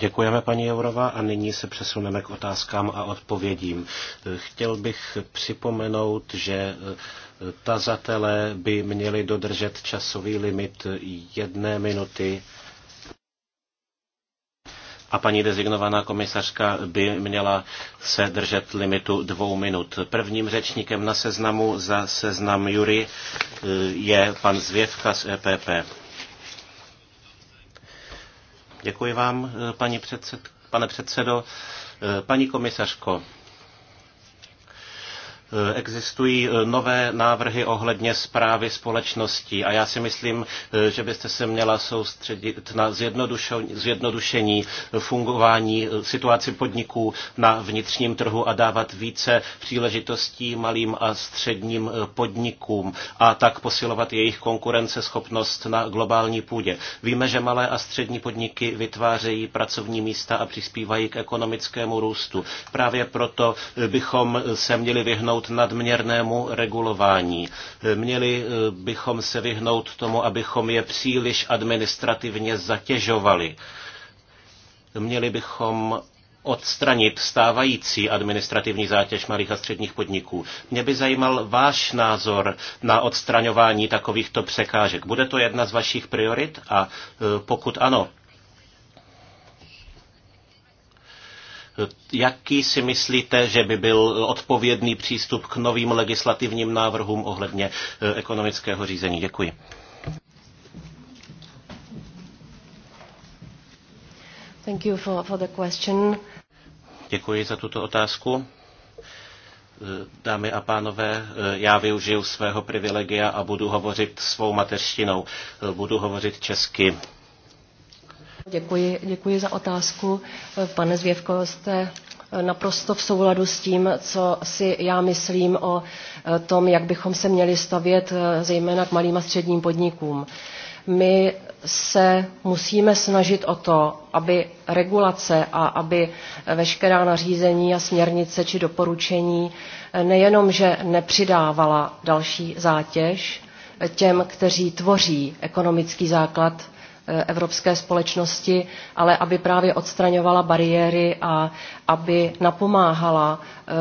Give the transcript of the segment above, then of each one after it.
Děkujeme, paní Jourova, a nyní se přesuneme k otázkám a odpovědím. Chtěl bych připomenout, že eh, tazatelé by měli dodržet časový limit jedné minuty a paní dezignovaná komisařka by měla se držet limitu dvou minut. Prvním řečníkem na seznamu za seznam Jury eh, je pan Zvěvka z EPP. Děkuji vám, eh, paní předsed, pane předsedo. Eh, paní komisařko, Eh, existují eh, nové návrhy ohledně zprávy společností a já si myslím, eh, že byste se měla soustředit na zjednodušení fungování situaci podniků na vnitřním trhu a dávat více příležitostí malým a středním podnikům a tak posilovat jejich konkurenceschopnost na globální půdě. Víme, že malé a střední podniky vytvářejí pracovní místa a přispívají k ekonomickému růstu. Právě proto bychom se měli vyhnout vyhnout nadměrnému regulování. Měli eh, bychom se vyhnout tomu, abychom je příliš administrativně zatěžovali. Měli bychom odstranit stávající administrativní zátěž malých a středních podniků. Mě by zajímal váš názor na odstraňování takovýchto překážek. Bude to jedna z vašich priorit? A eh, pokud ano, Jaký si myslíte, že by byl odpovědný přístup k novým legislativním návrhům ohledně e, ekonomického řízení? Děkuji. Thank you for, for the question. Děkuji za tuto otázku. E, dámy a pánové, e, já využiju svého privilegia a budu hovořit svou mateřštinou. Budu hovořit česky Děkuji, děkuji za otázku. Pane Zvěvko, jste naprosto v souladu s tím, co si já myslím o eh, tom, jak bychom se měli stavět eh, zejména k malým a středním podnikům. My se musíme snažit o to, aby regulace a aby veškerá nařízení a směrnice či doporučení eh, nejenom, že nepřidávala další zátěž těm, kteří tvoří ekonomický základ Eh, evropské společnosti, ale aby právě odstraňovala bariéry a aby napomáhala eh,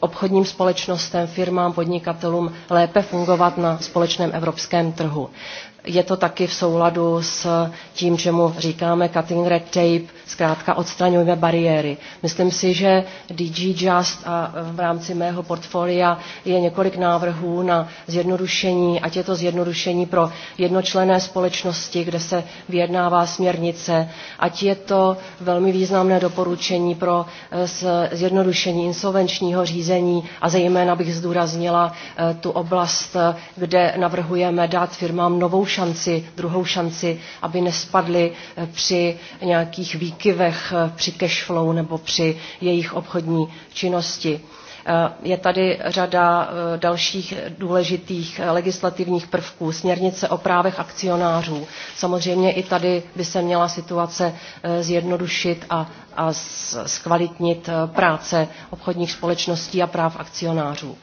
obchodním společnostem, firmám, podnikatelům lépe fungovat na společném evropském trhu. Je to taky v souladu s tím, čemu říkáme cutting red tape, zkrátka odstraňujeme bariéry. Myslím si, že DG Just a v rámci mého portfolia je několik návrhů na zjednodušení, ať je to zjednodušení pro jednočlené společnosti, kde se vyjednává směrnice, ať je to velmi významné doporučení pro eh, zjednodušení insolvenčního řízení a zejména bych zdůraznila eh, tu oblast, eh, kde navrhujeme dát firmám novou šanci, druhou šanci, aby nespadly při nějakých výkonech výkyvech eh, při cash flow nebo při jejich obchodní činnosti. Eh, je tady řada eh, dalších důležitých legislativních prvků, směrnice o právech akcionářů. Samozřejmě i tady by se měla situace eh, zjednodušit a, a zkvalitnit práce obchodních společností a práv akcionářů.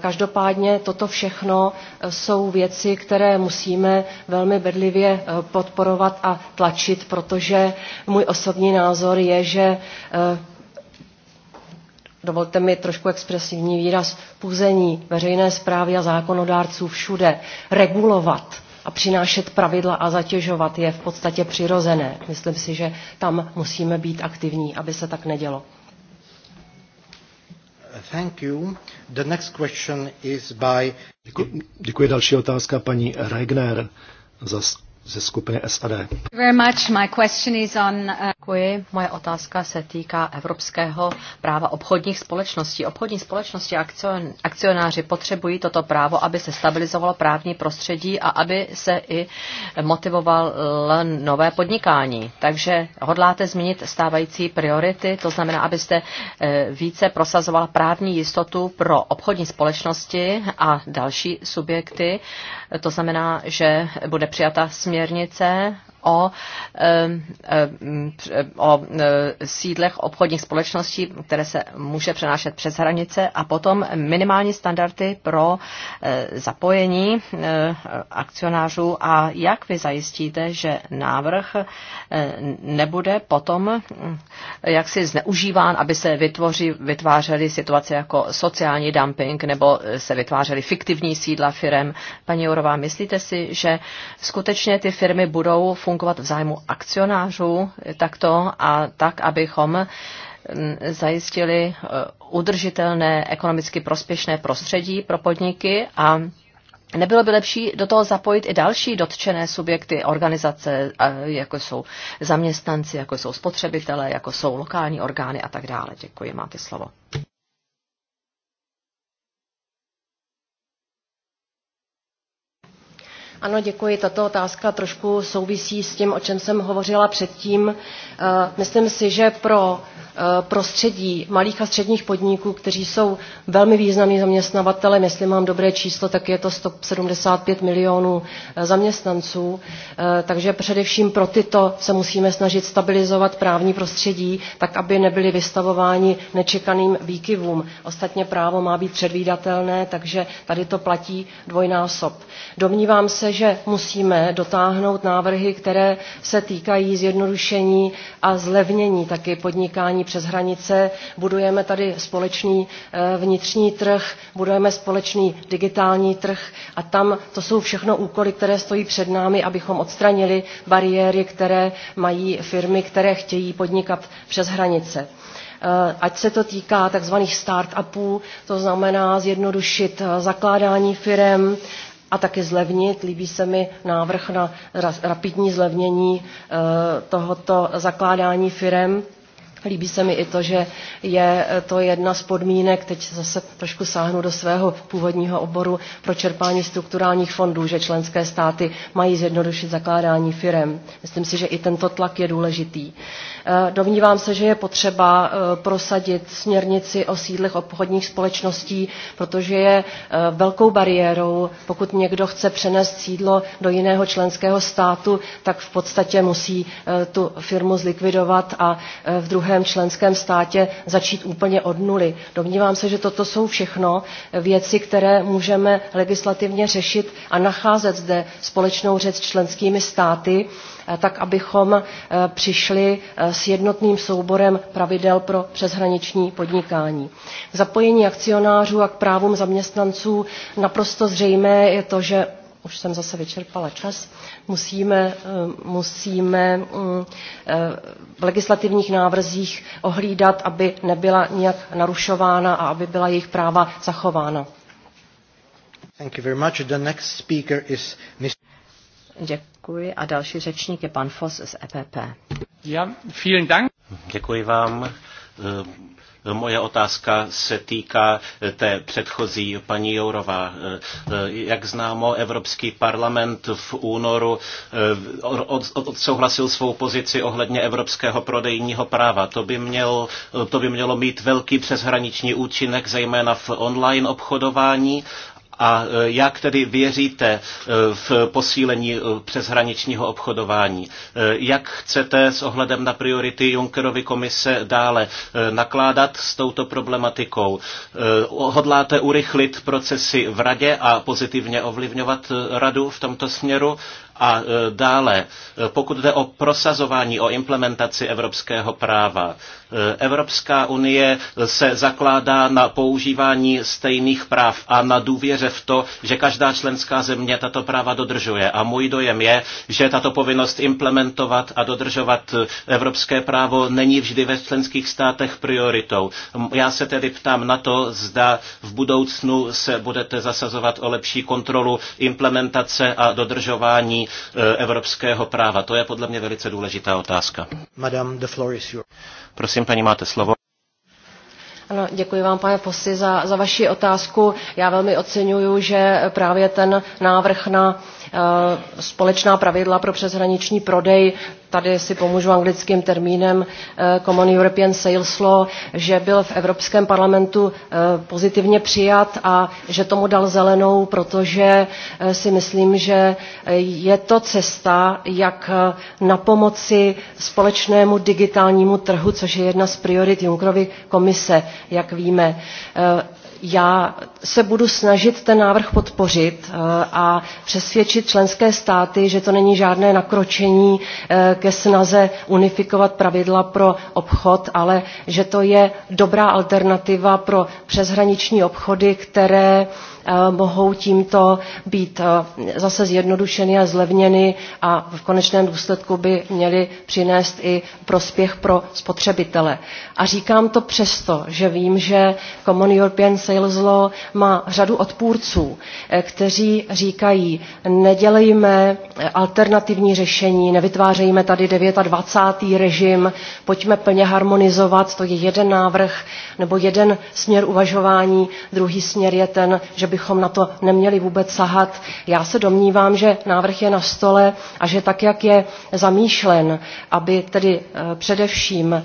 Každopádně toto všechno jsou věci, které musíme velmi bedlivě podporovat a tlačit, protože můj osobní názor je, že dovolte mi trošku expresivní výraz, puzení veřejné zprávy a zákonodárců všude, regulovat a přinášet pravidla a zatěžovat je v podstatě přirozené. Myslím si, že tam musíme být aktivní, aby se tak nedělo. Thank you. The next question is by... Děkuji, děkuji další otázka paní Regner za ze skupiny SAD. Uh, Děkuji. Moje otázka se týká evropského práva obchodních společností. Obchodní společnosti a akcionáři potřebují toto právo, aby se stabilizovalo právní prostředí a aby se i motivoval nové podnikání. Takže hodláte změnit stávající priority, to znamená, abyste eh, více prosazovala právní jistotu pro obchodní společnosti a další subjekty. To znamená, že bude přijata směr směrnice o, o e, sídlech obchodních společností, které se může přenášet přes hranice a potom minimální standardy pro e, zapojení e, akcionářů a jak vy zajistíte, že návrh nebude potom jaksi zneužíván, aby se vytvoři, vytvářely situace jako sociální dumping nebo se vytvářely fiktivní sídla firem. Paní Jourová, myslíte si, že skutečně ty firmy budou fungovat fungovat v zájmu akcionářů takto a tak, abychom zajistili e, udržitelné, ekonomicky prospěšné prostředí pro podniky a Nebylo by lepší do toho zapojit i další dotčené subjekty, organizace, jako jsou zaměstnanci, jako jsou spotřebitelé, jako jsou lokální orgány a tak dále. Děkuji, máte slovo. Ano, děkuji. Tato otázka trošku souvisí s tím, o čem jsem hovořila předtím. Eh, myslím si, že pro eh, prostředí malých a středních podniků, kteří jsou velmi významní zaměstnavatele, jestli mám dobré číslo, tak je to 175 milionů eh, zaměstnanců. Takže především pro tyto se musíme snažit stabilizovat právní prostředí, tak aby nebyli vystavováni nečekaným výkyvům. Ostatně právo má být předvídatelné, takže tady to platí dvojnásob. Domnívám se, se, že musíme dotáhnout návrhy které se týkají zjednodušení a zlevnění taky podnikání přes hranice budujeme tady společný eh, vnitřní trh budujeme společný digitální trh a tam to jsou všechno úkoly které stojí před námi abychom odstranili bariéry které mají firmy které chtějí podnikat přes hranice eh, ať se to týká tzv. start upů to znamená zjednodušit eh, zakládání firem a taky zlevnit. Líbí se mi návrh na rapidní zlevnění eh, tohoto zakládání firem Líbí se mi i to, že je eh, to jedna z podmínek, teď zase trošku sáhnu do svého původního oboru, pro čerpání strukturálních fondů, že členské státy mají zjednodušit zakládání firem. Myslím si, že i tento tlak je důležitý. Eh, domnívám se, že je potřeba eh, prosadit směrnici o sídlech obchodních společností, protože je velkou bariérou, pokud někdo chce přenést sídlo do jiného členského státu, tak v podstatě musí tu firmu zlikvidovat a v druhé druhém členském státě začít úplně od nuly. Domnívám se, že toto jsou všechno věci, které můžeme legislativně řešit a nacházet zde společnou řeč s členskými státy, eh, tak abychom eh, přišli eh, s jednotným souborem pravidel pro přeshraniční podnikání. K zapojení akcionářů a k právům zaměstnanců naprosto zřejmé je to, že už jsem zase vyčerpala čas, musíme, eh, musíme mm, eh, v legislativních návrzích ohlídat, aby nebyla nijak narušována a aby byla jejich práva zachována. Thank you very much. The next speaker is Děkuji a další řečník je pan Foss z EPP. Ja, vielen Dank. Děkuji vám. Eh, Moje otázka se týká eh, té předchozí paní Jourová. Eh, eh, jak známo, Evropský parlament v únoru odsouhlasil svou pozici ohledně evropského prodejního práva. To by, měl, to by mělo mít velký přeshraniční účinek, zejména v online obchodování a e, jak tedy věříte e, v posílení e, přeshraničního obchodování? Jak chcete s ohledem na priority Junckerovy komise dále nakládat s touto problematikou? Hodláte urychlit procesy v radě a pozitivně ovlivňovat radu v tomto směru? A dále, pokud jde o prosazování, o implementaci evropského práva, Evropská unie se zakládá na používání stejných práv a na důvěře v to, že každá členská země tato práva dodržuje. A můj dojem je, že tato povinnost implementovat a dodržovat evropské právo není vždy ve členských státech prioritou. Já se tedy ptám na to, zda v budoucnu se budete zasazovat o lepší kontrolu implementace a dodržování eh, evropského práva. To je podle mě velice důležitá otázka. Madame, the floor is yours. Prosím, paní, máte slovo. Ano, děkuji vám, pane Posy, za, za vaši otázku. Já velmi oceňuju, že právě ten návrh na eh, společná pravidla pro přeshraniční prodej tady si pomůžu anglickým termínem eh, Common European Sales Law, že byl v Evropském parlamentu eh, pozitivně přijat a že tomu dal zelenou, protože eh, si myslím, že je to cesta, jak na pomoci společnému digitálnímu trhu, což je jedna z priorit Junckerovy komise, jak víme. Já se budu snažit ten návrh podpořit eh, a přesvědčit členské státy, že to není žádné nakročení eh, ke snaze unifikovat pravidla pro obchod, ale že to je dobrá alternativa pro přeshraniční obchody, které Eh, mohou tímto být eh, zase zjednodušeny a zlevněny a v konečném důsledku by měly přinést i prospěch pro spotřebitele. A říkám to přesto, že vím, že Common European Sales Law má řadu odpůrců, eh, kteří říkají, nedělejme alternativní řešení, nevytvářejme tady 29. režim, pojďme plně harmonizovat, to je jeden návrh nebo jeden směr uvažování, druhý směr je ten, že by bychom na to neměli vůbec sahat. Já se domnívám, že návrh je na stole a že tak, jak je zamýšlen, aby tedy eh, především eh,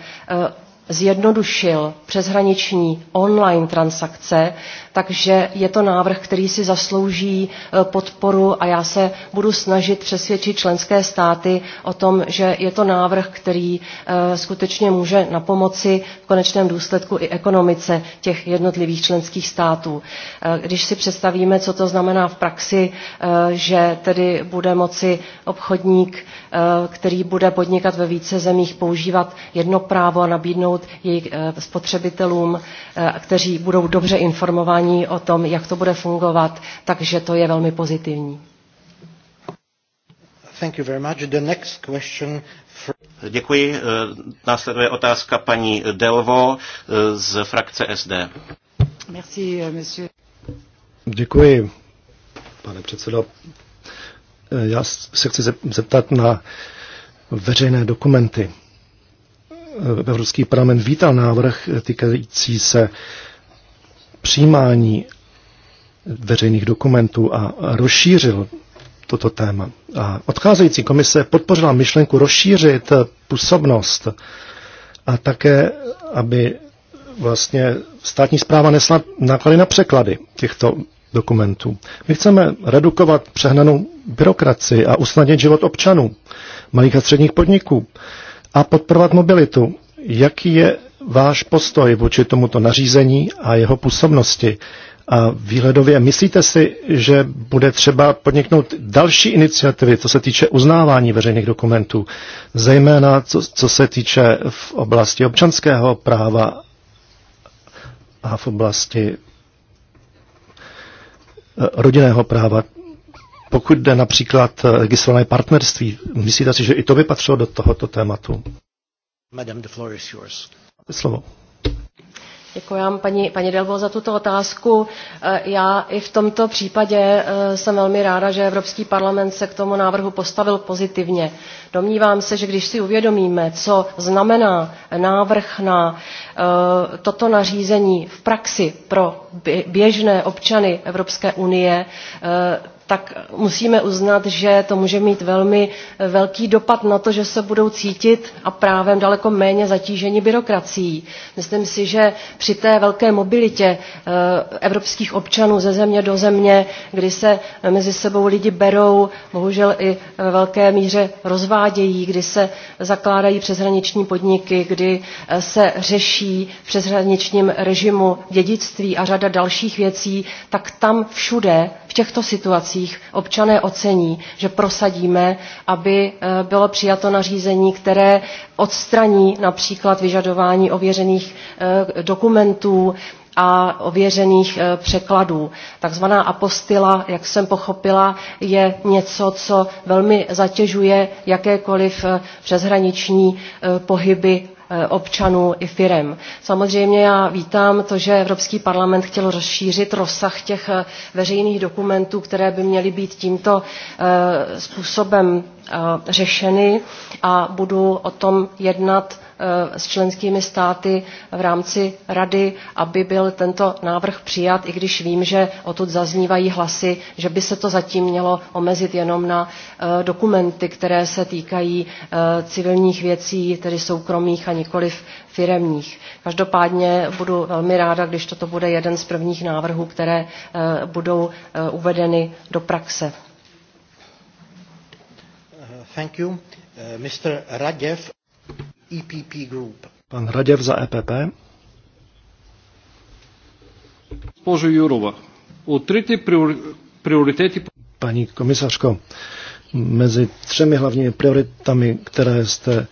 zjednodušil přeshraniční online transakce, takže je to návrh, který si zaslouží e, podporu a já se budu snažit přesvědčit členské státy o tom, že je to návrh, který e, skutečně může na pomoci v konečném důsledku i ekonomice těch jednotlivých členských států. E, když si představíme, co to znamená v praxi, že tedy bude moci obchodník, který bude podnikat ve více zemích, používat jedno právo a nabídnout jejich spotřebitelům, kteří budou dobře informováni, uvažování o tom, jak to bude fungovat, takže to je velmi pozitivní. Thank you very much. The next question for... Děkuji. Eh, následuje otázka paní Delvo eh, z frakce SD. Merci, eh, monsieur. Děkuji, pane předsedo. Já se chci zeptat na veřejné dokumenty. Evropský parlament vítal návrh týkající se přijímání veřejných dokumentů a rozšířil toto téma. A odcházející komise podpořila myšlenku rozšířit působnost a také, aby vlastně státní zpráva nesla náklady na překlady těchto dokumentů. My chceme redukovat přehnanou byrokraci a usnadnit život občanů, malých a středních podniků a podporovat mobilitu. Jaký je váš postoj vůči tomuto nařízení a jeho působnosti. A výhledově myslíte si, že bude třeba podniknout další iniciativy, co se týče uznávání veřejných dokumentů, zejména co, co se týče v oblasti občanského práva a v oblasti eh, rodinného práva. Pokud jde například eh, registrované partnerství, myslíte si, že i to by patřilo do tohoto tématu? Madame, the floor is yours. Máte slovo. Děkuji vám, paní, paní Delbo, za tuto otázku. Eh, já i v tomto případě eh, jsem velmi ráda, že Evropský parlament se k tomu návrhu postavil pozitivně. Domnívám se, že když si uvědomíme, co znamená návrh na eh, toto nařízení v praxi pro běžné občany Evropské unie, tak musíme uznat, že to může mít velmi eh, velký dopad na to, že se budou cítit a právem daleko méně zatíženi byrokracií. Myslím si, že při té velké mobilitě eh, evropských občanů ze země do země, kdy se mezi sebou lidi berou, bohužel i ve eh, velké míře rozvádějí, kdy se zakládají přeshraniční podniky, kdy se řeší v přeshraničním režimu dědictví a řada dalších věcí, tak tam všude v těchto situacích občané ocení, že prosadíme, aby eh, bylo přijato nařízení, které odstraní například vyžadování ověřených eh, dokumentů, a ověřených eh, překladů. Takzvaná apostila, jak jsem pochopila, je něco, co velmi zatěžuje jakékoliv přeshraniční pohyby Eh, občanů i firem. Samozřejmě já vítám to, že Evropský parlament chtěl rozšířit rozsah těch eh, veřejných dokumentů, které by měly být tímto eh, způsobem řešeny a budu o tom jednat Eh, s členskými státy v rámci Rady, aby byl tento návrh přijat, i když vím, že odtud zaznívají hlasy, že by se to zatím mělo omezit jenom na eh, dokumenty, které se týkají eh, civilních věcí, tedy soukromých a nikoliv firemních. Každopádně budu velmi ráda, když toto bude jeden z prvních návrhů, které budou uvedeny do praxe. Thank you. Uh, Mr. Radev. EPP Group. Pan Hradev za EPP. Božo Jurova, utrity prioritety... Paní komisařko, mezi třemi hlavními prioritami, které jste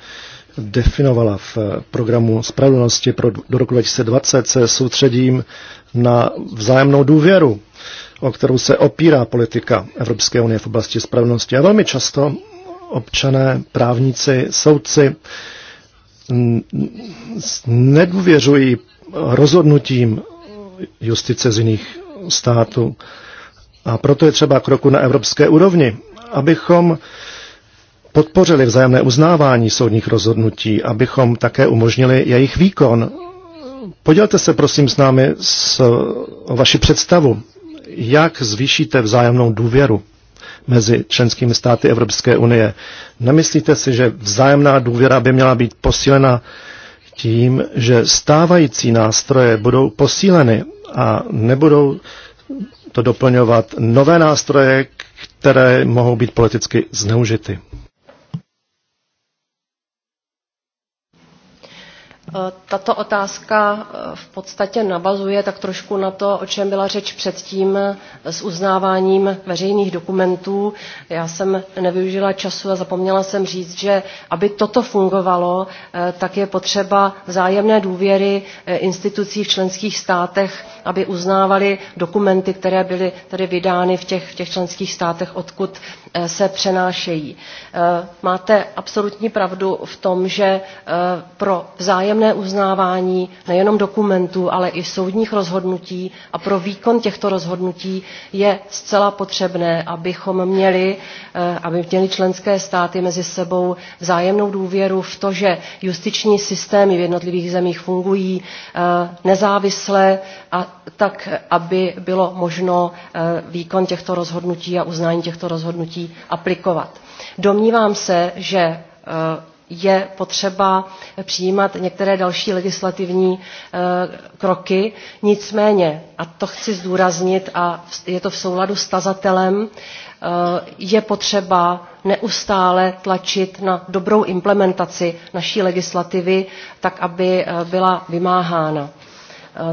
definovala v programu spravedlnosti pro do roku 2020, se soustředím na vzájemnou důvěru, o kterou se opírá politika Evropské unie v oblasti spravedlnosti. A velmi často občané, právníci, soudci nedůvěřují rozhodnutím justice z jiných států. A proto je třeba kroku na evropské úrovni, abychom podpořili vzájemné uznávání soudních rozhodnutí, abychom také umožnili jejich výkon. Podělte se prosím s námi s, o vaši představu, jak zvýšíte vzájemnou důvěru mezi členskými státy Evropské unie. Nemyslíte si, že vzájemná důvěra by měla být posílena tím, že stávající nástroje budou posíleny a nebudou to doplňovat nové nástroje, které mohou být politicky zneužity? Tato otázka eh, v podstatě navazuje tak trošku na to, o čem byla řeč předtím eh, s uznáváním veřejných dokumentů. Já jsem nevyužila času a zapomněla jsem říct, že aby toto fungovalo, eh, tak je potřeba vzájemné důvěry institucí v členských státech, aby uznávali dokumenty, které byly tedy vydány v těch, v těch členských státech, odkud se přenášejí. Máte absolutní pravdu v tom, že pro vzájemné vzájemné uznávání nejenom dokumentů ale i soudních rozhodnutí a pro výkon těchto rozhodnutí je zcela potřebné abychom měli eh, aby měli členské státy mezi sebou vzájemnou důvěru v to že justiční systémy v jednotlivých zemích fungují eh, nezávisle a tak aby bylo možno eh, výkon těchto rozhodnutí a uznání těchto rozhodnutí aplikovat. domnívám se že je potřeba přijímat některé další legislativní eh, kroky. Nicméně, a to chci zdůraznit, a je to v souladu s tazatelem, eh, je potřeba neustále tlačit na dobrou implementaci naší legislativy, tak aby eh, byla vymáhána.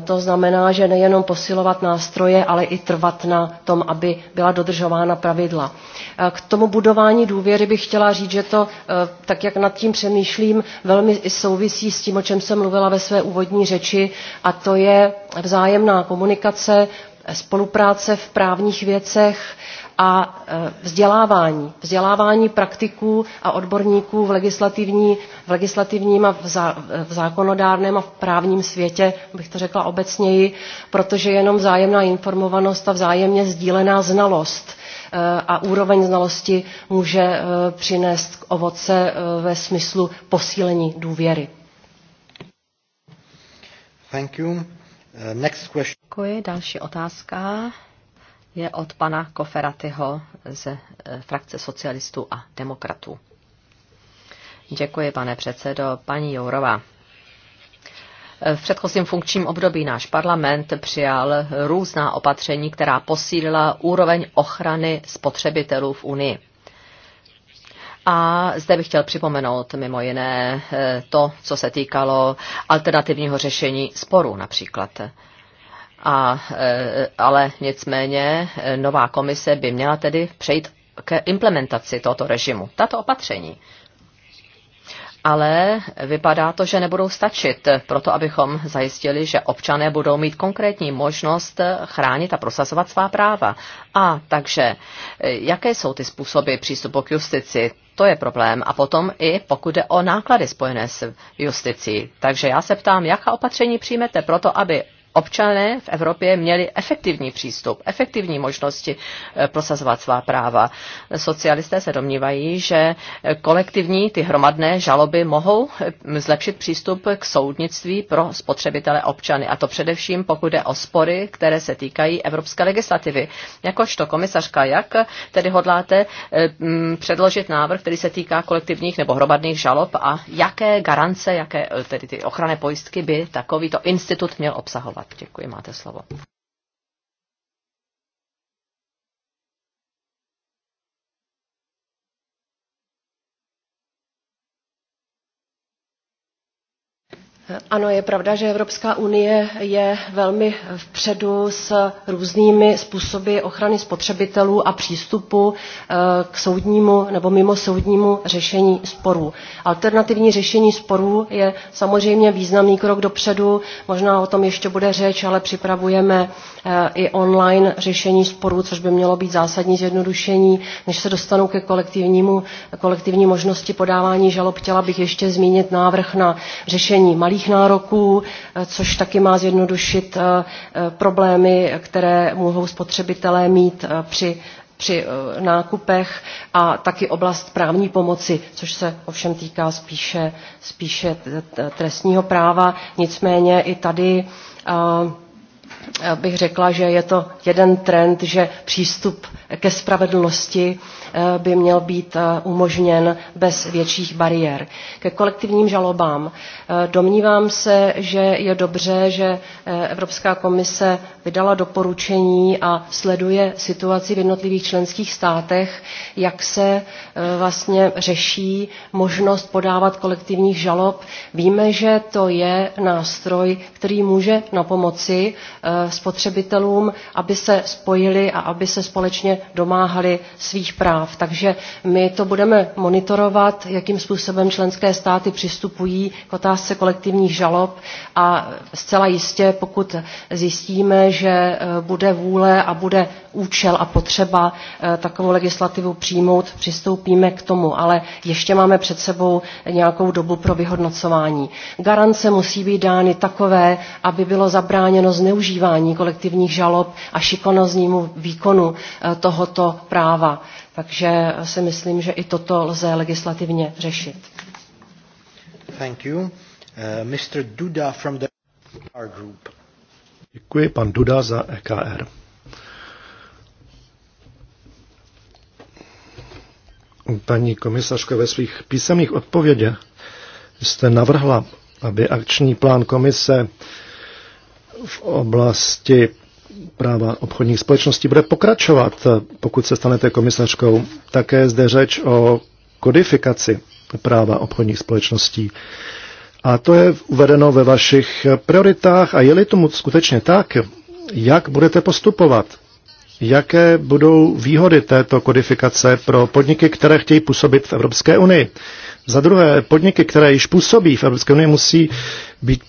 To znamená, že nejenom posilovat nástroje, ale i trvat na tom, aby byla dodržována pravidla. K tomu budování důvěry bych chtěla říct, že to, e, tak jak nad tím přemýšlím, velmi souvisí s tím, o čem jsem mluvila ve své úvodní řeči, a to je vzájemná komunikace, spolupráce v právních věcech, a e, vzdělávání. Vzdělávání praktiků a odborníků v, legislativní, v legislativním a v, zá, v zákonodárném a v právním světě, bych to řekla obecněji, protože jenom vzájemná informovanost a vzájemně sdílená znalost e, a úroveň znalosti může e, přinést k ovoce ve smyslu posílení důvěry. Thank you. Uh, next question. Děkuji. Další otázka je od pana Koferatyho ze eh, frakce socialistů a demokratů. Děkuji, pane předsedo. Paní Jourová, v předchozím funkčním období náš parlament přijal různá opatření, která posílila úroveň ochrany spotřebitelů v Unii. A zde bych chtěl připomenout mimo jiné eh, to, co se týkalo alternativního řešení sporů například. A, e, ale nicméně e, nová komise by měla tedy přejít k implementaci tohoto režimu, tato opatření. Ale vypadá to, že nebudou stačit proto, abychom zajistili, že občané budou mít konkrétní možnost e, chránit a prosazovat svá práva. A takže, jaké jsou ty způsoby přístupu k justici? To je problém. A potom i pokud jde o náklady spojené s justicí. Takže já se ptám, jaká opatření přijmete proto, aby občané v Evropě měli efektivní přístup, efektivní možnosti eh, prosazovat svá práva. Socialisté se domnívají, že eh, kolektivní ty hromadné žaloby mohou eh, zlepšit přístup k soudnictví pro spotřebitele občany, a to především pokud jde o spory, které se týkají evropské legislativy. Jakožto komisařka, jak tedy hodláte mm, předložit návrh, který se týká kolektivních nebo hromadných žalob a jaké garance, jaké tedy ty ochranné pojistky by takovýto institut měl obsahovat? Děkuji, máte slovo. Ano, je pravda, že Evropská unie je velmi vpředu s různými způsoby ochrany spotřebitelů a přístupu eh, k soudnímu nebo mimo soudnímu řešení sporů. Alternativní řešení sporů je samozřejmě významný krok dopředu, možná o tom ještě bude řeč, ale připravujeme eh, i online řešení sporů, což by mělo být zásadní zjednodušení. Než se dostanu ke kolektivnímu, kolektivní možnosti podávání žalob, chtěla bych ještě zmínit návrh na řešení malých malých nároků, eh, což taky má zjednodušit eh, eh, problémy, které mohou spotřebitelé mít při při nákupech a taky oblast právní pomoci, což se ovšem týká spíše, spíše trestního práva. Nicméně i tady bych řekla, že je to jeden trend, že přístup ke spravedlnosti Eh, by měl být eh, umožněn bez větších bariér. Ke kolektivním žalobám. Eh, domnívám se, že je dobře, že Evropská komise vydala doporučení a sleduje situaci v jednotlivých členských státech, jak se vlastně řeší možnost podávat kolektivních žalob. Víme, že to je nástroj, který může na pomoci spotřebitelům, aby se spojili a aby se společně domáhali svých práv práv. Takže my to budeme monitorovat, jakým způsobem členské státy přistupují k otázce kolektivních žalob a zcela jistě, pokud zjistíme, že eh, bude vůle a bude účel a potřeba eh, takovou legislativu přijmout, přistoupíme k tomu, ale ještě máme před sebou nějakou dobu pro vyhodnocování. Garance musí být dány takové, aby bylo zabráněno zneužívání kolektivních žalob a šikonoznímu výkonu eh, tohoto práva. Takže eh, si myslím, že i toto lze legislativně řešit. Thank you. Uh, Mr. Duda from the group. Děkuji, pan Duda za EKR. Paní komisařka, ve svých písemných odpovědech jste navrhla, aby akční plán komise v oblasti práva obchodních společností bude pokračovat, pokud se stanete komisařkou. Také zde řeč o kodifikaci práva obchodních společností. A to je uvedeno ve vašich prioritách a je-li tomu skutečně tak, jak budete postupovat? jaké budou výhody této kodifikace pro podniky, které chtějí působit v Evropské unii. Za druhé, podniky, které již působí v Evropské unii, musí být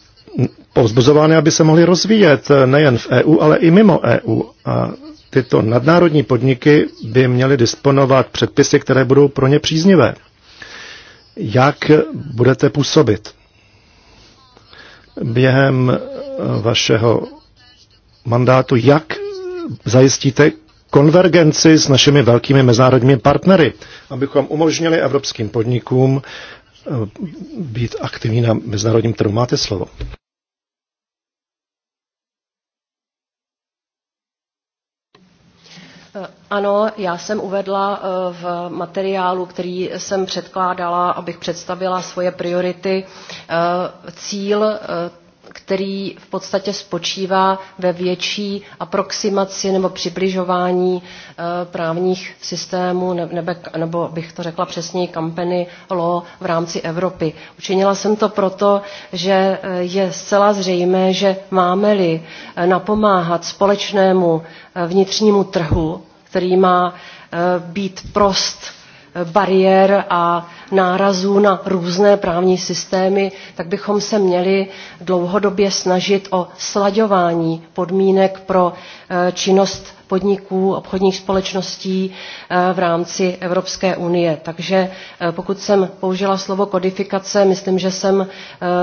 povzbuzovány, aby se mohly rozvíjet nejen v EU, ale i mimo EU. A tyto nadnárodní podniky by měly disponovat předpisy, které budou pro ně příznivé. Jak budete působit? Během vašeho mandátu, jak zajistíte konvergenci s našimi velkými mezinárodními partnery, abychom umožnili evropským podnikům eh, být aktivní na mezinárodním trhu. Máte slovo. Eh, ano, já jsem uvedla eh, v materiálu, který jsem předkládala, abych představila svoje priority, cíl který v podstatě spočívá ve větší aproximaci nebo přibližování eh, právních systémů, nebo bych to řekla přesněji, kampany law v rámci Evropy. Učinila jsem to proto, že eh, je zcela zřejmé, že máme-li eh, napomáhat společnému vnitřnímu trhu, který má být prost bariér a nárazů na různé právní systémy, tak bychom se měli dlouhodobě snažit o slaďování podmínek pro eh, činnost podniků, obchodních společností eh, v rámci Evropské unie. Takže eh, pokud jsem použila slovo kodifikace, myslím, že jsem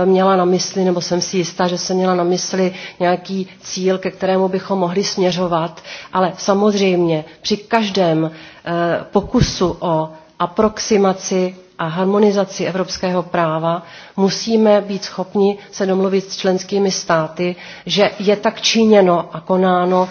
měla na mysli, nebo jsem si jistá, že jsem měla na mysli nějaký cíl, ke kterému bychom mohli směřovat. Ale samozřejmě při každém pokusu o aproximaci a harmonizaci evropského práva musíme být schopni se domluvit s členskými státy, že je tak činěno a konáno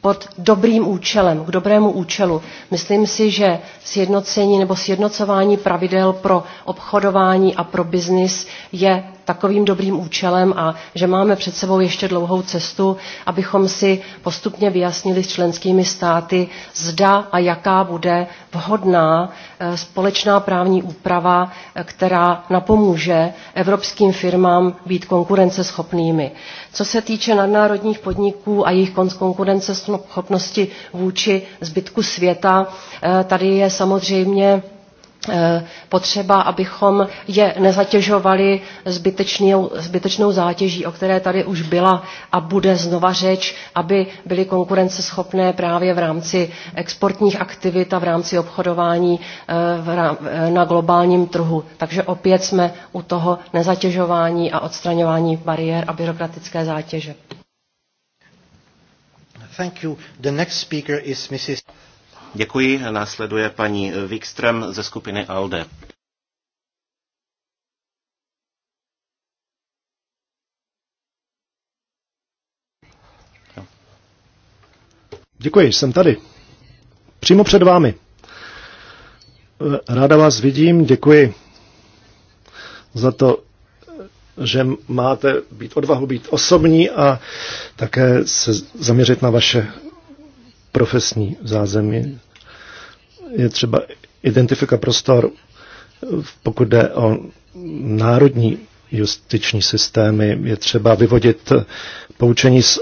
pod dobrým účelem, k dobrému účelu. Myslím si, že sjednocení nebo sjednocování pravidel pro obchodování a pro biznis je takovým dobrým účelem a že máme před sebou ještě dlouhou cestu, abychom si postupně vyjasnili s členskými státy, zda a jaká bude vhodná eh, společná právní úprava, eh, která napomůže evropským firmám být konkurenceschopnými. Co se týče nadnárodních podniků a jejich konkurenceschopnosti vůči zbytku světa, eh, tady je samozřejmě Eh, potřeba, abychom je nezatěžovali zbytečnou, zbytečnou zátěží, o které tady už byla a bude znova řeč, aby byly konkurenceschopné právě v rámci exportních aktivit a v rámci obchodování eh, eh, na globálním trhu. Takže opět jsme u toho nezatěžování a odstraňování bariér a byrokratické zátěže. Thank you. The next speaker is Mrs. Děkuji. Následuje paní Wikström ze skupiny ALDE. Děkuji, jsem tady. Přímo před vámi. Ráda vás vidím, děkuji za to, že máte být odvahu být osobní a také se zaměřit na vaše profesní zázemí. Je třeba identifika prostor, pokud jde o národní justiční systémy, je třeba vyvodit poučení z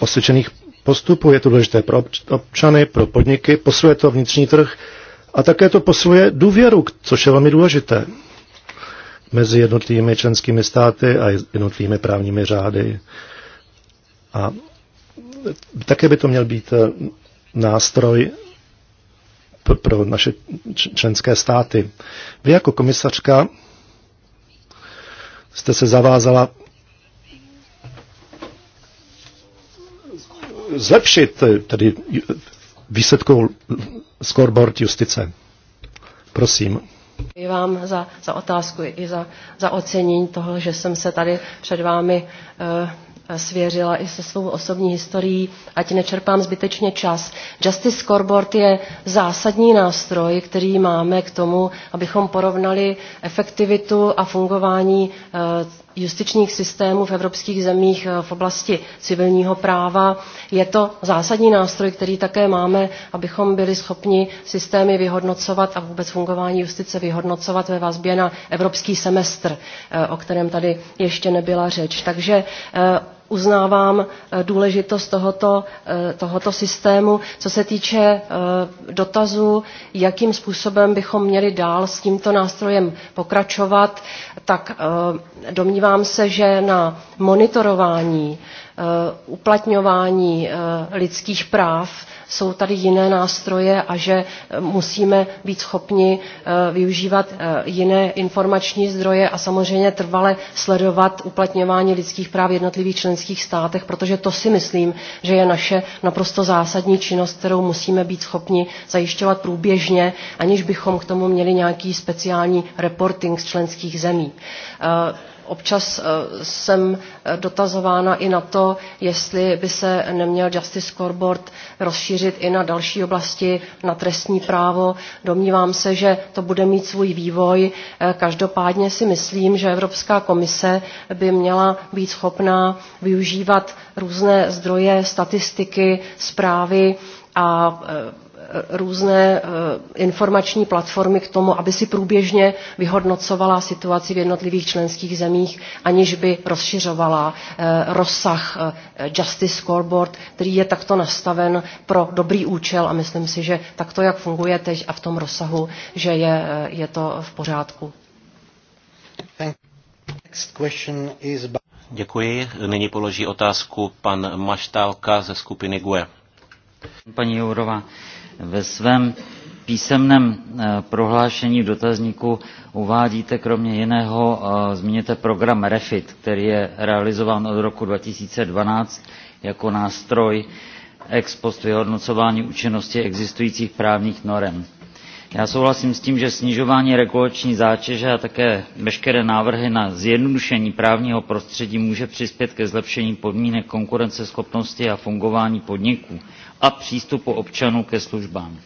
osvědčených postupů. Je to důležité pro občany, pro podniky, posluje to vnitřní trh a také to posluje důvěru, což je velmi důležité mezi jednotlivými členskými státy a jednotlivými právními řády. A také by to měl být eh, nástroj pro naše členské státy. Vy jako komisařka jste se zavázala zlepšit eh, tedy výsledkou scoreboard justice. Prosím. Děkuji vám za, za otázku i za, za ocenění toho, že jsem se tady před vámi e, Eh, svěřila i se svou osobní historií, ať nečerpám zbytečně čas. Justice Scoreboard je zásadní nástroj, který máme k tomu, abychom porovnali efektivitu a fungování eh, justičních systémů v evropských zemích eh, v oblasti civilního práva. Je to zásadní nástroj, který také máme, abychom byli schopni systémy vyhodnocovat a vůbec fungování justice vyhodnocovat ve vazbě na evropský semestr, o kterém tady ještě nebyla řeč. Takže uznávám eh, důležitost tohoto, eh, tohoto systému. Co se týče eh, dotazu, jakým způsobem bychom měli dál s tímto nástrojem pokračovat, tak domnívám se, že na monitorování Eh, uplatňování eh, lidských práv jsou tady jiné nástroje a že eh, musíme být schopni využívat jiné informační zdroje a samozřejmě trvale sledovat uplatňování lidských práv v jednotlivých členských státech, protože to si myslím, že je naše naprosto zásadní činnost, kterou musíme být schopni zajišťovat průběžně, aniž bychom k tomu měli nějaký speciální reporting z členských zemí občas eh, jsem eh, dotazována i na to, jestli by se neměl Justice Scoreboard rozšířit i na další oblasti, na trestní právo. Domnívám se, že to bude mít svůj vývoj. Eh, každopádně si myslím, že Evropská komise by měla být schopná využívat různé zdroje, statistiky, zprávy a různé eh, informační platformy k tomu, aby si průběžně vyhodnocovala situaci v jednotlivých členských zemích, aniž by rozšiřovala eh, rozsah eh, Justice Scoreboard, který je takto nastaven pro dobrý účel a myslím si, že takto, jak funguje teď a v tom rozsahu, že je, je to v pořádku. Děkuji. Nyní položí otázku pan Maštálka ze skupiny GUE. Paní Jourová, ve svém písemném eh, prohlášení v dotazníku uvádíte kromě jiného eh, zmíněte program refit který je realizován od roku 2012 jako nástroj ex post vyhodnocování účinnosti existujících právních norem. já souhlasím s tím že snižování regulační zátěže a také veškeré návrhy na zjednodušení právního prostředí může přispět ke zlepšení podmínek konkurenceschopnosti a fungování podniků a přístupu občanů ke službám.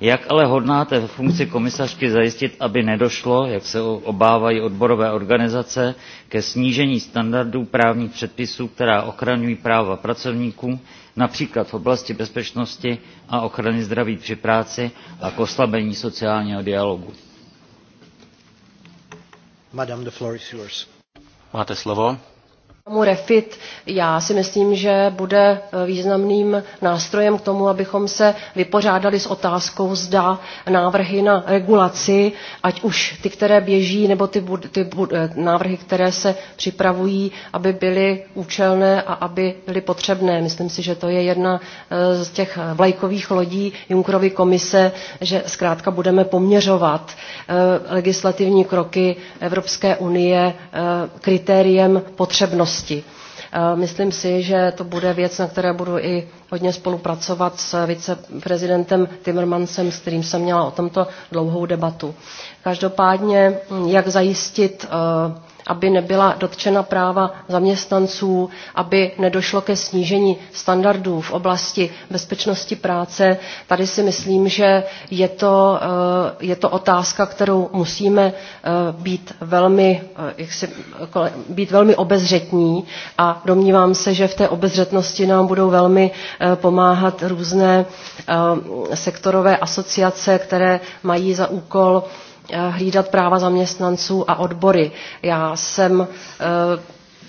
Jak ale hodnáte ve funkci komisařky zajistit, aby nedošlo, jak se obávají odborové organizace, ke snížení standardů právních předpisů, která ochraňují práva pracovníků, například v oblasti bezpečnosti a ochrany zdraví při práci a k oslabení sociálního dialogu? Madame, the floor is yours. Máte slovo. Tomu refit já si myslím, že bude eh, významným nástrojem k tomu, abychom se vypořádali s otázkou, zda návrhy na regulaci, ať už ty, které běží, nebo ty, ty eh, návrhy, které se připravují, aby byly účelné a aby byly potřebné. Myslím si, že to je jedna eh, z těch vlajkových lodí Junkerovy komise, že zkrátka budeme poměřovat legislativní kroky Evropské unie kritériem potřebnosti činnosti. Eh, myslím si, že to bude věc, na které budu i hodně spolupracovat s viceprezidentem Timmermansem, s kterým jsem měla o tomto dlouhou debatu. Každopádně, hm, jak zajistit uh, aby nebyla dotčena práva zaměstnanců, aby nedošlo ke snížení standardů v oblasti bezpečnosti práce. Tady si myslím, že je to, eh, je to otázka, kterou musíme eh, být velmi, eh, jak si, být velmi obezřetní a domnívám se, že v té obezřetnosti nám budou velmi pomáhat různé sektorové asociace, které mají za úkol Eh, hlídat práva zaměstnanců a odbory. Já jsem eh,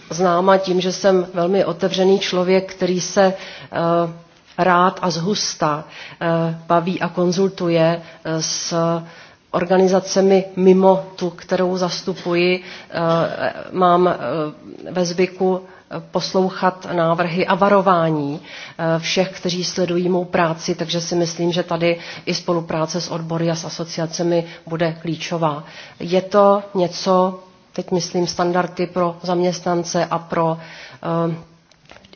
známa tím, že jsem velmi otevřený člověk, který se eh, rád a zhusta baví a konzultuje s organizacemi mimo tu, kterou zastupuji. Mám ve zvyku poslouchat návrhy a varování eh, všech, kteří sledují mou práci, takže si myslím, že tady i spolupráce s odbory a s asociacemi bude klíčová. Je to něco, teď myslím standardy pro zaměstnance a pro eh,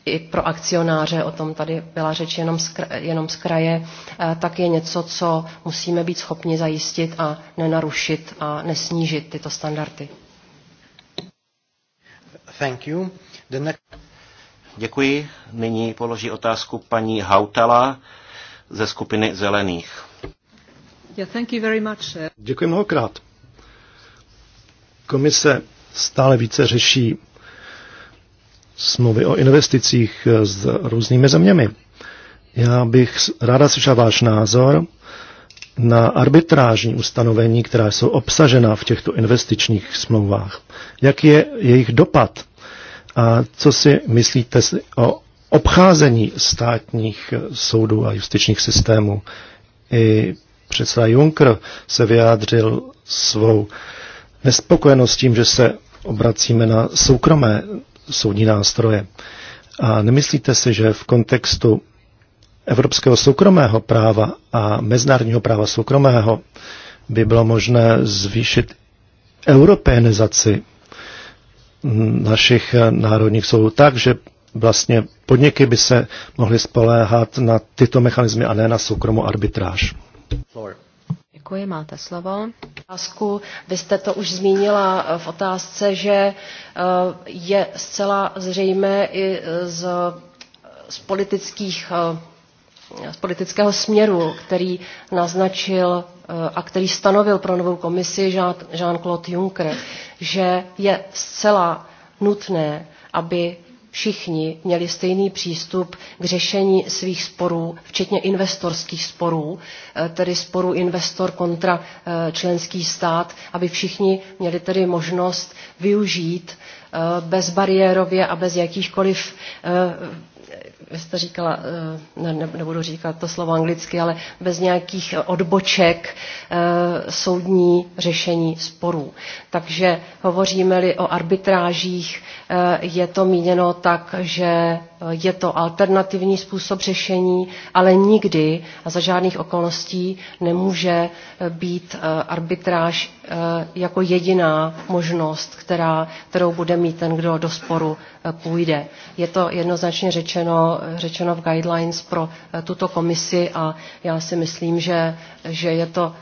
i pro akcionáře, o tom tady byla řeč jenom z, jenom z kraje, eh, tak je něco, co musíme být schopni zajistit a nenarušit a nesnížit tyto standardy. Thank you. Děkuji. Nyní položí otázku paní Hautala ze skupiny Zelených. Yeah, thank you very much. Děkuji mnohokrát. Komise stále více řeší smlouvy o investicích s různými zeměmi. Já bych ráda slyšel váš názor na arbitrážní ustanovení, která jsou obsažena v těchto investičních smlouvách. Jak je jejich dopad a co si myslíte o obcházení státních soudů a justičních systémů? I předseda Juncker se vyjádřil svou nespokojenost tím, že se obracíme na soukromé soudní nástroje. A nemyslíte si, že v kontextu evropského soukromého práva a mezinárodního práva soukromého by bylo možné zvýšit europeanizaci našich eh, národních soudů tak, že vlastně podniky by se mohly spoléhat na tyto mechanismy a ne na soukromou arbitráž. Děkuji, máte slovo. vy jste to už zmínila eh, v otázce, že eh, je zcela zřejmé i z, z politických z politického směru, který naznačil eh, a který stanovil pro novou komisi Jean-Claude Juncker, že je zcela nutné, aby všichni měli stejný přístup k řešení svých sporů, včetně investorských sporů, eh, tedy sporů investor kontra eh, členský stát, aby všichni měli tedy možnost využít bezbariérově a bez jakýchkoliv vy jste říkala, eh, ne, nebudu říkat to slovo anglicky, ale bez nějakých odboček eh, soudní řešení sporů. Takže hovoříme-li o arbitrážích, eh, je to míněno tak, že je to alternativní způsob řešení, ale nikdy a za žádných okolností nemůže být arbitráž Eh, jako jediná možnost, která, kterou bude mít ten, kdo do sporu eh, půjde. Je to jednoznačně řečeno, řečeno v guidelines pro eh, tuto komisi a já si myslím, že, že je to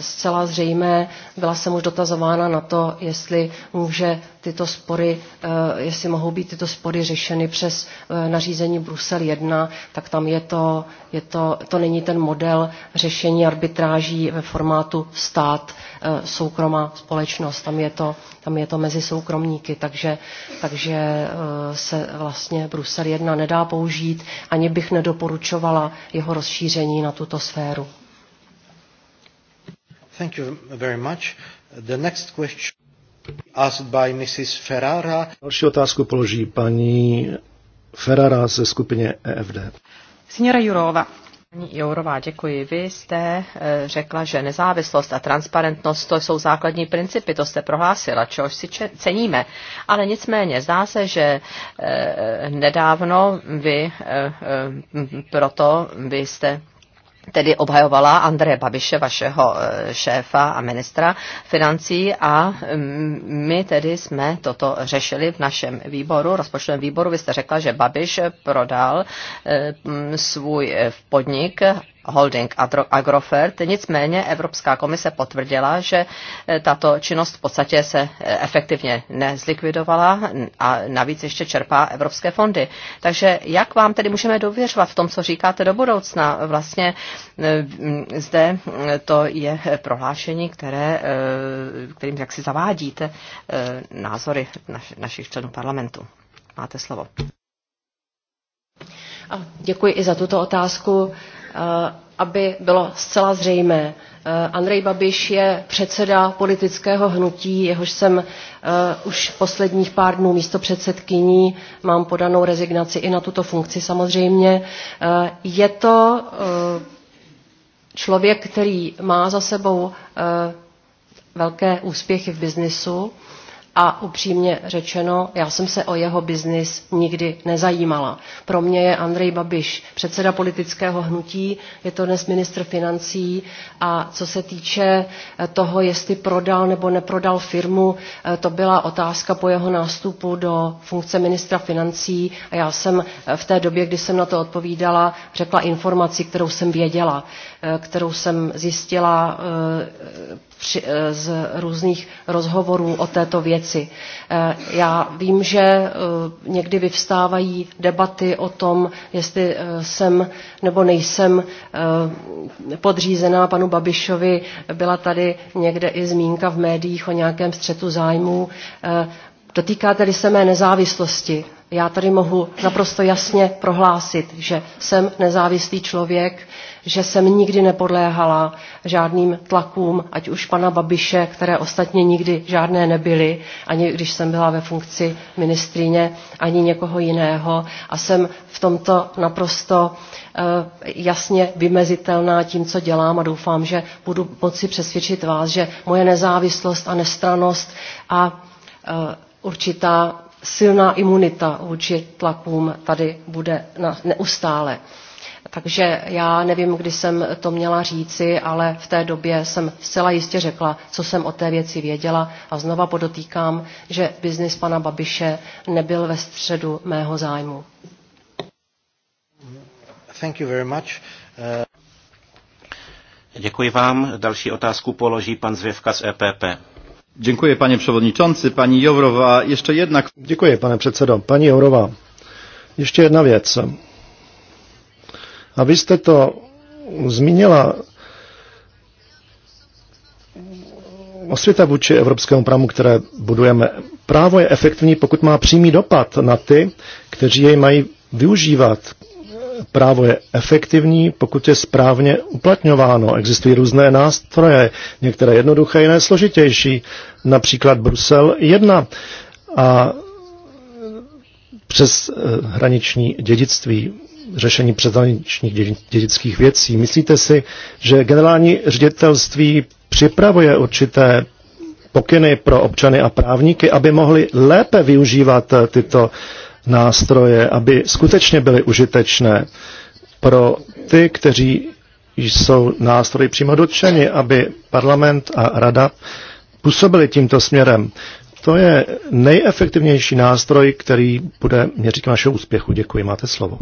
zcela zřejmé. Byla jsem už dotazována na to, jestli může tyto spory, jestli mohou být tyto spory řešeny přes nařízení Brusel 1, tak tam je to, je to, to není ten model řešení arbitráží ve formátu stát Eh, soukromá společnost. Tam je to, tam je to mezi soukromníky, takže, takže eh, se vlastně Brusel 1 nedá použít. Ani bych nedoporučovala jeho rozšíření na tuto sféru. Thank you very much. The next question asked by Mrs. Ferrara. Další otázku položí paní Ferrara ze skupině EFD. Signora Jurova, Paní Jourová, děkuji. Vy jste eh, řekla, že nezávislost a transparentnost to jsou základní principy, to jste prohlásila, čehož si ceníme. Ale nicméně, zdá se, že eh, nedávno vy eh, proto vy jste tedy obhajovala Andreje Babiše, vašeho eh, šéfa a ministra financí a mm, my tedy jsme toto řešili v našem výboru, rozpočtovém výboru. Vy jste řekla, že Babiš prodal eh, mm, svůj eh, podnik holding Agrofert. Nicméně Evropská komise potvrdila, že eh, tato činnost v podstatě se eh, efektivně nezlikvidovala a navíc ještě čerpá evropské fondy. Takže jak vám tedy můžeme dověřovat v tom, co říkáte do budoucna? Vlastně eh, zde to je prohlášení, které, kterým jak si zavádíte názory našich členů parlamentu. Máte slovo. Děkuji i za tuto otázku. Eh, aby bylo zcela zřejmé, eh, Andrej Babiš je předseda politického hnutí, jehož jsem eh, už posledních pár dnů místo předsedkyní, mám podanou rezignaci i na tuto funkci samozřejmě. Je to člověk, který má za sebou velké úspěchy v biznisu, a upřímně řečeno, já jsem se o jeho biznis nikdy nezajímala. Pro mě je Andrej Babiš předseda politického hnutí, je to dnes ministr financí a co se týče eh, toho, jestli prodal nebo neprodal firmu, eh, to byla otázka po jeho nástupu do funkce ministra financí a já jsem eh, v té době, kdy jsem na to odpovídala, řekla informaci, kterou jsem věděla, kterou jsem zjistila Eh, z různých rozhovorů o této věci. Eh, já vím, že eh, někdy vyvstávají debaty o tom, jestli jsem nebo nejsem podřízená panu Babišovi. Byla tady někde i zmínka v médiích o nějakém střetu zájmů. Dotýká tedy se mé nezávislosti, já tady mohu naprosto jasně prohlásit, že jsem nezávislý člověk, že jsem nikdy nepodléhala žádným tlakům, ať už pana Babiše, které ostatně nikdy žádné nebyly, ani když jsem byla ve funkci ministrině, ani někoho jiného. A jsem v tomto naprosto eh, jasně vymezitelná tím, co dělám a doufám, že budu moci přesvědčit vás, že moje nezávislost a nestranost a eh, určitá silná imunita vůči tlakům tady bude neustále. Takže já nevím, kdy jsem to měla říci, ale v té době jsem zcela jistě řekla, co jsem o té věci věděla a znova podotýkám, že biznis pana Babiše nebyl ve středu mého zájmu. Thank you very much. Uh... Děkuji vám. Další otázku položí pan Zvěvka z EPP. Děkuji, pane převodničonci. Paní Jourova, ještě jedna... Děkuji, pane předsedo. Paní Jovrova. ještě jedna věc. A vy jste to zmínila. Osvěta vůči evropskému právu, které budujeme. Právo je efektivní, pokud má přímý dopad na ty, kteří jej mají využívat. Právo je efektivní, pokud je správně uplatňováno. Existují různé nástroje, některé jednoduché, jiné složitější, například Brusel 1. A přes eh, hraniční dědictví řešení přeshraničních dědických věcí. Myslíte si, že generální ředitelství připravuje určité pokyny pro občany a právníky, aby mohli lépe využívat eh, tyto nástroje, aby skutečně byly užitečné pro ty, kteří jsou nástroji přímo dotčeni, aby parlament a rada působili tímto směrem. To je nejefektivnější nástroj, který bude měřit našeho úspěchu. Děkuji, máte slovo.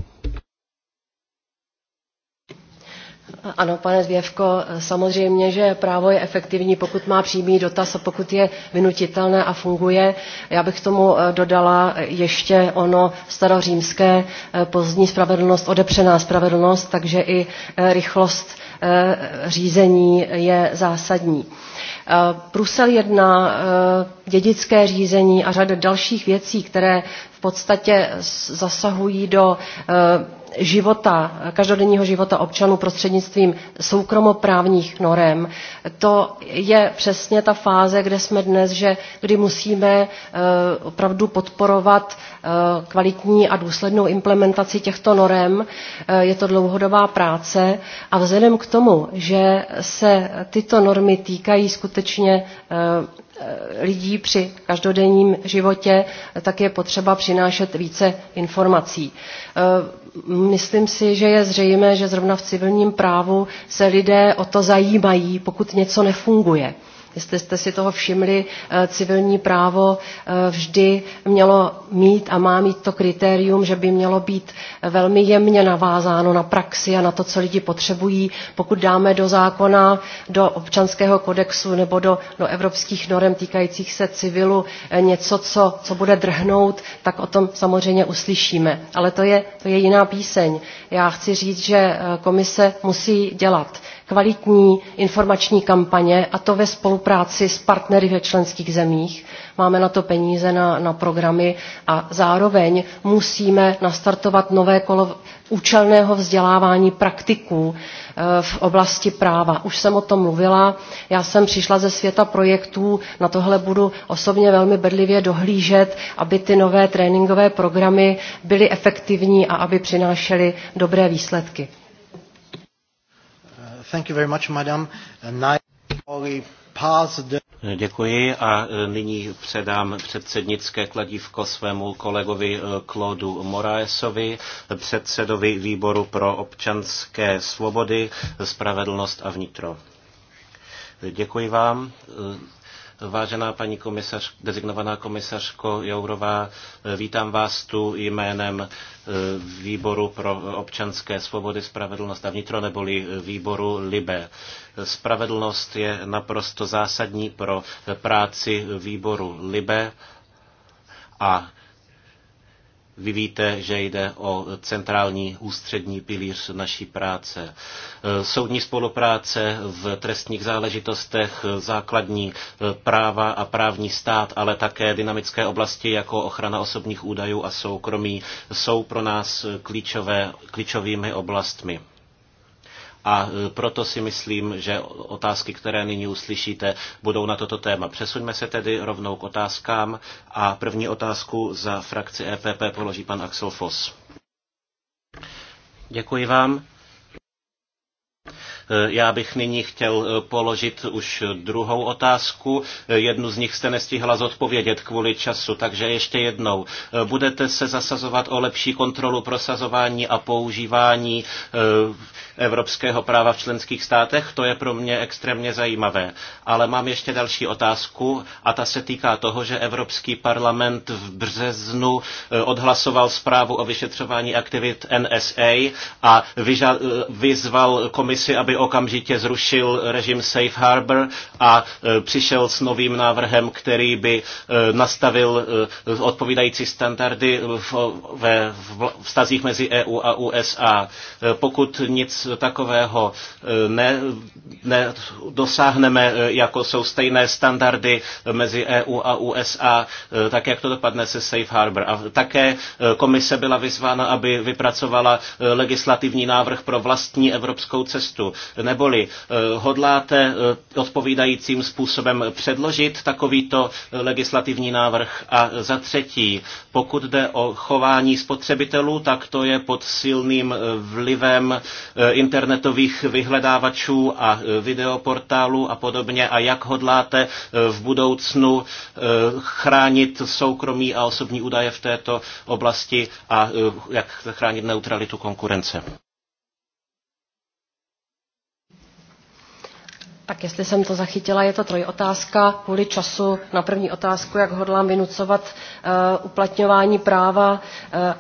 Ano, pane Zvěvko, samozřejmě, že právo je efektivní, pokud má přímý dotaz a pokud je vynutitelné a funguje. Já bych k tomu eh, dodala ještě ono starořímské eh, pozdní spravedlnost, odepřená spravedlnost, takže i eh, rychlost řízení je zásadní. Brusel 1, dědické řízení a řada dalších věcí, které v podstatě zasahují do života, každodenního života občanů prostřednictvím soukromoprávních norem, to je přesně ta fáze, kde jsme dnes, že kdy musíme eh, opravdu podporovat eh, kvalitní a důslednou implementaci těchto norem. Eh, je to dlouhodobá práce a vzhledem k tomu, že se tyto normy týkají skutečně Eh, lidí při každodenním životě, tak je potřeba přinášet více informací. Eh, myslím si, že je zřejmé, že zrovna v civilním právu se lidé o to zajímají, pokud něco nefunguje Jestli jste si toho všimli, eh, civilní právo eh, vždy mělo mít a má mít to kritérium, že by mělo být eh, velmi jemně navázáno na praxi a na to, co lidi potřebují. Pokud dáme do zákona, do občanského kodexu nebo do, do evropských norem týkajících se civilu něco, co, co bude drhnout, tak o tom samozřejmě uslyšíme. Ale to je, to je jiná píseň. Já chci říct, že komise musí dělat kvalitní informační kampaně, a to ve spolupráci s partnery ve členských zemích. Máme na to peníze na, na programy a zároveň musíme nastartovat nové kolo účelného vzdělávání praktiků eh, v oblasti práva. Už jsem o tom mluvila, já jsem přišla ze světa projektů, na tohle budu osobně velmi bedlivě dohlížet, aby ty nové tréninkové programy byly efektivní a aby přinášely dobré výsledky. Děkuji a e, nyní předám předsednické kladívko svému kolegovi e, Claudu Moraesovi, předsedovi výboru pro občanské svobody, spravedlnost a vnitro. Děkuji vám. E, Vážená paní komisař, dezignovaná komisařko Jourová, vítám vás tu jménem e, Výboru pro občanské svobody, spravedlnost a vnitro, neboli Výboru LIBE. Spravedlnost je naprosto zásadní pro práci Výboru LIBE a vy víte, že jde o centrální ústřední pilíř naší práce. Soudní spolupráce v trestních záležitostech, základní práva a právní stát, ale také dynamické oblasti jako ochrana osobních údajů a soukromí jsou pro nás klíčové, klíčovými oblastmi. A e, proto si myslím, že otázky, které nyní uslyšíte, budou na toto téma. Přesuňme se tedy rovnou k otázkám a první otázku za frakci EPP položí pan Axel Foss. Děkuji vám. E, já bych nyní chtěl e, položit už druhou otázku. Jednu z nich jste nestihla zodpovědět kvůli času, takže ještě jednou. Budete se zasazovat o lepší kontrolu prosazování a používání evropského práva v členských státech. To je pro mě extrémně zajímavé. Ale mám ještě další otázku a ta se týká toho, že Evropský parlament v březnu eh, odhlasoval zprávu o vyšetřování aktivit NSA a eh, vyzval komisi, aby okamžitě zrušil režim Safe Harbor a eh, přišel s novým návrhem, který by nastavil odpovídající standardy ve vztazích mezi EU a USA. Pokud nic takového eh, ne, ne dosáhneme, eh, jako jsou stejné standardy mezi EU a USA, eh, tak jak to dopadne se Safe Harbor. A také komise byla vyzvána, aby vypracovala legislativní návrh pro vlastní evropskou cestu. Neboli hodláte odpovídajícím způsobem předložit takovýto legislativní návrh a za třetí, pokud jde o chování spotřebitelů, tak to je pod silným vlivem internetových vyhledávačů a e, videoportálů a podobně a jak hodláte e, v budoucnu e, chránit soukromí a osobní údaje v této oblasti a jak chránit neutralitu konkurence. Tak jestli jsem to zachytila, je to trojotázka kvůli času na první otázku, jak hodlám vynucovat uh, uplatňování práva uh,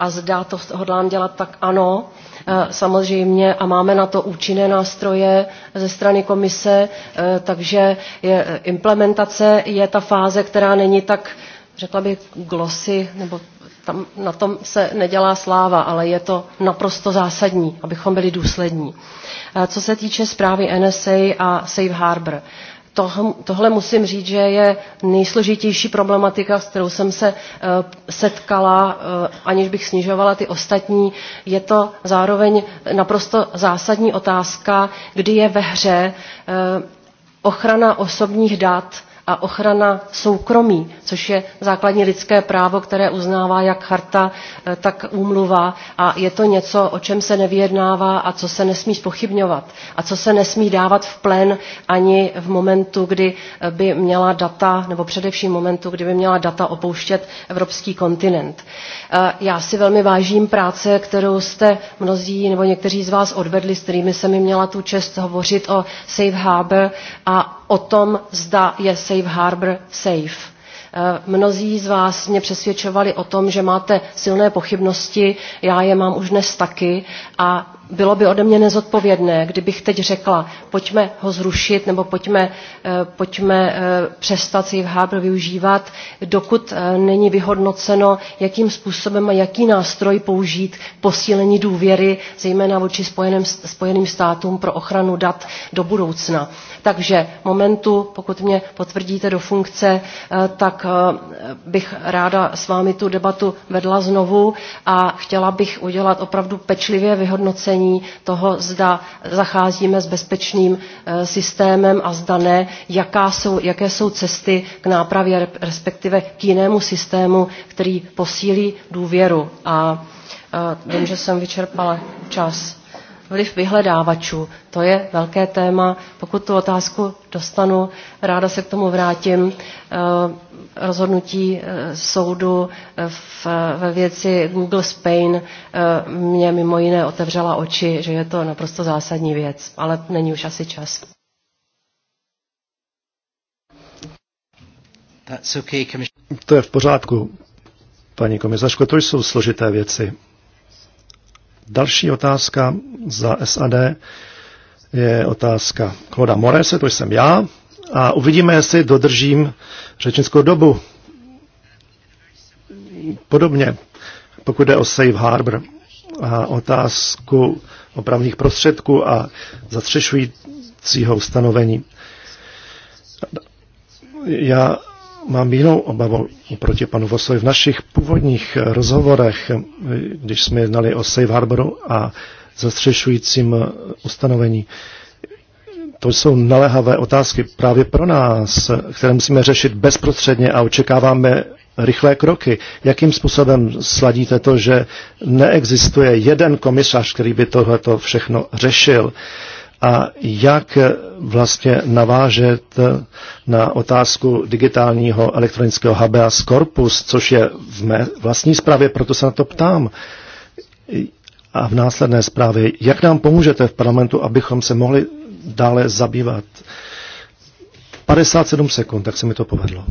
a zda to hodlám dělat, tak ano, uh, samozřejmě a máme na to účinné nástroje ze strany komise, uh, takže je, implementace je ta fáze, která není tak, řekla bych, glosy nebo tam na tom se nedělá sláva, ale je to naprosto zásadní, abychom byli důslední. Eh, co se týče zprávy NSA a Safe Harbor, tohle musím říct, že je nejsložitější problematika, s kterou jsem se eh, setkala, eh, aniž bych snižovala ty ostatní. Je to zároveň naprosto zásadní otázka, kdy je ve hře ochrana osobních dat a ochrana soukromí, což je základní lidské právo, které uznává jak charta, eh, tak úmluva a je to něco, o čem se nevyjednává a co se nesmí spochybňovat a co se nesmí dávat v plen ani v momentu, kdy eh, by měla data, nebo především momentu, kdy by měla data opouštět evropský kontinent. Eh, já si velmi vážím práce, kterou jste mnozí nebo někteří z vás odvedli, s kterými se mi měla tu čest hovořit o Safe Harbor a o tom, zda je Safe Safe Harbor safe. Eh, mnozí z vás mě přesvědčovali o tom, že máte silné pochybnosti, já je mám už dnes taky a bylo by ode mě nezodpovědné, kdybych teď řekla, pojďme ho zrušit nebo pojďme, eh, pojďme eh, přestat si v Hábr využívat, dokud eh, není vyhodnoceno, jakým způsobem a jaký nástroj použít posílení důvěry, zejména vůči spojeným, spojeným státům pro ochranu dat do budoucna. Takže momentu, pokud mě potvrdíte do funkce, tak bych ráda s vámi tu debatu vedla znovu a chtěla bych udělat opravdu pečlivě vyhodnocení hodnocení toho, zda zacházíme s bezpečným eh, systémem a zda ne, jaká jsou, jaké jsou cesty k nápravě, respektive k jinému systému, který posílí důvěru. A eh, vím, že jsem vyčerpala čas. Vliv vyhledávačů, to je velké téma. Pokud tu otázku dostanu, ráda se k tomu vrátím eh, rozhodnutí eh, soudu eh, v, ve věci Google Spain eh, mě mimo jiné otevřela oči, že je to naprosto zásadní věc, ale není už asi čas. To je v pořádku, paní komisařko, to jsou složité věci. Další otázka za SAD je otázka Kloda Morese, to jsem já, a uvidíme, jestli dodržím řečnickou dobu. Podobně, pokud jde o Safe Harbor a otázku opravných prostředků a zastřešujícího ustanovení. Já mám jinou obavu proti panu Vosovi. V našich původních rozhovorech, když jsme jednali o Safe Harboru a zastřešujícím ustanovení, to jsou naléhavé otázky právě pro nás, které musíme řešit bezprostředně a očekáváme rychlé kroky. Jakým způsobem sladíte to, že neexistuje jeden komisař, který by tohleto všechno řešil? A jak vlastně navážet na otázku digitálního elektronického habeas corpus, což je v mé vlastní zprávě, proto se na to ptám. A v následné zprávě, jak nám pomůžete v parlamentu, abychom se mohli dále zabývat. 57 sekund, tak se mi to povedlo.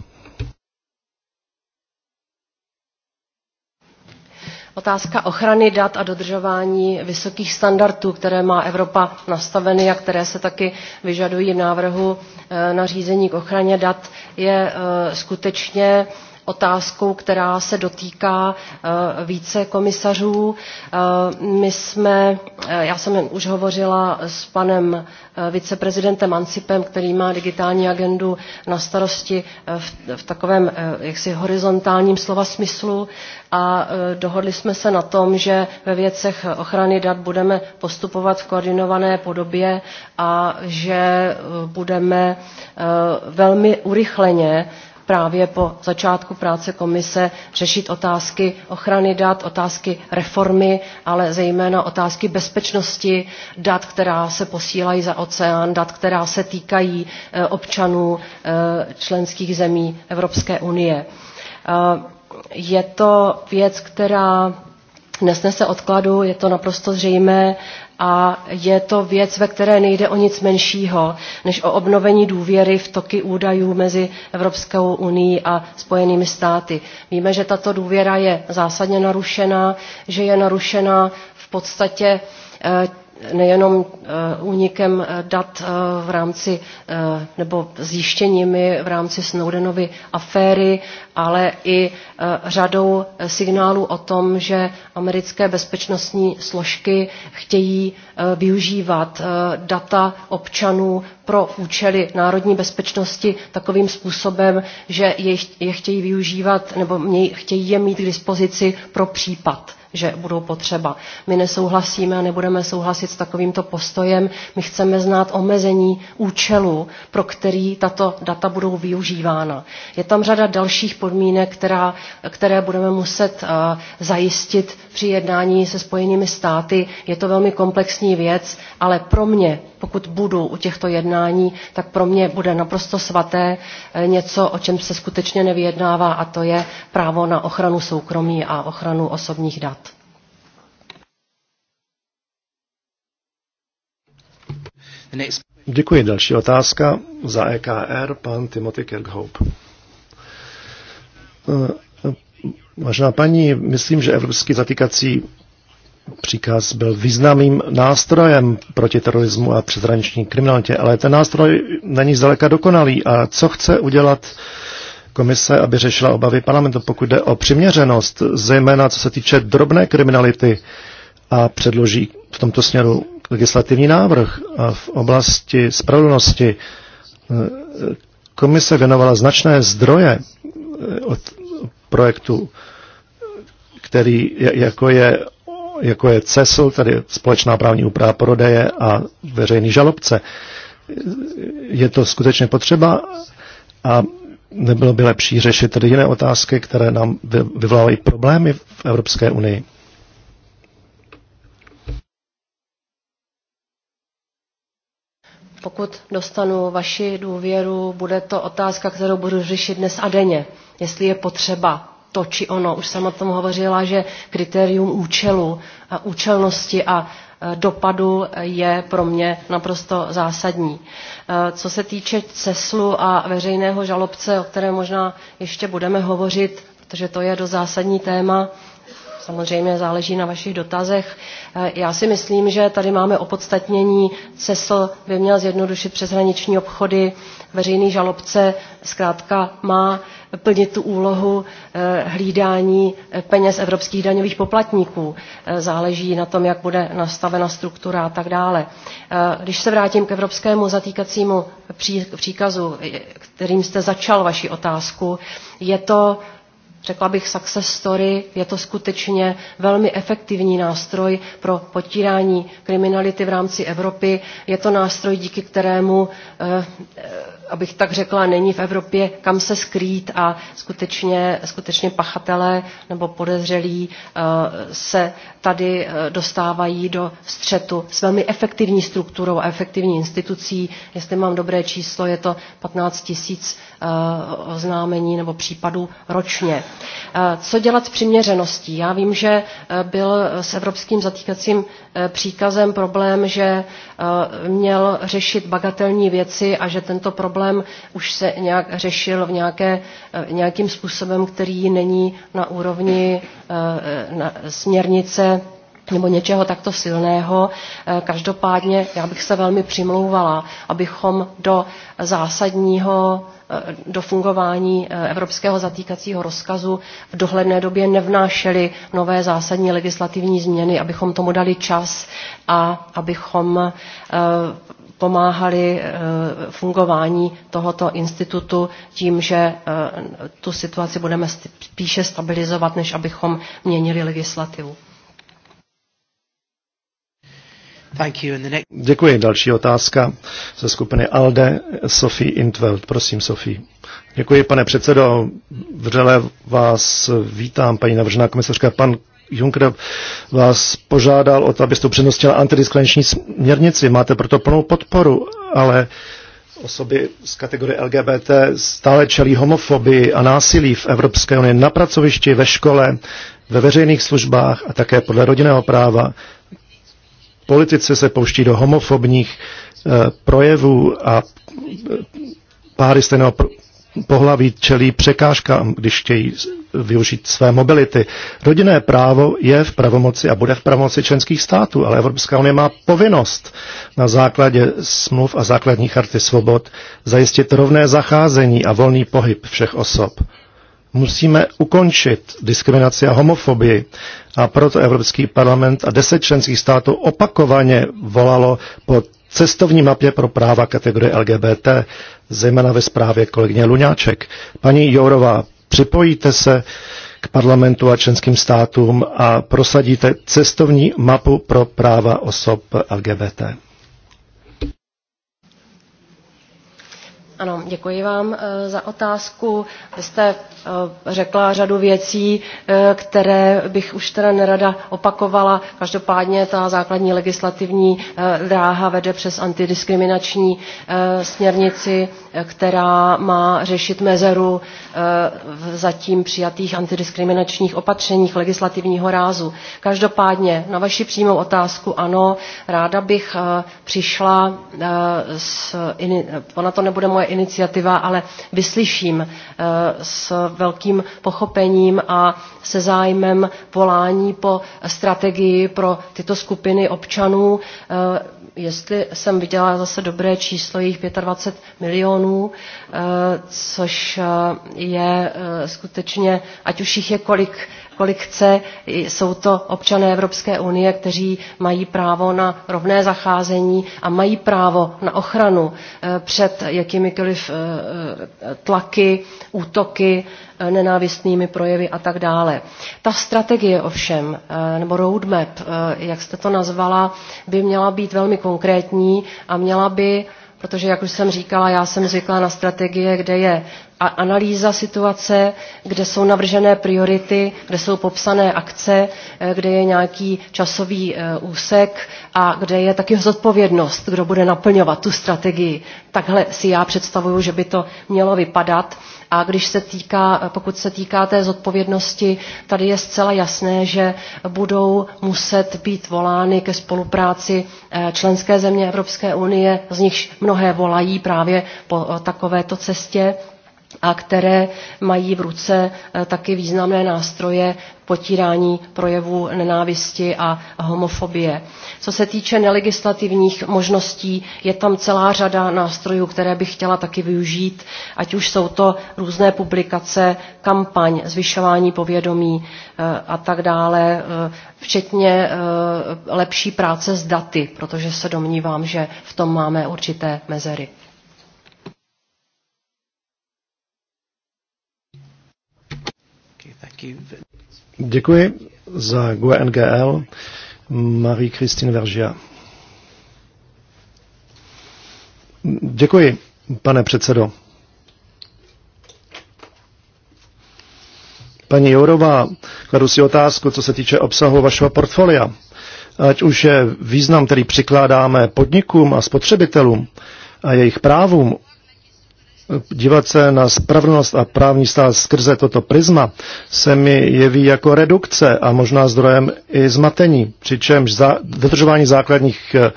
Otázka ochrany dat a dodržování vysokých standardů, které má Evropa nastaveny a které se taky vyžadují v návrhu eh, nařízení k ochraně dat, je eh, skutečně otázkou, která se dotýká eh, více komisařů. Eh, my jsme, eh, já jsem už hovořila s panem viceprezidentem Ancipem, který má digitální agendu na starosti v, v takovém jaksi horizontálním slova smyslu a dohodli jsme se na tom, že ve věcech ochrany dat budeme postupovat v koordinované podobě a že budeme velmi urychleně právě po začátku práce komise řešit otázky ochrany dat, otázky reformy, ale zejména otázky bezpečnosti dat, která se posílají za oceán, dat, která se týkají eh, občanů eh, členských zemí Evropské unie. Eh, je to věc, která nesnese odkladu, je to naprosto zřejmé a je to věc, ve které nejde o nic menšího, než o obnovení důvěry v toky údajů mezi Evropskou unii a Spojenými státy. Víme, že tato důvěra je zásadně narušená, že je narušená v podstatě eh, nejenom eh, únikem eh, dat v rámci nebo zjištěními v rámci Snowdenovy aféry, ale i e, řadou signálů o tom, že americké bezpečnostní složky chtějí e, využívat e, data občanů pro účely národní bezpečnosti takovým způsobem, že je chtějí využívat nebo chtějí je mít k dispozici pro případ že budou potřeba. My nesouhlasíme a nebudeme souhlasit s takovýmto postojem. My chceme znát omezení účelu, pro který tato data budou využívána. Je tam řada dalších podmínek, která, které budeme muset eh, zajistit při jednání se Spojenými státy. Je to velmi komplexní věc, ale pro mě, pokud budu u těchto jednání, tak pro mě bude naprosto svaté eh, něco, o čem se skutečně nevyjednává, a to je právo na ochranu soukromí a ochranu osobních dat. Děkuji. Další otázka za EKR, pan Timothy Kirkhope. Eh, Vážená paní, myslím, že evropský zatýkací příkaz byl významným nástrojem proti terorismu a přezraniční kriminalitě, ale ten nástroj není zdaleka dokonalý. A co chce udělat komise, aby řešila obavy parlamentu, pokud jde o přiměřenost, zejména co se týče drobné kriminality a předloží v tomto směru legislativní návrh a v oblasti spravedlnosti eh, komise věnovala značné zdroje Eh, od projektu, který jako je, jako je CESL, tedy společná právní úprava prodeje a veřejný žalobce. Je to skutečně potřeba a nebylo by lepší řešit tedy jiné otázky, které nám vyvolávají problémy v Evropské unii. Pokud dostanu vaši důvěru, bude to otázka, kterou budu řešit dnes a denně jestli je potřeba to či ono. Už jsem o tom hovořila, že kritérium účelu, a účelnosti a e, dopadu je pro mě naprosto zásadní. E, co se týče CESLu a veřejného žalobce, o kterém možná ještě budeme hovořit, protože to je do zásadní téma, samozřejmě záleží na vašich dotazech. E, já si myslím, že tady máme opodstatnění. CESL by měl zjednodušit přeshraniční obchody, veřejný žalobce zkrátka má plnit tu úlohu eh, hlídání eh, peněz evropských daňových poplatníků. Eh, záleží na tom, jak bude nastavena struktura a tak dále. Když se vrátím k evropskému zatýkacímu příkazu, kterým jste začal vaši otázku, je to řekla bych success story, je to skutečně velmi efektivní nástroj pro potírání kriminality v rámci Evropy. Je to nástroj, díky kterému, eh, abych tak řekla, není v Evropě kam se skrýt a skutečně, skutečně pachatelé nebo podezřelí eh, se tady eh, dostávají do střetu s velmi efektivní strukturou a efektivní institucí. Jestli mám dobré číslo, je to 15 tisíc oznámení nebo případů ročně. Eh, co dělat s přiměřeností? Já vím, že eh, byl eh, s evropským zatýkacím příkazem problém, že měl řešit bagatelní věci a že tento problém už se nějak řešil v nějaké, nějakým způsobem, který není na úrovni na směrnice nebo něčeho takto silného. Každopádně já bych se velmi přimlouvala, abychom do zásadního Eh, do fungování eh, evropského zatýkacího rozkazu v dohledné době nevnášeli nové zásadní legislativní změny, abychom tomu dali čas a abychom eh, pomáhali fungování tohoto institutu tím, že tu situaci budeme spíše stabilizovat, než abychom měnili legislativu. Děkuji. Další otázka ze skupiny ALDE, Sophie Intveld. Prosím, Sophie. Děkuji, pane předsedo. Vřele vás vítám, paní navržená komisařka. Pan Juncker vás požádal o to, abyste upřednostnila antidiskriminační směrnici. Máte proto plnou podporu, ale osoby z kategorie LGBT stále čelí homofobii a násilí v Evropské unii na pracovišti, ve škole, ve veřejných službách a také podle rodinného práva politici se pouští do homofobních eh, projevů a eh, páry stejného pohlaví čelí překážkám, když chtějí využít své mobility. Rodinné právo je v pravomoci a bude v pravomoci členských států, ale Evropská unie má povinnost na základě smluv a základní charty svobod zajistit rovné zacházení a volný pohyb všech osob musíme ukončit diskriminaci a homofobii. A proto Evropský parlament a deset členských států opakovaně volalo po cestovní mapě pro práva kategorie LGBT, zejména ve zprávě kolegyně Luňáček. Paní Jourová, připojíte se k parlamentu a členským státům a prosadíte cestovní mapu pro práva osob LGBT. Ano, děkuji vám eh, za otázku. Vy jste eh, řekla řadu věcí, eh, které bych už teda nerada opakovala. Každopádně ta základní legislativní dráha vede přes antidiskriminační směrnici, která má řešit mezeru v zatím přijatých antidiskriminačních opatřeních legislativního rázu. Každopádně na vaši přímou otázku ano, ráda bych přišla, s, ona to nebude moje iniciativa, ale vyslyším eh, s velkým pochopením a se zájmem volání po strategii pro tyto skupiny občanů. Eh, jestli jsem viděla zase dobré číslo, jich 25 milionů, eh, což je skutečně, ať už jich je kolik, kolik chce. Jsou to občané Evropské unie, kteří mají právo na rovné zacházení a mají právo na ochranu eh, před jakýmikoliv eh, eh, tlaky, útoky, nenávistnými projevy a tak dále. Ta strategie ovšem, nebo roadmap, jak jste to nazvala, by měla být velmi konkrétní a měla by protože, jak už jsem říkala, já jsem zvyklá na strategie, kde je analýza situace, kde jsou navržené priority, kde jsou popsané akce, eh, kde je nějaký časový eh, úsek a kde je taky zodpovědnost, kdo bude naplňovat tu strategii. Takhle si já představuju, že by to mělo vypadat. A když se týká, pokud se týká té zodpovědnosti, tady je zcela jasné, že budou muset být volány ke spolupráci eh, členské země Evropské unie, z nichž mnohé volají právě po eh, takovéto cestě a které mají v ruce eh, taky významné nástroje potírání projevů nenávisti a homofobie. Co se týče nelegislativních možností, je tam celá řada nástrojů, které bych chtěla taky využít, ať už jsou to různé publikace, kampaň, zvyšování povědomí eh, a tak dále, eh, včetně lepší práce s daty, protože se domnívám, že v tom máme určité mezery. Děkuji za GUNGL e Marie-Christine Vergia. Děkuji, pane předsedo. Paní Jourová, kladu si otázku, co se týče obsahu vašeho portfolia. Ať už je význam, který přikládáme podnikům a spotřebitelům a jejich právům dívat se na spravedlnost a právní stát skrze toto prisma se mi jeví jako redukce a možná zdrojem i zmatení, přičemž za, dodržování základních eh,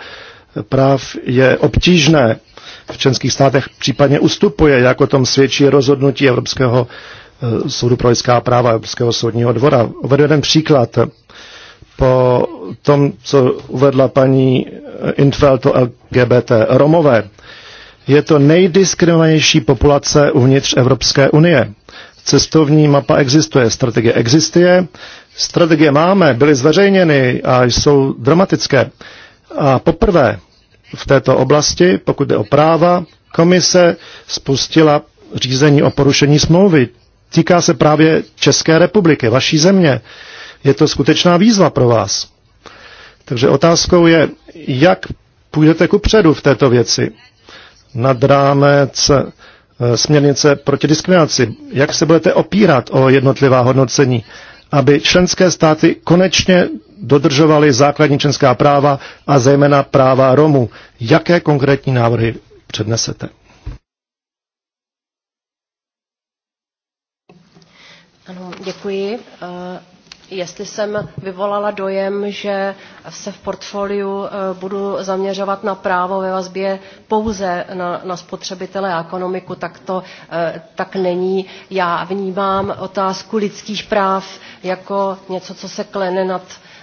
práv je obtížné v členských státech, případně ustupuje, jak o tom svědčí rozhodnutí Evropského eh, soudu pro lidská práva Evropského soudního dvora. Uvedu jeden příklad. Po tom, co uvedla paní eh, Intfeld LGBT Romové, je to nejdiskriminovanější populace uvnitř Evropské unie. Cestovní mapa existuje, strategie existuje, strategie máme, byly zveřejněny a jsou dramatické. A poprvé v této oblasti, pokud jde o práva, komise spustila řízení o porušení smlouvy. Týká se právě České republiky, vaší země. Je to skutečná výzva pro vás. Takže otázkou je, jak půjdete ku předu v této věci nad rámec eh, směrnice proti diskriminaci. Jak se budete opírat o jednotlivá hodnocení, aby členské státy konečně dodržovaly základní členská práva a zejména práva Romů? Jaké konkrétní návrhy přednesete? Ano, děkuji. Eh, jestli jsem vyvolala dojem, že se v portfoliu eh, budu zaměřovat na právo ve vazbě pouze na, na spotřebitele a ekonomiku, tak to eh, tak není. Já vnímám otázku lidských práv jako něco, co se klene nad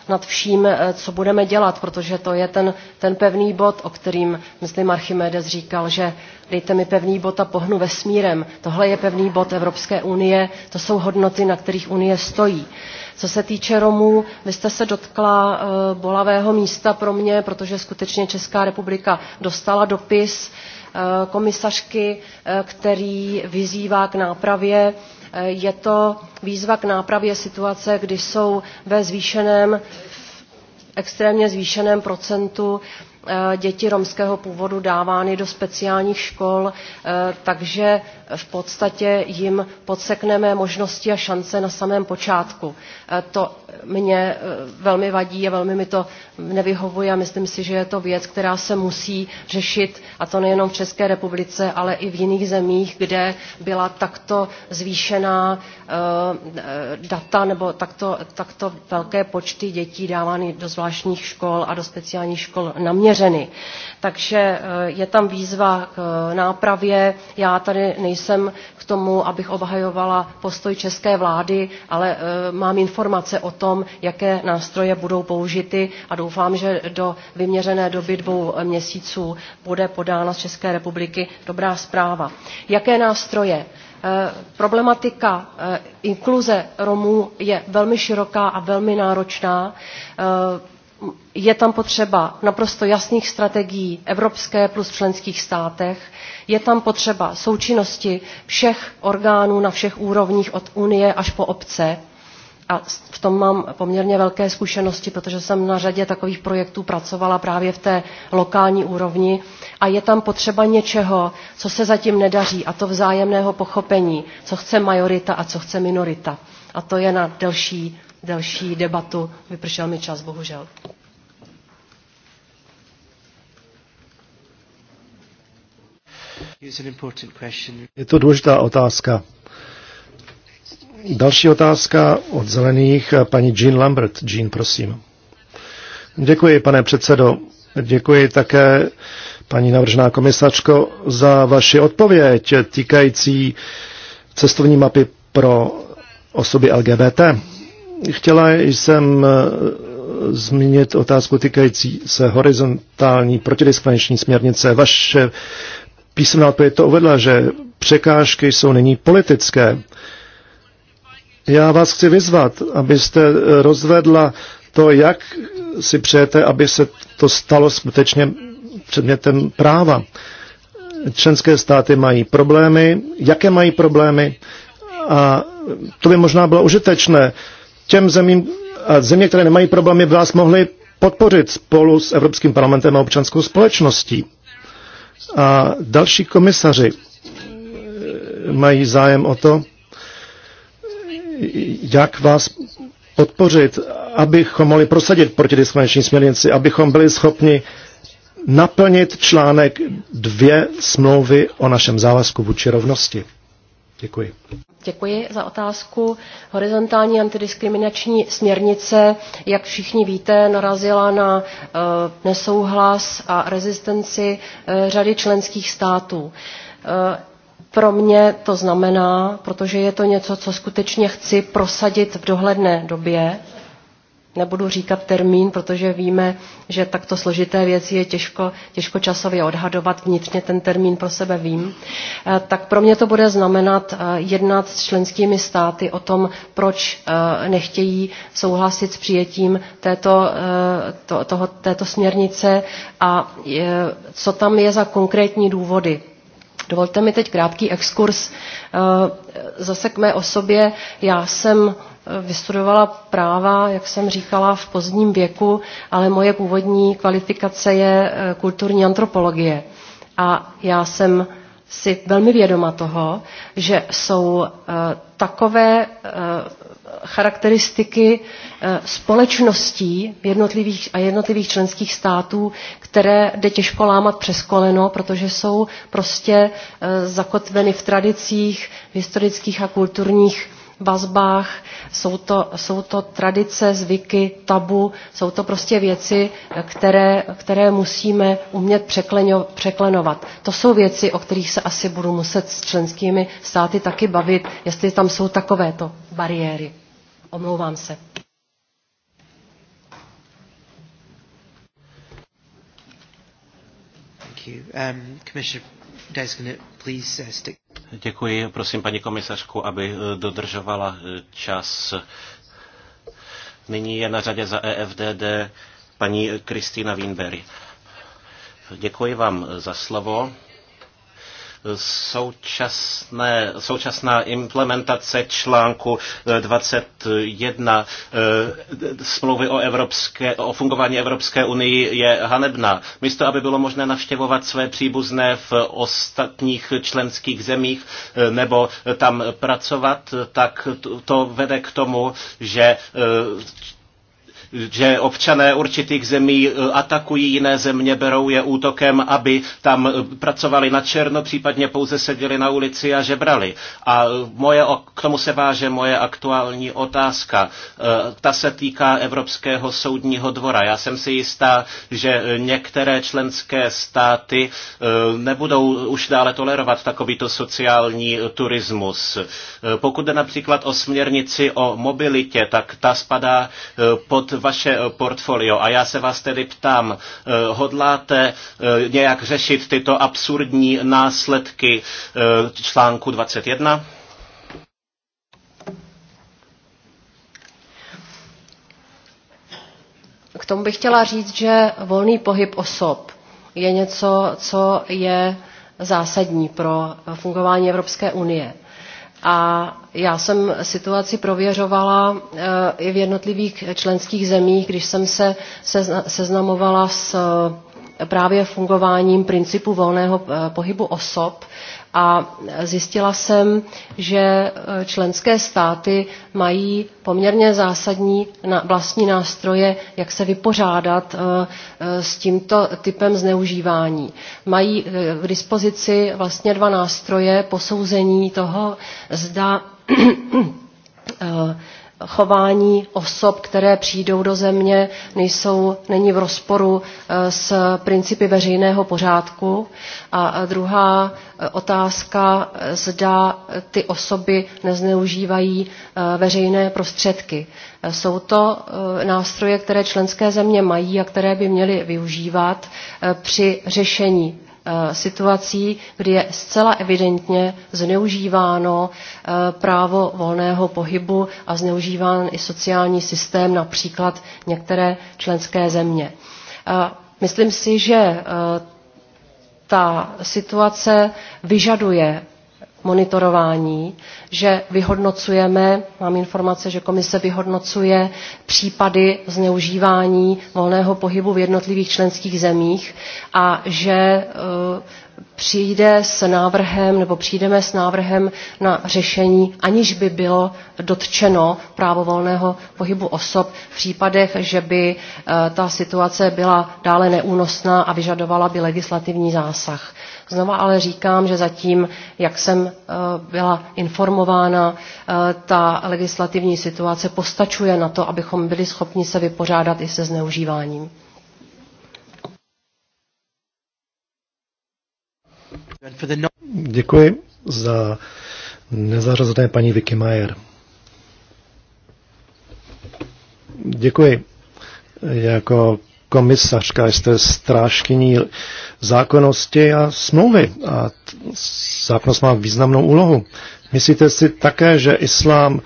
nad vším, eh, co budeme dělat, protože to je ten, ten pevný bod, o kterým, myslím, Archimedes říkal, že dejte mi pevný bod a pohnu vesmírem. Tohle je pevný bod Evropské unie, to jsou hodnoty, na kterých unie stojí. Co se týče Romů, vy jste se dotkla eh, bolavého místa pro mě, protože skutečně Česká republika dostala dopis eh, komisařky, eh, který vyzývá k nápravě. Je to výzva k nápravě situace, kdy jsou ve zvýšeném extrémně zvýšeném procentu Eh, děti romského původu dávány do speciálních škol, eh, takže v podstatě jim podsekneme možnosti a šance na samém počátku. Eh, to mě velmi vadí a velmi mi to nevyhovuje a myslím si, že je to věc, která se musí řešit a to nejenom v České republice, ale i v jiných zemích, kde byla takto zvýšená data nebo takto, takto velké počty dětí dávány do zvláštních škol a do speciálních škol mě přiměřeny. Takže eh, je tam výzva k eh, nápravě. Já tady nejsem k tomu, abych obhajovala postoj české vlády, ale eh, mám informace o tom, jaké nástroje budou použity a doufám, že do vyměřené doby dvou měsíců bude podána z České republiky dobrá zpráva. Jaké nástroje? Problematika inkluze Romů je velmi široká a velmi náročná je tam potřeba naprosto jasných strategií evropské plus členských státech, je tam potřeba součinnosti všech orgánů na všech úrovních od Unie až po obce. A v tom mám poměrně velké zkušenosti, protože jsem na řadě takových projektů pracovala právě v té lokální úrovni. A je tam potřeba něčeho, co se zatím nedaří, a to vzájemného pochopení, co chce majorita a co chce minorita. A to je na delší delší debatu. Vypršel mi čas, bohužel. Je to důležitá otázka. Další otázka od zelených, paní Jean Lambert. Jean, prosím. Děkuji, pane předsedo. Děkuji také, paní navržená komisařko, za vaši odpověď týkající cestovní mapy pro osoby LGBT. Chtěla jsem eh, zmínit otázku týkající se horizontální protidiskvenční směrnice. Vaše písemná odpověď to uvedla, že překážky jsou nyní politické. Já vás chci vyzvat, abyste eh, rozvedla to, jak si přejete, aby se to stalo skutečně předmětem práva. Členské státy mají problémy, jaké mají problémy a to by možná bylo užitečné těm zemím, země, které nemají problémy, by vás mohly podpořit spolu s Evropským parlamentem a občanskou společností. A další komisaři e, mají zájem o to, jak vás podpořit, abychom mohli prosadit protidiskriminační směrnici, abychom byli schopni naplnit článek dvě smlouvy o našem závazku vůči rovnosti. Děkuji. Děkuji za otázku. Horizontální antidiskriminační směrnice, jak všichni víte, narazila na eh, nesouhlas a rezistenci eh, řady členských států. Eh, pro mě to znamená, protože je to něco, co skutečně chci prosadit v dohledné době, nebudu říkat termín, protože víme, že takto složité věci je těžko, těžko časově odhadovat, vnitřně ten termín pro sebe vím, eh, tak pro mě to bude znamenat eh, jednat s členskými státy o tom, proč eh, nechtějí souhlasit s přijetím této, to, toho, této směrnice a co tam je za konkrétní důvody. Dovolte mi teď krátký exkurs zase k mé osobě. Já jsem vystudovala práva, jak jsem říkala, v pozdním věku, ale moje původní kvalifikace je eh, kulturní antropologie. A já jsem si velmi vědoma toho, že jsou eh, takové eh, charakteristiky společností jednotlivých a jednotlivých členských států, které jde těžko lámat přes koleno, protože jsou prostě zakotveny v tradicích, v historických a kulturních vazbách. Jsou to, jsou to tradice, zvyky, tabu, jsou to prostě věci, které, které musíme umět překlenovat, překlenovat. To jsou věci, o kterých se asi budu muset s členskými státy taky bavit, jestli tam jsou takovéto bariéry. Omlouvám se. you. Um, Commissioner Designate, please uh, stick. Děkuji. Prosím paní komisařku, aby eh, dodržovala eh, čas. Nyní je na řadě za EFDD paní Kristýna Wienberry. Děkuji vám eh, za slovo. Současné, současná implementace článku 21 eh, smlouvy o, Evropské, o fungování Evropské unii je hanebná. Místo, aby bylo možné navštěvovat své příbuzné v ostatních členských zemích eh, nebo tam pracovat, tak to vede k tomu, že eh, že občané určitých zemí e, atakují jiné země, berou je útokem, aby tam e, pracovali na černo, případně pouze seděli na ulici a žebrali. A e, moje, k tomu se váže moje aktuální otázka. Ta se týká Evropského soudního dvora. Já jsem si jistá, že některé členské státy nebudou už dále tolerovat takovýto sociální turismus. Pokud jde například o směrnici o mobilitě, tak ta spadá pod vaše eh, portfolio. A já se vás tedy ptám, eh, hodláte eh, nějak řešit tyto absurdní následky článku 21? K tomu bych chtěla říct, že volný pohyb osob je něco, co je zásadní pro fungování Evropské unie. A já jsem situaci prověřovala eh, i v jednotlivých členských zemích, když jsem se seznamovala s eh, právě fungováním principu volného eh, pohybu osob a zjistila jsem, že eh, členské státy mají poměrně zásadní vlastní nástroje, jak se vypořádat eh, eh, s tímto typem zneužívání. Mají k dispozici vlastně dva nástroje posouzení toho, zda chování osob, které přijdou do země, nejsou, není v rozporu eh, s principy veřejného pořádku. A druhá eh, otázka, eh, zda ty osoby nezneužívají veřejné prostředky. Jsou to nástroje, které členské země mají a které by měly využívat při řešení Eh, situací, kdy je zcela evidentně zneužíváno eh, právo volného pohybu a zneužíván i sociální systém, například některé členské země. Eh, myslím si, že ta situace vyžaduje monitorování, že vyhodnocujeme, mám informace, že komise vyhodnocuje případy zneužívání volného pohybu v jednotlivých členských zemích a že přijde s návrhem nebo přijdeme s návrhem na řešení, aniž by bylo dotčeno právo volného pohybu osob v případech, že by eh, ta situace byla dále neúnosná a vyžadovala by legislativní zásah. Znova ale říkám, že zatím, jak jsem eh, byla informována, eh, ta legislativní situace postačuje na to, abychom byli schopni se vypořádat i se zneužíváním. Děkuji za nezařazené paní Vicky Mayer. Děkuji. Jako komisařka jste strážkyní zákonnosti a smlouvy a zákonnost má významnou úlohu. Myslíte si také, že islám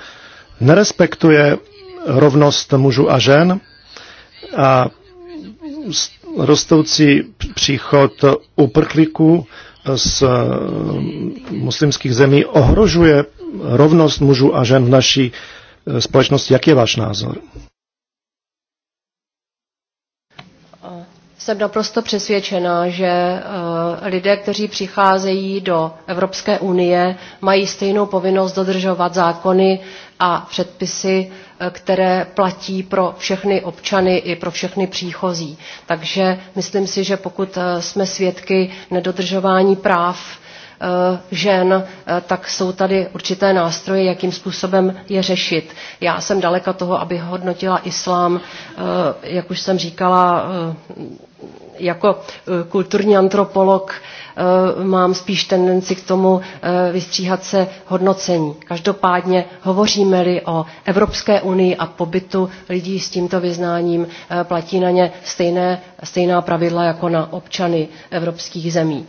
nerespektuje rovnost mužů a žen a rostoucí příchod uprchlíků z eh, muslimských zemí ohrožuje rovnost mužů a žen v naší eh, společnosti. Jak je váš názor? Jsem naprosto přesvědčena, že eh, lidé, kteří přicházejí do Evropské unie, mají stejnou povinnost dodržovat zákony a předpisy které platí pro všechny občany i pro všechny příchozí. Takže myslím si, že pokud eh, jsme svědky nedodržování práv eh, žen, eh, tak jsou tady určité nástroje, jakým způsobem je řešit. Já jsem daleka toho, aby hodnotila islám, jak už jsem říkala, jako e, kulturní antropolog e, mám spíš tendenci k tomu e, vystříhat se hodnocení. Každopádně hovoříme-li o Evropské unii a pobytu lidí s tímto vyznáním, platí na ně stejné, stejná pravidla jako na občany evropských zemí.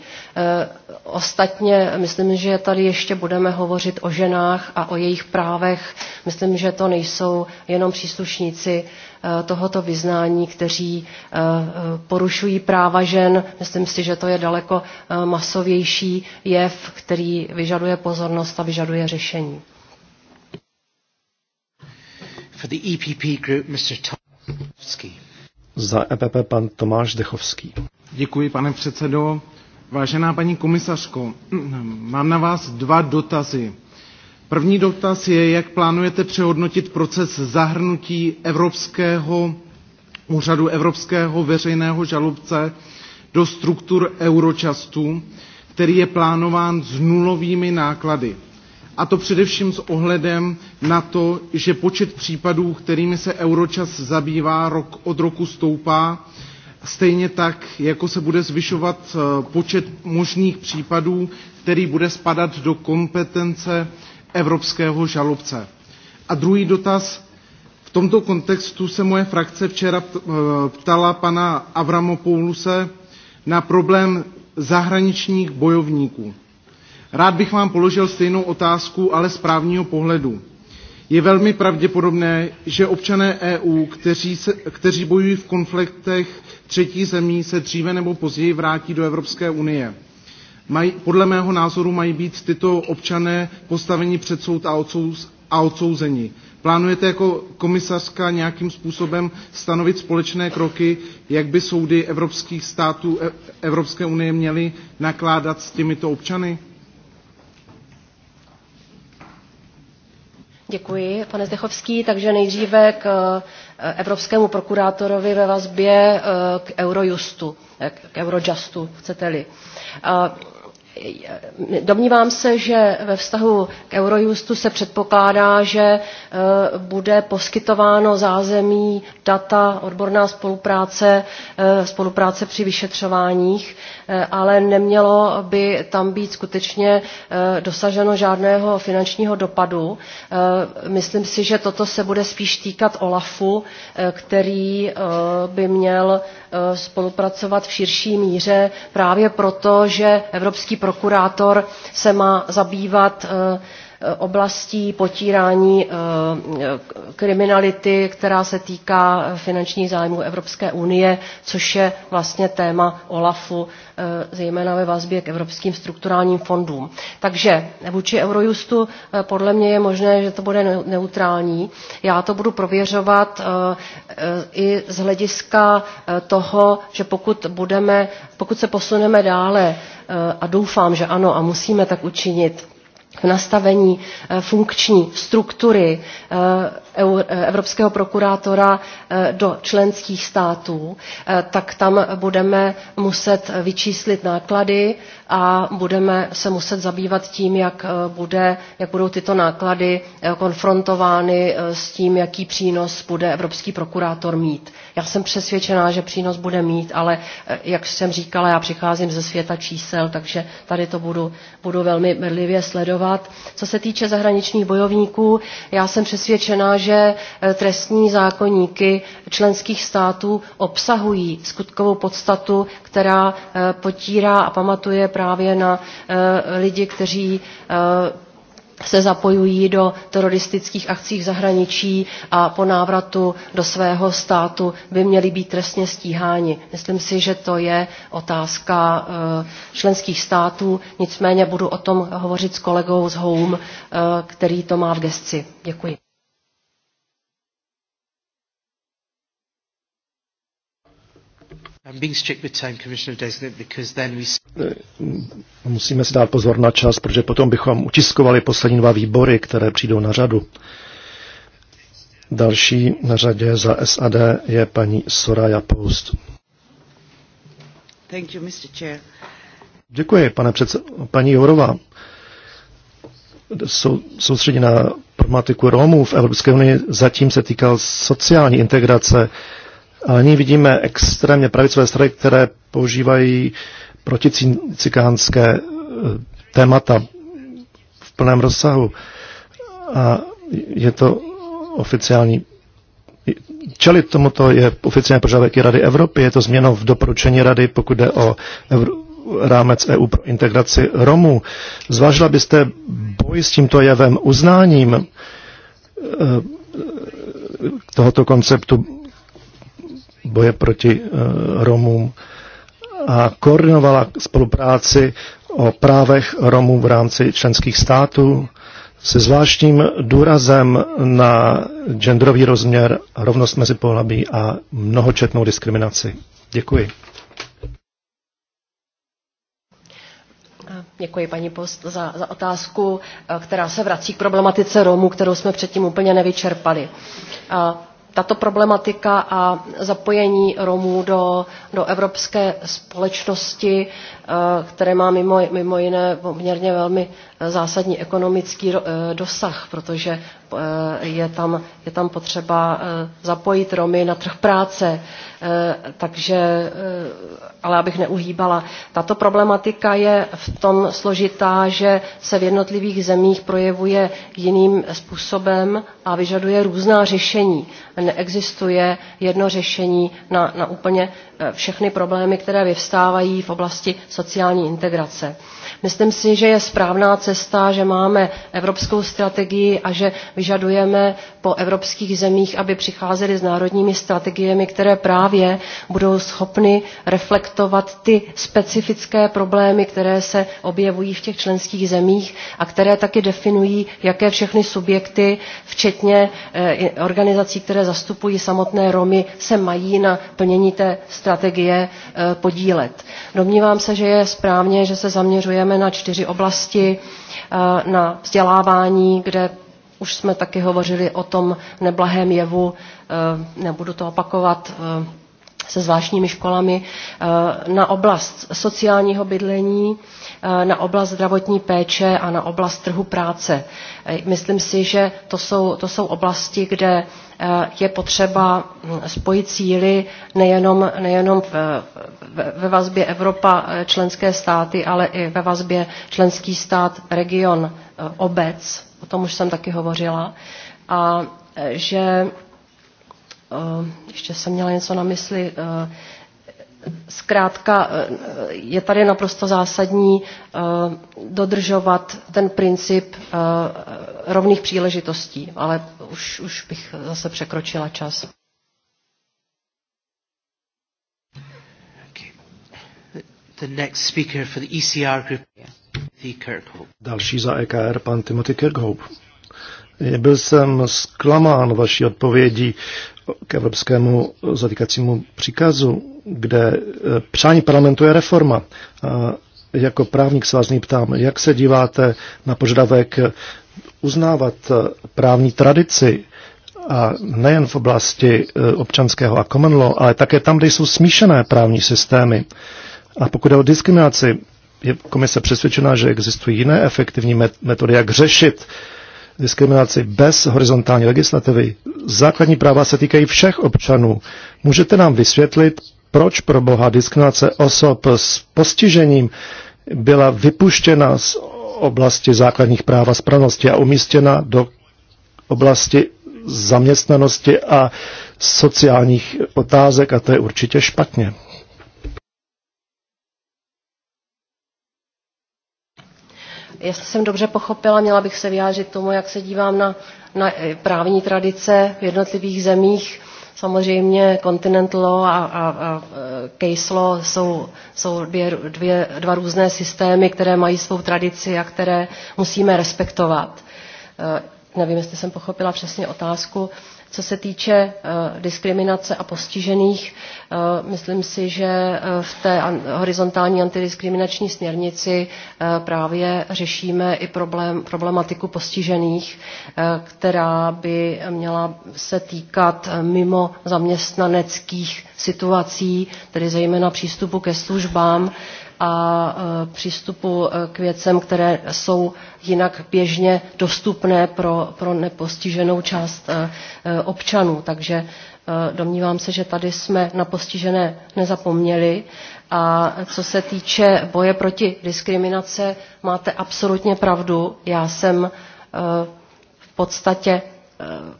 Ostatně myslím, že tady ještě budeme hovořit o ženách a o jejich právech. Myslím, že to nejsou jenom příslušníci Eh, tohoto vyznání, kteří eh, eh, porušují práva žen. Myslím si, že to je daleko masovější jev, který vyžaduje pozornost a vyžaduje řešení. For the EPP group, Mr. Za EPP pan Tomáš Dechovský. Děkuji, pane předsedo. Vážená paní komisařko, mám na vás dva dotazy. První dotaz je, jak plánujete přehodnotit proces zahrnutí Evropského úřadu Evropského veřejného žalobce do struktur Eurochastu, který je plánován s nulovými náklady. A to především s ohledem na to, že počet případů, kterými se Euročas zabývá, rok od roku stoupá, stejně tak, jako se bude zvyšovat eh, počet možných případů, který bude spadat do kompetence evropského žalobce. A druhý dotaz. V tomto kontextu se moje frakce včera eh, ptala pana Avramopouluse na problém zahraničních bojovníků. Rád bych vám položil stejnou otázku, ale z právního pohledu. Je velmi pravděpodobné, že občané EU, kteří, se, kteří bojují v konfliktech třetí zemí, se dříve nebo později vrátí do Evropské unie. Maj, podle mého názoru mají být tyto občané postaveni před soud a, odsouz, a odsouzeni. Plánujete jako komisařka nějakým způsobem stanovit společné kroky, jak by soudy evropských států e- Evropské unie měly nakládat s těmito občany? Děkuji, pane Zdechovský. Takže nejdříve k e, evropskému prokurátorovi ve vazbě e, k Eurojustu, k Eurojustu, chcete-li. Domnívám se, že ve vztahu k Eurojustu se předpokládá, že e, bude poskytováno zázemí, data, odborná spolupráce, e, spolupráce při vyšetřováních, e, ale nemělo by tam být skutečně dosaženo žádného finančního dopadu. Myslím si, že toto se bude spíš týkat OLAFu, který by měl Eh, spolupracovat v širší míře právě proto, že evropský prokurátor se má zabývat eh, Eh, oblastí potírání eh, kriminality, která se týká eh, finančních zájmů Evropské unie, což je vlastně téma OLAFu, zejména ve vazbě k evropským strukturálním fondům. Takže vůči Eurojustu podle mě je možné, že to bude neutrální. Já to budu prověřovat i z hlediska toho, že pokud, budeme, pokud se posuneme dále, a doufám, že ano, a musíme tak učinit, v nastavení eh, funkční struktury eh, Eh, evropského prokurátora eh, do členských států, eh, tak tam budeme muset vyčíslit náklady a budeme se muset zabývat tím, jak, bude, jak budou tyto náklady konfrontovány s tím, jaký přínos bude evropský prokurátor mít. Já jsem přesvědčená, že přínos bude mít, ale jak jsem říkala, já přicházím ze světa čísel, takže tady to budu, budu velmi bedlivě sledovat. Co se týče zahraničních bojovníků, já jsem přesvědčená, že eh, trestní zákoníky členských států obsahují skutkovou podstatu, která eh, potírá a pamatuje právě na eh, lidi, kteří se zapojují do teroristických akcí v zahraničí a po návratu do svého státu by měli být trestně stíháni. Myslím si, že to je otázka členských států, nicméně budu o tom hovořit s kolegou z Home, který to má v gesci. Děkuji. Musíme si dát pozor na čas, protože potom bychom utiskovali poslední dva výbory, které přijdou na řadu. Další na řadě za SAD je paní Soraya Post. Thank you, Mr. Chair. Děkuji, pane předsedo. Paní Jourová, sou, na problematiku romů. v Evropské unii zatím se týkal sociální integrace ale nyní vidíme extrémně pravicové strany, které používají proticikánské eh, témata v plném rozsahu. A je to oficiální. Čelit tomuto je oficiální požadavek Rady Evropy, je to změna v doporučení Rady, pokud jde o Evro- rámec EU pro integraci Romů. Zvážila byste boj s tímto jevem uznáním eh, tohoto konceptu boje proti eh, Romům a koordinovala spolupráci o právech Romů v rámci členských států se zvláštním důrazem na genderový rozměr, rovnost mezi pohlaví a mnohočetnou diskriminaci. Děkuji. Děkuji paní Post za, za otázku, eh, která se vrací k problematice Romů, kterou jsme předtím úplně nevyčerpali. Eh, tato problematika a zapojení Romů do, do evropské společnosti Eh, které má mimo, mimo jiné poměrně velmi zásadní ekonomický eh, dosah, protože eh, je tam, je tam potřeba zapojit Romy na trh práce, takže, ale abych neuhýbala. Tato problematika je v tom složitá, že se v jednotlivých zemích projevuje jiným způsobem a vyžaduje různá řešení. Neexistuje jedno řešení na, na úplně všechny problémy, které vyvstávají v oblasti sociální sociální integrace. Myslím si, že je správná cesta, že máme evropskou strategii a že vyžadujeme po evropských zemích, aby přicházeli s národními strategiemi, které právě budou schopny reflektovat ty specifické problémy, které se objevují v těch členských zemích a které taky definují, jaké všechny subjekty, včetně eh, organizací, které zastupují samotné Romy, se mají na plnění té strategie eh, podílet. Domnívám se, že že je správně, že se zaměřujeme na čtyři oblasti, eh, na vzdělávání, kde už jsme taky hovořili o tom neblahém jevu, eh, nebudu to opakovat, eh, se zvláštními školami, na oblast sociálního bydlení, na oblast zdravotní péče a na oblast trhu práce. Myslím si, že to jsou, to jsou oblasti, kde Eh, je potřeba hm, spojit síly nejenom, nejenom ve vazbě Evropa eh, členské státy, ale i ve vazbě členský stát region eh, obec, o tom už jsem taky hovořila, a že ještě jsem měla něco na mysli, Zkrátka eh, je tady naprosto zásadní eh, dodržovat ten princip eh, rovných příležitostí, ale už, už bych zase překročila čas. The next speaker for the ECR group, the Kirkhope. Další za EKR, pan Timothy Kirkhope. Byl jsem zklamán vaší odpovědí k evropskému zatýkacímu příkazu, kde e, přání parlamentu je reforma. A jako právník se vás ptám, jak se díváte na požadavek uznávat e, právní tradici a nejen v oblasti e, občanského a common law, ale také tam, kde jsou smíšené právní systémy. A pokud je o diskriminaci, je komise přesvědčená, že existují jiné efektivní metody, jak řešit uh, diskriminaci bez horizontální legislativy. Základní práva se týkají všech občanů. Můžete nám vysvětlit, proč pro boha diskriminace osob s postižením byla vypuštěna z oblasti základních práv a spravnosti a umístěna do oblasti zaměstnanosti a sociálních otázek a to je určitě špatně. jestli jsem dobře pochopila, měla bych se vyjádřit tomu, jak se dívám na, na eh, právní tradice v jednotlivých zemích. Samozřejmě continental law a, a, a eh, case law jsou, jsou dvě, dvě, dva různé systémy, které mají svou tradici a které musíme respektovat. Eh, nevím, jestli jsem pochopila přesně otázku. Co se týče eh, diskriminace a postižených, eh, myslím si, že eh, v té horizontální antidiskriminační směrnici právě řešíme i problém, problematiku postižených, která by měla se týkat mimo zaměstnaneckých situací, tedy zejména přístupu ke službám, a e, přístupu e, k věcem, které jsou jinak běžně dostupné pro, pro nepostiženou část e, občanů. Takže domnívám se, že tady jsme na postižené nezapomněli. A co se týče boje proti diskriminace, máte absolutně pravdu. Já jsem v podstatě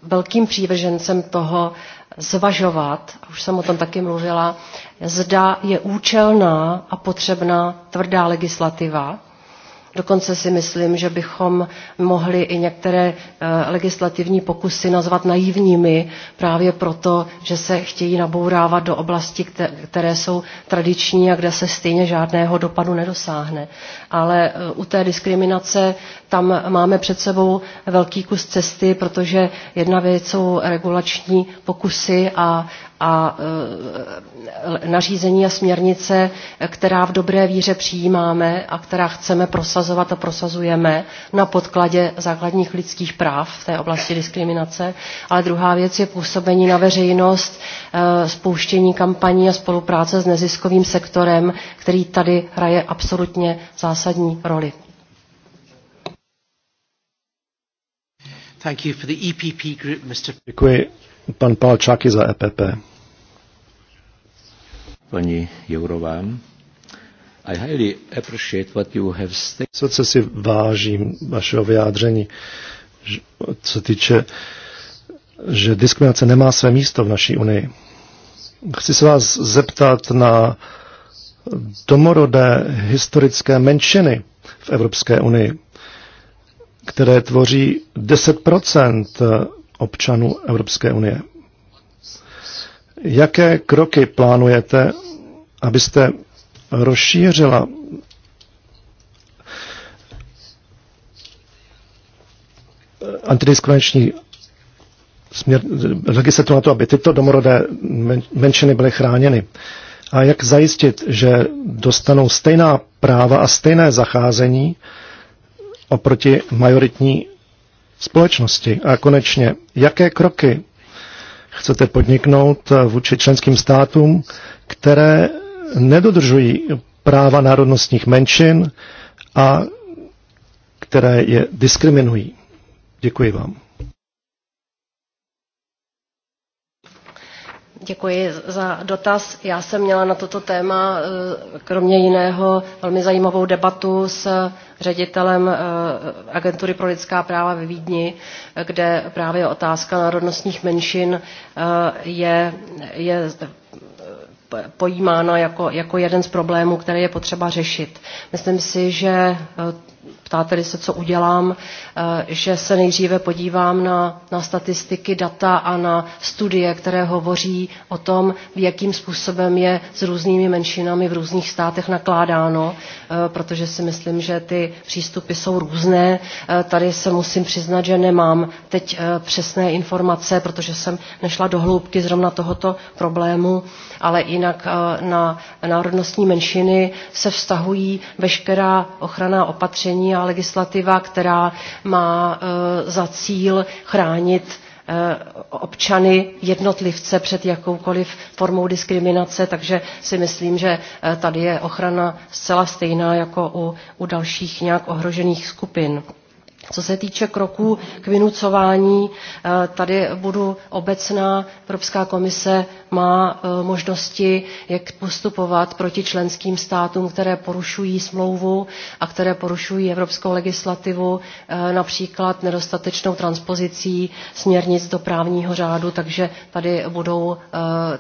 velkým přívržencem toho, zvažovat, už jsem o tom taky mluvila, zda je účelná a potřebná tvrdá legislativa. Dokonce si myslím, že bychom mohli i některé eh, legislativní pokusy nazvat naivními právě proto, že se chtějí nabourávat do oblasti, které jsou tradiční a kde se stejně žádného dopadu nedosáhne ale e, u té diskriminace tam máme před sebou velký kus cesty, protože jedna věc jsou regulační pokusy a, a e, nařízení a směrnice, která v dobré víře přijímáme a která chceme prosazovat a prosazujeme na podkladě základních lidských práv v té oblasti diskriminace. Ale druhá věc je působení na veřejnost, e, spouštění kampaní a spolupráce s neziskovým sektorem, který tady hraje absolutně zásadní zásadní roli. Thank you for the EPP group, Mr. Děkuji. Pan Palčáky za EPP. Pani Jourová, I highly appreciate what you have stated. Co se si vážím vašeho vyjádření, co týče, že diskriminace nemá své místo v naší unii. Chci se vás zeptat na domorodé historické menšiny v Evropské unii, které tvoří 10 občanů Evropské unie. Jaké kroky plánujete, abyste rozšířila antidiskriminační směr, legislativu na to, aby tyto domorodé menšiny byly chráněny a jak zajistit, že dostanou stejná práva a stejné zacházení oproti majoritní společnosti. A konečně, jaké kroky chcete podniknout vůči členským státům, které nedodržují práva národnostních menšin a které je diskriminují. Děkuji vám. Děkuji za dotaz. Já jsem měla na toto téma, eh, kromě jiného, velmi zajímavou debatu s ředitelem eh, Agentury pro lidská práva ve Vídni, eh, kde právě otázka národnostních menšin je, je pojímána jako, jako jeden z problémů, který je potřeba řešit. Myslím si, že ptáte se, co udělám, eh, že se nejdříve podívám na, na statistiky, data a na studie, které hovoří o tom, jakým způsobem je s různými menšinami v různých státech nakládáno, eh, protože si myslím, že ty přístupy jsou různé. Eh, tady se musím přiznat, že nemám teď přesné informace, protože jsem nešla do hloubky zrovna tohoto problému, ale jinak na národnostní menšiny se vztahují veškerá ochranná opatření, nařízení a legislativa, která má e, za cíl chránit e, občany jednotlivce před jakoukoliv formou diskriminace, takže si myslím, že e, tady je ochrana zcela stejná jako u, u dalších nějak ohrožených skupin. Co se týče kroků k vynucování, eh, tady budu obecná. Evropská komise má eh, možnosti, jak postupovat proti členským státům, které porušují smlouvu a které porušují evropskou legislativu, eh, například nedostatečnou transpozicí směrnic do právního řádu, takže tady budou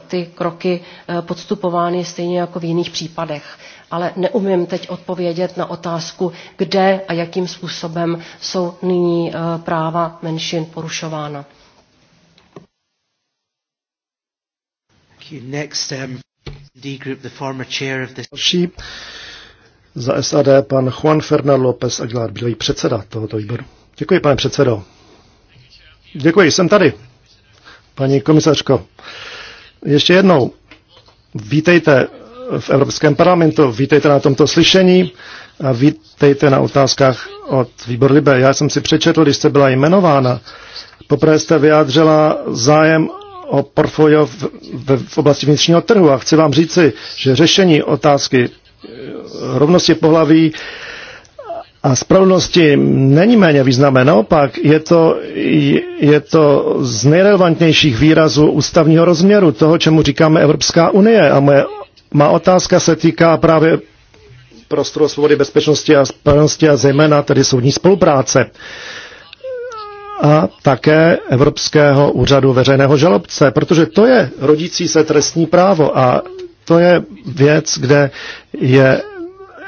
ty kroky podstupovány stejně jako v jiných případech ale neumím teď odpovědět na otázku, kde a jakým způsobem jsou nyní eh, práva menšin porušována. Um, Další Za SAD pan Juan Fernando López Aguilar, bývalý předseda tohoto výboru. Děkuji, pane předsedo. Děkuji, jsem tady. Paní komisařko, ještě jednou, vítejte v Evropském parlamentu. Vítejte na tomto slyšení a vítejte na otázkách od Výbor Libe. Já jsem si přečetl, když jste byla jmenována. Poprvé jste vyjádřila zájem o portfolio v, v, v oblasti vnitřního trhu a chci vám říci, že řešení otázky eh, rovnosti pohlaví a spravedlnosti není méně významné. Naopak je to, je to z nejrelevantnějších výrazů ústavního rozměru toho, čemu říkáme Evropská unie. A moje má otázka se týká právě prostoru svobody, bezpečnosti a spravedlnosti a zejména tedy soudní spolupráce a také Evropského úřadu veřejného žalobce, protože to je rodící se trestní právo a to je věc, kde je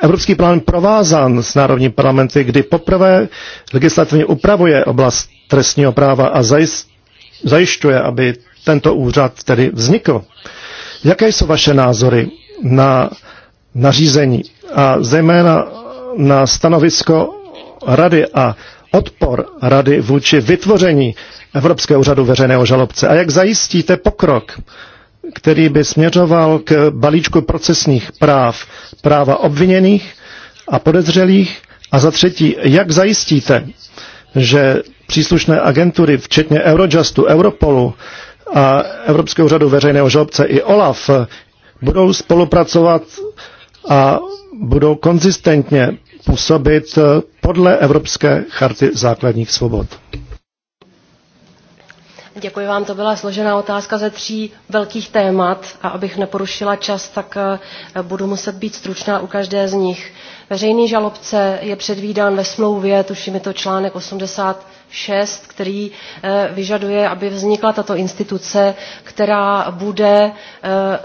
Evropský plán provázan s národní parlamenty, kdy poprvé legislativně upravuje oblast trestního práva a zajišťuje, aby tento úřad tedy vznikl. Jaké jsou vaše názory na nařízení a zejména na stanovisko rady a odpor rady vůči vytvoření Evropského úřadu veřejného žalobce? A jak zajistíte pokrok, který by směřoval k balíčku procesních práv, práva obviněných a podezřelých? A za třetí, jak zajistíte, že příslušné agentury, včetně Eurojustu, Europolu, a Evropského úřadu veřejného žalobce i OLAF budou spolupracovat a budou konzistentně působit podle Evropské charty základních svobod. Děkuji vám, to byla složená otázka ze tří velkých témat a abych neporušila čas, tak eh, budu muset být stručná u každé z nich. Veřejný žalobce je předvídán ve smlouvě, tuším je to článek 80 6, který eh, vyžaduje, aby vznikla tato instituce, která bude eh,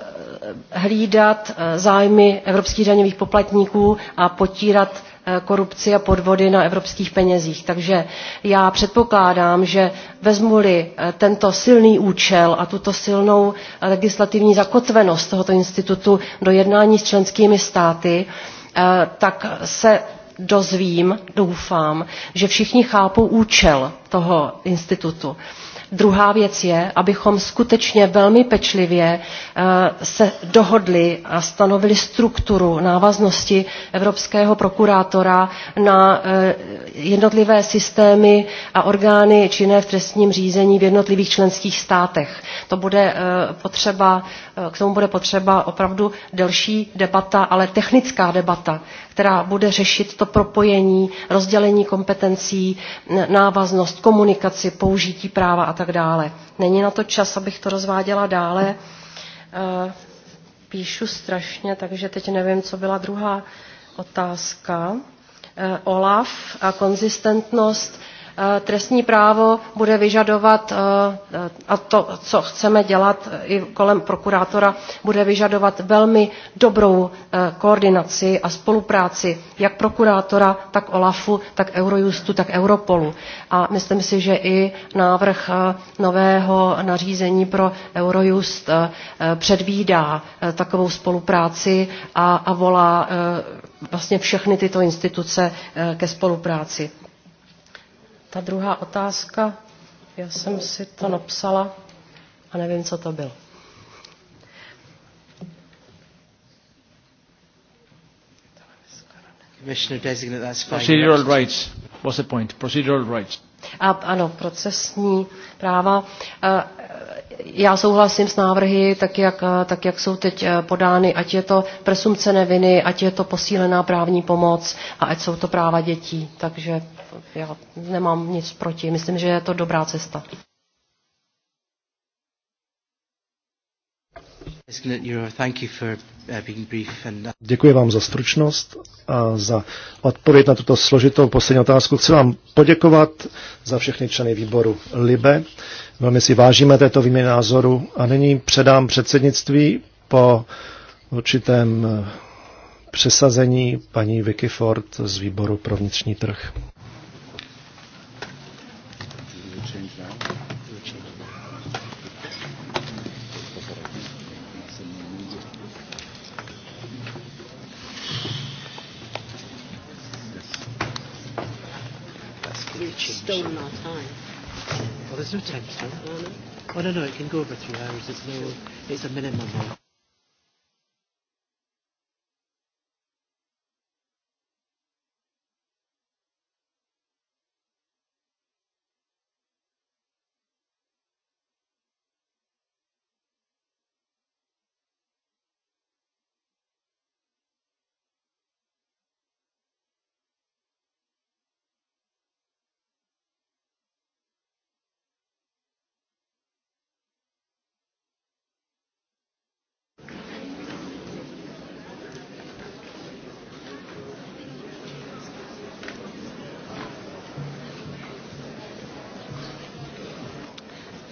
hlídat eh, zájmy evropských daňových poplatníků a potírat korupci a podvody na evropských penězích. Takže já předpokládám, že vezmu-li tento silný účel a tuto silnou legislativní zakotvenost tohoto institutu do jednání s členskými státy, tak se dozvím, doufám, že všichni chápou účel toho institutu. Druhá věc je, abychom skutečně velmi pečlivě eh, se dohodli a stanovili strukturu návaznosti evropského prokurátora na eh, jednotlivé systémy a orgány činné v trestním řízení v jednotlivých členských státech. To bude eh, potřeba, k tomu bude potřeba opravdu delší debata, ale technická debata, která bude řešit to propojení, rozdělení kompetencí, návaznost, komunikaci, použití práva a tak dále. Není na to čas, abych to rozváděla dále. Eh, píšu strašně, takže teď nevím, co byla druhá otázka. Eh, OLAF a konzistentnost. Eh, trestní právo bude vyžadovat, eh, eh, a to, co chceme dělat i kolem prokurátora, bude vyžadovat velmi dobrou koordinaci a spolupráci jak prokurátora, tak OLAFu, tak Eurojustu, tak Europolu. A myslím si, že i návrh nového nařízení pro Eurojust předvídá takovou spolupráci a, a volá vlastně všechny tyto instituce ke spolupráci ta druhá otázka, já jsem si to napsala a nevím, co to bylo. Procedural rights What's the point. Procedural rights. A, ano, procesní práva. Eh, já souhlasím s návrhy, tak jak, tak jak jsou teď eh, podány, ať je to presumce neviny, ať je to posílená právní pomoc a ať jsou to práva dětí. Takže já nemám nic proti. Myslím, že je to dobrá cesta. Děkuji vám za stručnost a za odpověď na tuto složitou poslední otázku. Chci vám poděkovat za všechny členy výboru LIBE. Velmi si vážíme této výměny názoru a nyní předám předsednictví po určitém eh, přesazení paní Vicky Ford z výboru pro vnitřní trh. stolen our time. Well, there's no time, sir. Oh, no. oh, no, no, it can go over three hours. It's, no, it's a minimum.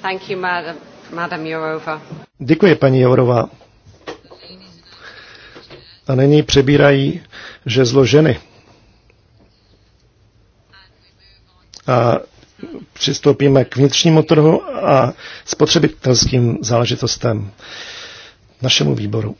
Thank you, madam, madam Jourova. Děkuji, paní Jourová. A nyní přebírají žezlo ženy. A přistoupíme k vnitřnímu trhu a spotřebitelským záležitostem našemu výboru.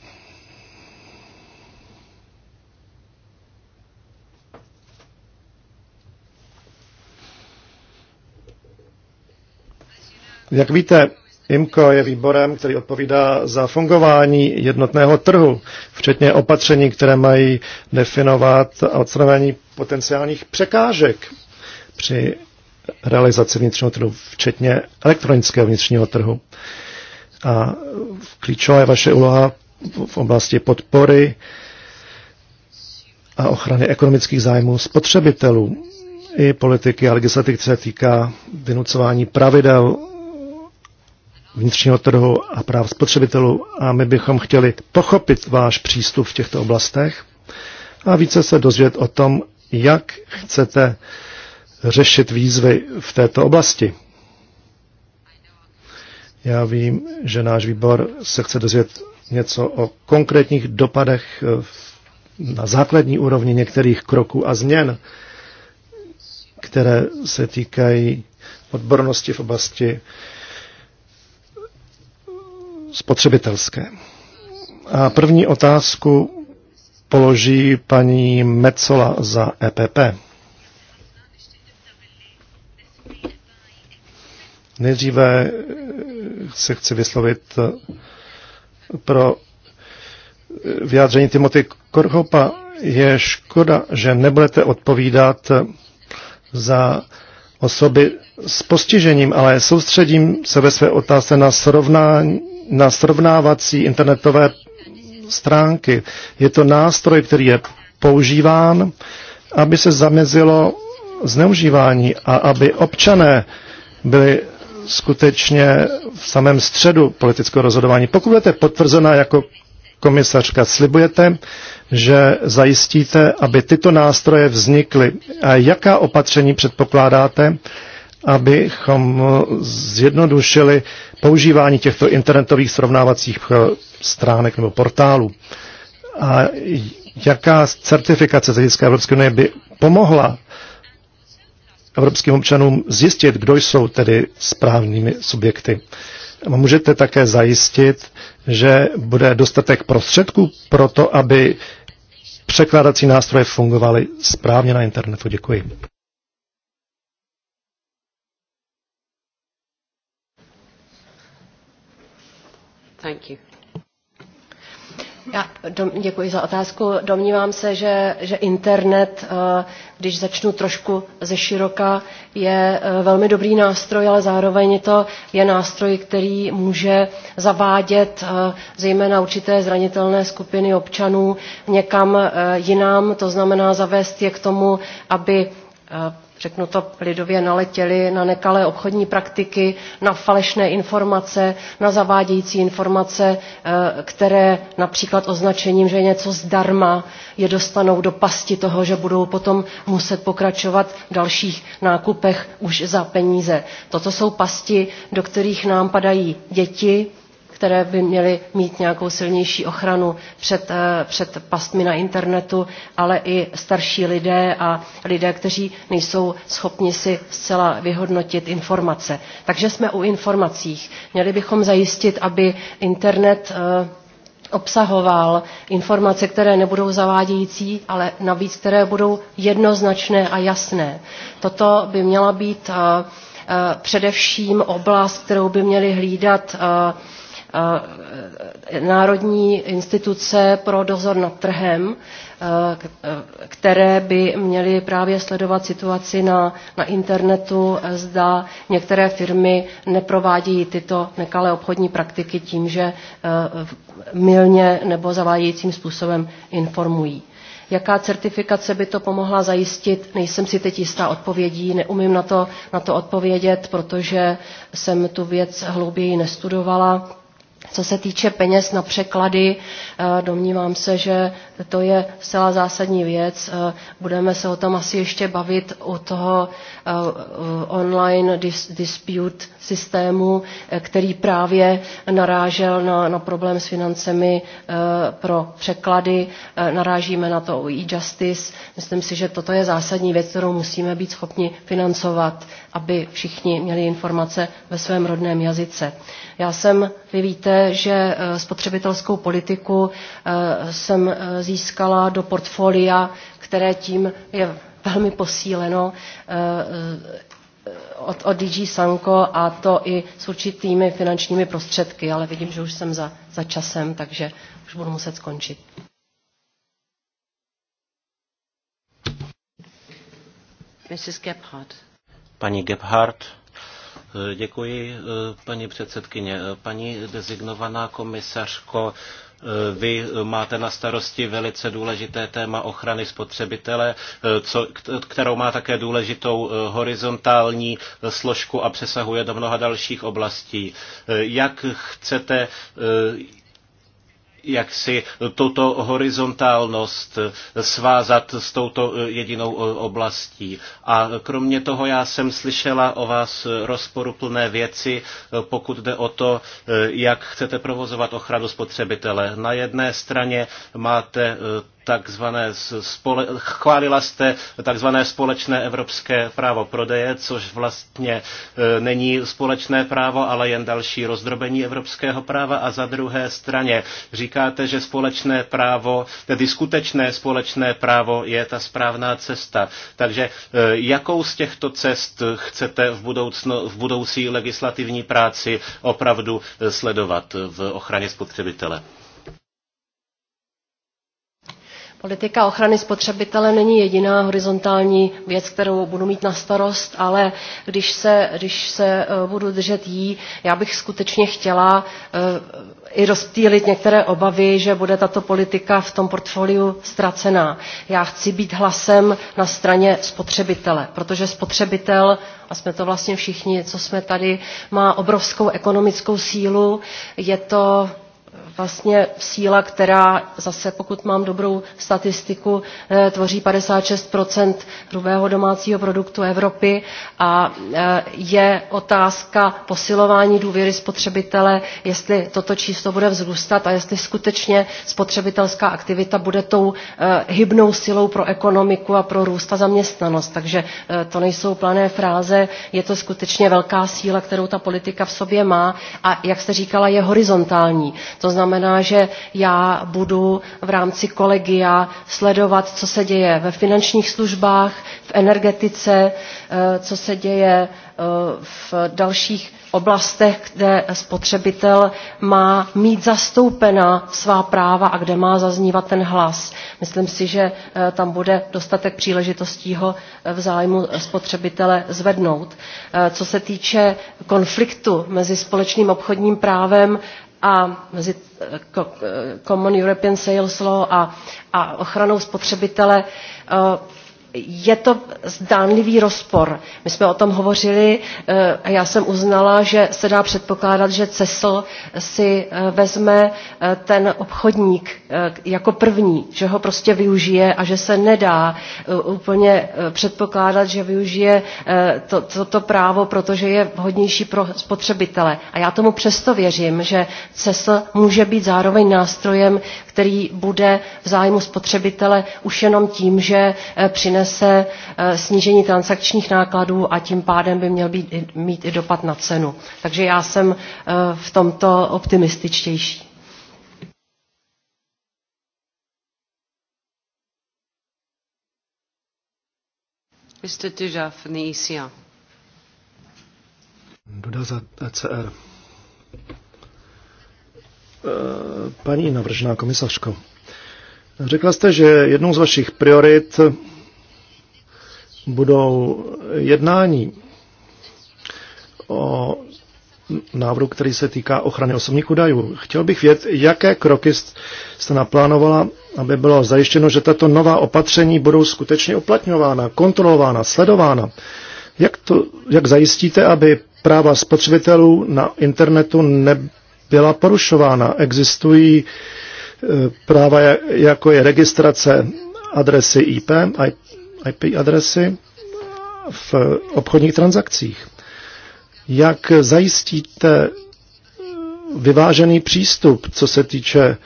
Jak víte, IMCO je výborem, který odpovídá za fungování jednotného trhu, včetně opatření, které mají definovat a odstranění potenciálních překážek při realizaci vnitřního trhu, včetně elektronického vnitřního trhu. A klíčová je vaše úloha v oblasti podpory a ochrany ekonomických zájmů spotřebitelů i politiky a legislativy, se týká vynucování pravidel vnitřního trhu a práv spotřebitelů a my bychom chtěli pochopit váš přístup v těchto oblastech a více se dozvědět o tom, jak chcete řešit výzvy v této oblasti. Já vím, že náš výbor se chce dozvědět něco o konkrétních dopadech eh, na základní úrovni některých kroků a změn, které se týkají odbornosti v oblasti spotřebitelské. A první otázku položí paní Mecola za EPP. Nejdříve se chci vyslovit pro vyjádření Timothy Korhopa. Je škoda, že nebudete odpovídat za osoby s postižením, ale soustředím se ve své otázce na srovnání na srovnávací internetové stránky. Je to nástroj, který je používán, aby se zamezilo zneužívání a aby občané byli skutečně v samém středu politického rozhodování. Pokud budete potvrzena jako komisařka, slibujete, že zajistíte, aby tyto nástroje vznikly. A jaká opatření předpokládáte, abychom eh, zjednodušili používání těchto internetových srovnávacích eh, stránek nebo portálů. A jaká certifikace z hlediska Evropské unie by pomohla evropským občanům zjistit, kdo jsou tedy správnými subjekty. Můžete také zajistit, že bude dostatek prostředků pro to, aby překládací nástroje fungovaly správně na internetu. Děkuji. Thank you. Já dom, děkuji za otázku. Domnívám se, že, že internet, eh, když začnu trošku ze široka, je eh, velmi dobrý nástroj, ale zároveň to je nástroj, který může zavádět eh, zejména určité zranitelné skupiny občanů někam jinam, to znamená zavést je k tomu, aby řeknu to lidově, naletěli na nekalé obchodní praktiky, na falešné informace, na zavádějící informace, eh, které například označením, že je něco zdarma, je dostanou do pasti toho, že budou potom muset pokračovat v dalších nákupech už za peníze. Toto jsou pasti, do kterých nám padají děti, které by měly mít nějakou silnější ochranu před, eh, před pastmi na internetu, ale i starší lidé a lidé, kteří nejsou schopni si zcela vyhodnotit informace. Takže jsme u informacích. Měli bychom zajistit, aby internet eh, obsahoval informace, které nebudou zavádějící, ale navíc, které budou jednoznačné a jasné. Toto by měla být eh, především oblast, kterou by měly hlídat uh, Eh, národní instituce pro dozor nad trhem, eh, které by měly právě sledovat situaci na, na internetu, eh, zda některé firmy neprovádějí tyto nekalé obchodní praktiky tím, že milně nebo zavádějícím způsobem informují. Jaká certifikace by to pomohla zajistit? Nejsem si teď jistá odpovědí, neumím na to, na to odpovědět, protože jsem tu věc hlouběji nestudovala co se týče peněz na překlady, eh, domnívám se, že to je celá zásadní věc. Eh, budeme se o tom asi ještě bavit u toho eh, online dispute systému, eh, který právě narážel na, na problém s financemi eh, pro překlady. Eh, narážíme na to i justice. Myslím si, že toto je zásadní věc, kterou musíme být schopni financovat, aby všichni měli informace ve svém rodném jazyce. Já jsem, vy víte, že spotřebitelskou politiku jsem získala do portfolia, které tím je velmi posíleno od, od DG Sanko a to i s určitými finančními prostředky, ale vidím, že už jsem za, za časem, takže už budu muset skončit. Mrs. Gebhardt. Paní Gebhardt. Děkuji, paní předsedkyně. Paní dezignovaná komisařko, Eh, vy máte na starosti velice důležité téma ochrany spotřebitele, eh, co, kterou má také důležitou eh, horizontální složku a přesahuje do mnoha dalších oblastí. Jak chcete jak si tuto horizontálnost svázat s touto jedinou oblastí. A kromě toho já jsem slyšela o vás rozporuplné věci, pokud jde o to, jak chcete provozovat ochranu spotřebitele. Na jedné straně máte takzvané spole, chválila jste takzvané společné evropské právo prodeje, což vlastně e, není společné právo, ale jen další rozdrobení evropského práva. A za druhé straně říkáte, že společné právo, tedy skutečné společné právo je ta správná cesta. Takže e, jakou z těchto cest chcete v, budoucno, v budoucí legislativní práci opravdu e, sledovat v ochraně spotřebitele? Politika ochrany spotřebitele není jediná horizontální věc, kterou budu mít na starost, ale když se, když se eh, budu držet jí, já bych skutečně chtěla eh, i rozptýlit některé obavy, že bude tato politika v tom portfoliu ztracená. Já chci být hlasem na straně spotřebitele, protože spotřebitel, a jsme to vlastně všichni, co jsme tady, má obrovskou ekonomickou sílu, je to vlastně síla, která zase, pokud mám dobrou statistiku, eh, tvoří 56 hrubého domácího produktu Evropy a eh, je otázka posilování důvěry spotřebitele, jestli toto číslo bude vzrůstat a jestli skutečně spotřebitelská aktivita bude tou eh, hybnou silou pro ekonomiku a pro růst a zaměstnanost. Takže to nejsou plané fráze, je to skutečně velká síla, kterou ta politika v sobě má a, jak jste říkala, je horizontální. To to znamená, že já budu v rámci kolegia sledovat, co se děje ve finančních službách, v energetice, eh, co se děje eh, v dalších oblastech, kde spotřebitel má mít zastoupena svá práva a kde má zaznívat ten hlas. Myslím si, že eh, tam bude dostatek příležitostí ho v zájmu spotřebitele zvednout. Co se týče konfliktu mezi společným obchodním právem a mezi eh, eh, Common European Sales Law a, a ochranou spotřebitele eh, je to zdánlivý rozpor. My jsme o tom hovořili eh, a já jsem uznala, že se dá předpokládat, že CESL si eh, vezme eh, ten obchodník jako první, že ho prostě využije a že se nedá úplně předpokládat, že využije toto to, to právo, protože je vhodnější pro spotřebitele. A já tomu přesto věřím, že CESL může být zároveň nástrojem, který bude v zájmu spotřebitele už jenom tím, že eh, přinese eh, snížení transakčních nákladů a tím pádem by měl být, mít i dopad na cenu. Takže já jsem eh, v tomto optimističtější. Duda e Duda za ECR. Eh, paní navržená komisařko, řekla jste, že jednou z vašich priorit budou jednání o návrhu, který se týká ochrany osobních údajů. Chtěl bych vědět, jaké kroky jste naplánovala, aby bylo zajištěno, že tato nová opatření budou skutečně uplatňována, kontrolována, sledována. Jak, to, jak zajistíte, aby práva spotřebitelů na internetu ne, byla porušována. Existují e, práva, jako je registrace adresy IP, IP adresy v obchodních transakcích. Jak zajistíte vyvážený přístup, co se týče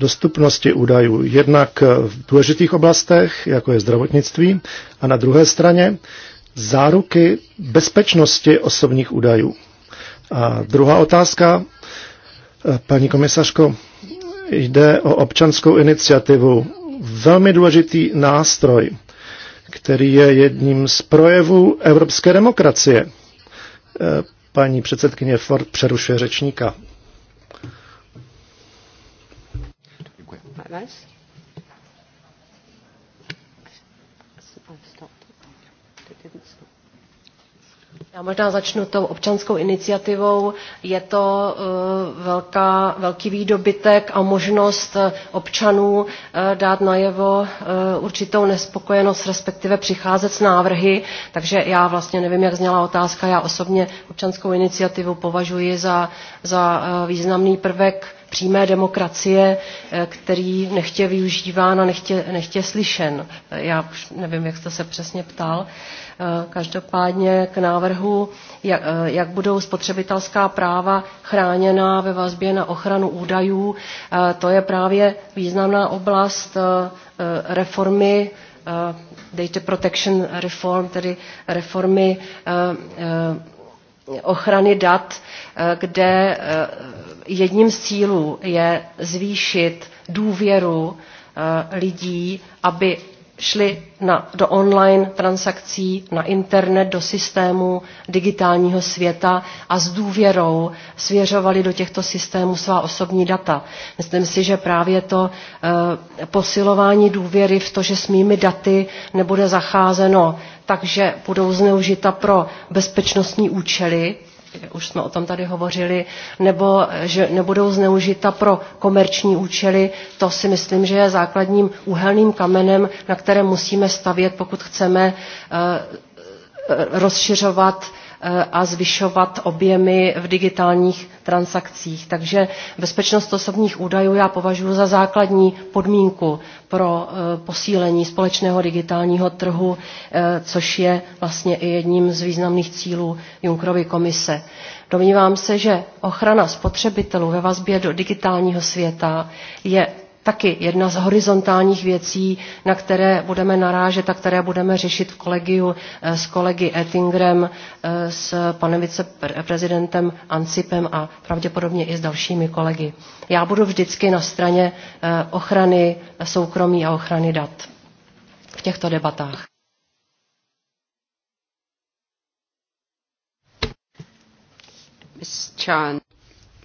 dostupnosti údajů, jednak v důležitých oblastech, jako je zdravotnictví, a na druhé straně záruky bezpečnosti osobních údajů. A druhá otázka Paní komisařko, jde o občanskou iniciativu. Velmi důležitý nástroj, který je jedním z projevů evropské demokracie. E, paní předsedkyně Ford přerušuje řečníka. Děkuji. Já možná začnu tou občanskou iniciativou. Je to eh, velká, velký výdobytek a možnost eh, občanů eh, dát najevo určitou nespokojenost, respektive přicházet s návrhy. Takže já vlastně nevím, jak zněla otázka. Já osobně občanskou iniciativu považuji za, za významný prvek přímé demokracie, eh, který nechtě využíván a nechtě, nechtě slyšen. Eh, já už nevím, jak jste se přesně ptal. Eh, každopádně k návrhu, jak, jak budou spotřebitelská práva chráněna ve vazbě na ochranu údajů, to je právě významná oblast reformy data protection reform, tedy reformy ochrany dat, eh, kde eh, jedním z cílů je zvýšit důvěru eh, lidí, aby šli na, do online transakcí, na internet, do systému digitálního světa a s důvěrou svěřovali do těchto systémů svá osobní data. Myslím si, že právě to e, posilování důvěry v to, že s mými daty nebude zacházeno, takže budou zneužita pro bezpečnostní účely, už jsme o tom tady hovořili, nebo že nebudou zneužita pro komerční účely, to si myslím, že je základním úhelným kamenem, na kterém musíme stavět, pokud chceme eh, eh, rozšiřovat Eh, a zvyšovat objemy v digitálních transakcích. Takže bezpečnost osobních údajů já považuji za základní podmínku pro eh, posílení společného digitálního trhu, eh, což je vlastně i jedním z významných cílů Junckerovy komise. Domnívám se, že ochrana spotřebitelů ve vazbě do digitálního světa je taky jedna z horizontálních věcí, na které budeme narážet a které budeme řešit v kolegiu eh, s kolegy Ettingrem, eh, s panem viceprezidentem Ancipem a pravděpodobně i s dalšími kolegy. Já budu vždycky na straně eh, ochrany soukromí a ochrany dat v těchto debatách.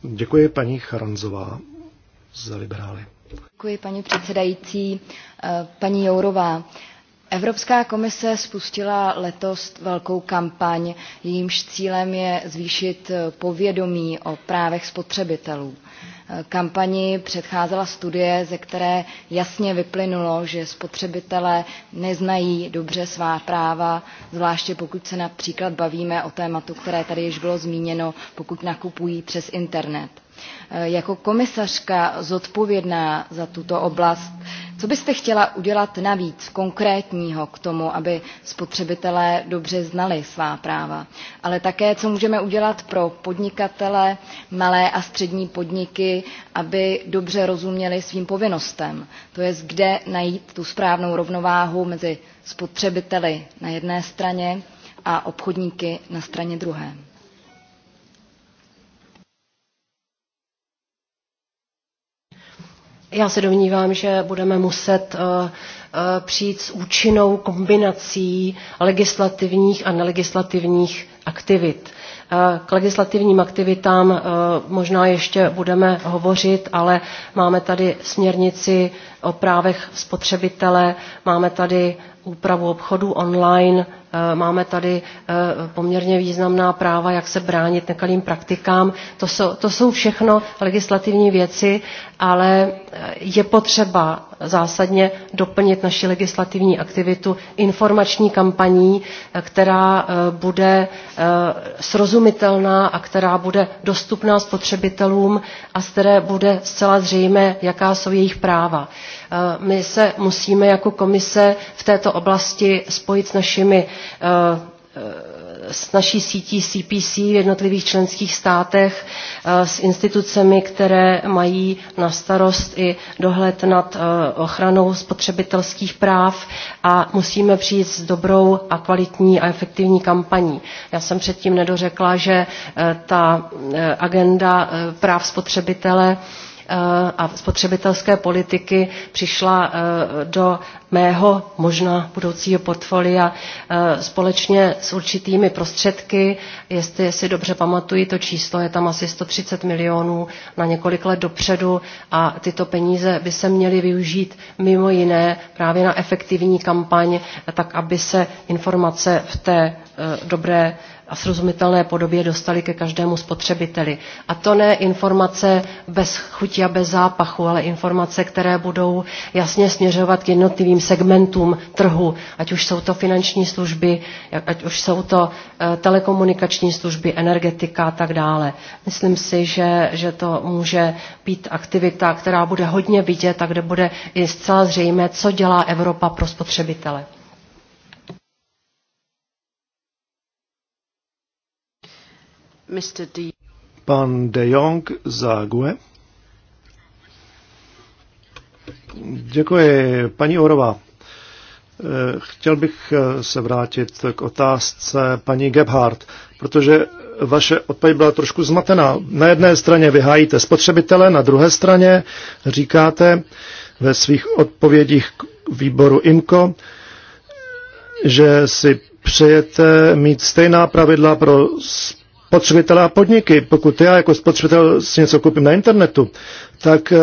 Děkuji paní Charanzová za liberály. Děkuji, paní předsedající. Eh, paní Jourová, Evropská komise spustila letos velkou kampaň, jejímž cílem je zvýšit povědomí o právech spotřebitelů. Eh, kampani předcházela studie, ze které jasně vyplynulo, že spotřebitelé neznají dobře svá práva, zvláště pokud se například bavíme o tématu, které tady již bylo zmíněno, pokud nakupují přes internet. Eh, jako komisařka zodpovědná za tuto oblast, co byste chtěla udělat navíc konkrétního k tomu, aby spotřebitelé dobře znali svá práva? Ale také, co můžeme udělat pro podnikatele, malé a střední podniky, aby dobře rozuměli svým povinnostem? To je, kde najít tu správnou rovnováhu mezi spotřebiteli na jedné straně a obchodníky na straně druhé. Já se domnívám, že budeme muset eh, eh, přijít s účinnou kombinací legislativních a nelegislativních aktivit. Eh, k legislativním aktivitám možná ještě budeme hovořit, ale máme tady směrnici o právech spotřebitele, máme tady úpravu obchodu online, Eh, máme tady eh, poměrně významná práva, jak se bránit nekalým praktikám. To jsou, to jsou všechno legislativní věci, ale eh, je potřeba zásadně doplnit naši legislativní aktivitu informační kampaní, která bude srozumitelná a která bude dostupná spotřebitelům a z které bude zcela zřejmé, jaká jsou jejich práva. Eh, my se musíme jako komise v této oblasti spojit s našimi eh, eh, s naší sítí CPC v jednotlivých členských státech, s institucemi, které mají na starost i dohled nad ochranou spotřebitelských práv a musíme přijít s dobrou a kvalitní a efektivní kampaní. Já jsem předtím nedořekla, že ta agenda práv spotřebitele Eh, a spotřebitelské politiky přišla eh, do mého možná budoucího portfolia eh, společně s určitými prostředky. Jestli si dobře pamatuji, to číslo je tam asi 130 milionů na několik let dopředu a tyto peníze by se měly využít mimo jiné právě na efektivní kampaň, tak aby se informace v té dobré a srozumitelné podobě dostali ke každému spotřebiteli. A to ne informace bez chuti a bez zápachu, ale informace, které budou jasně směřovat k jednotlivým segmentům trhu, ať už jsou to finanční služby, ať už jsou to eh, telekomunikační služby, energetika a tak dále. Myslím si, že, že to může být aktivita, která bude hodně vidět a kde bude i zcela zřejmé, co dělá Evropa pro spotřebitele. Pan De Jong za GUE. Děkuji, paní Ourová. Eh, chtěl bych eh, se vrátit k otázce paní Gebhardt, protože vaše odpověď byla trošku zmatená. Na jedné straně vyhájíte spotřebitele, na druhé straně říkáte ve svých odpovědích k výboru IMCO, že si přejete mít stejná pravidla pro spotřebitele spotřebitele a podniky. Pokud já jako spotřebitel si něco koupím na internetu, tak eh,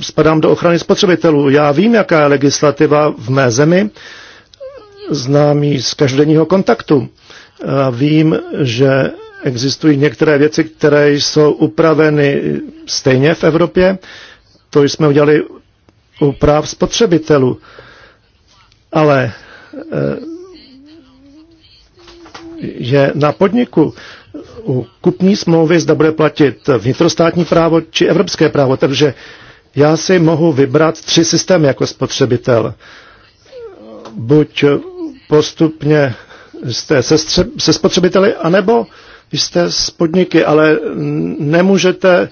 spadám do ochrany spotřebitelů. Já vím, jaká je legislativa v mé zemi, znám ji z každodenního kontaktu. A vím, že existují některé věci, které jsou upraveny stejně v Evropě. To jsme udělali u práv spotřebitelů. Ale eh, je na podniku, kupní smlouvy, zda bude platit vnitrostátní právo či evropské právo. Takže já si mohu vybrat tři systémy jako spotřebitel. Buď postupně jste se, stře- se spotřebiteli, anebo jste z podniky, ale nemůžete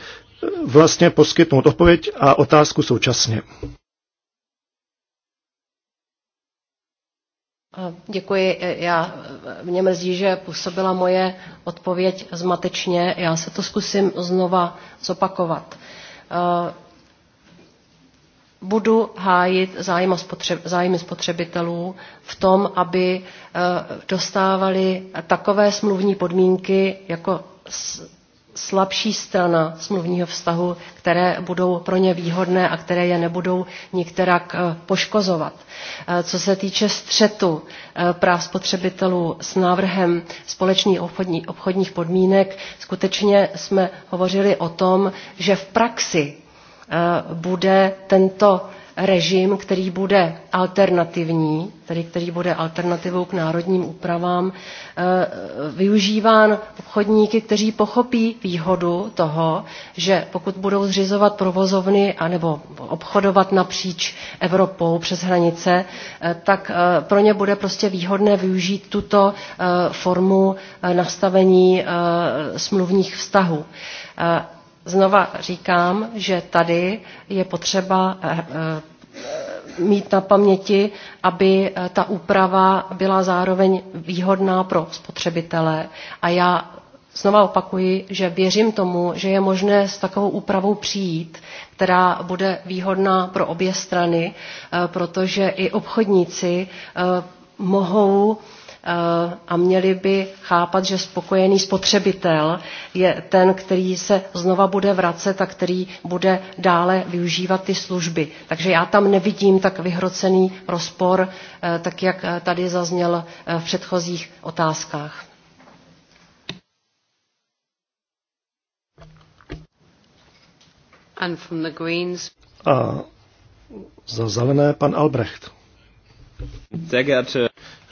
vlastně poskytnout odpověď a otázku současně. Děkuji. Já mě mrzí, že působila moje odpověď zmatečně. Já se to zkusím znova zopakovat. Budu hájit zájmy, spotřebitelů v tom, aby e, dostávali takové smluvní podmínky, jako slabší strana smluvního vztahu, které budou pro ně výhodné a které je nebudou nikterak eh, poškozovat. Eh, co se týče střetu eh, práv spotřebitelů s návrhem společných obchodní, obchodních podmínek, skutečně jsme hovořili o tom, že v praxi bude tento režim, který bude alternativní, tedy který bude alternativou k národním úpravám, eh, využíván obchodníky, kteří pochopí výhodu toho, že pokud budou zřizovat provozovny anebo obchodovat napříč Evropou přes hranice, eh, tak eh, pro ně bude prostě výhodné využít tuto formu nastavení smluvních vztahů Znova říkám, že tady je potřeba eh, eh, mít na paměti, aby eh, ta úprava byla zároveň výhodná pro spotřebitele. A já znova opakuji, že věřím tomu, že je možné s takovou úpravou přijít, která bude výhodná pro obě strany, protože i obchodníci mohou Eh, a měli by chápat, že spokojený spotřebitel je ten, který se znova bude vracet a který bude dále využívat ty služby. Takže já tam nevidím tak vyhrocený rozpor, eh, tak jak tady zazněl eh, v předchozích otázkách. And from the Greens. A za zelené pan Albrecht. Sehr geehrte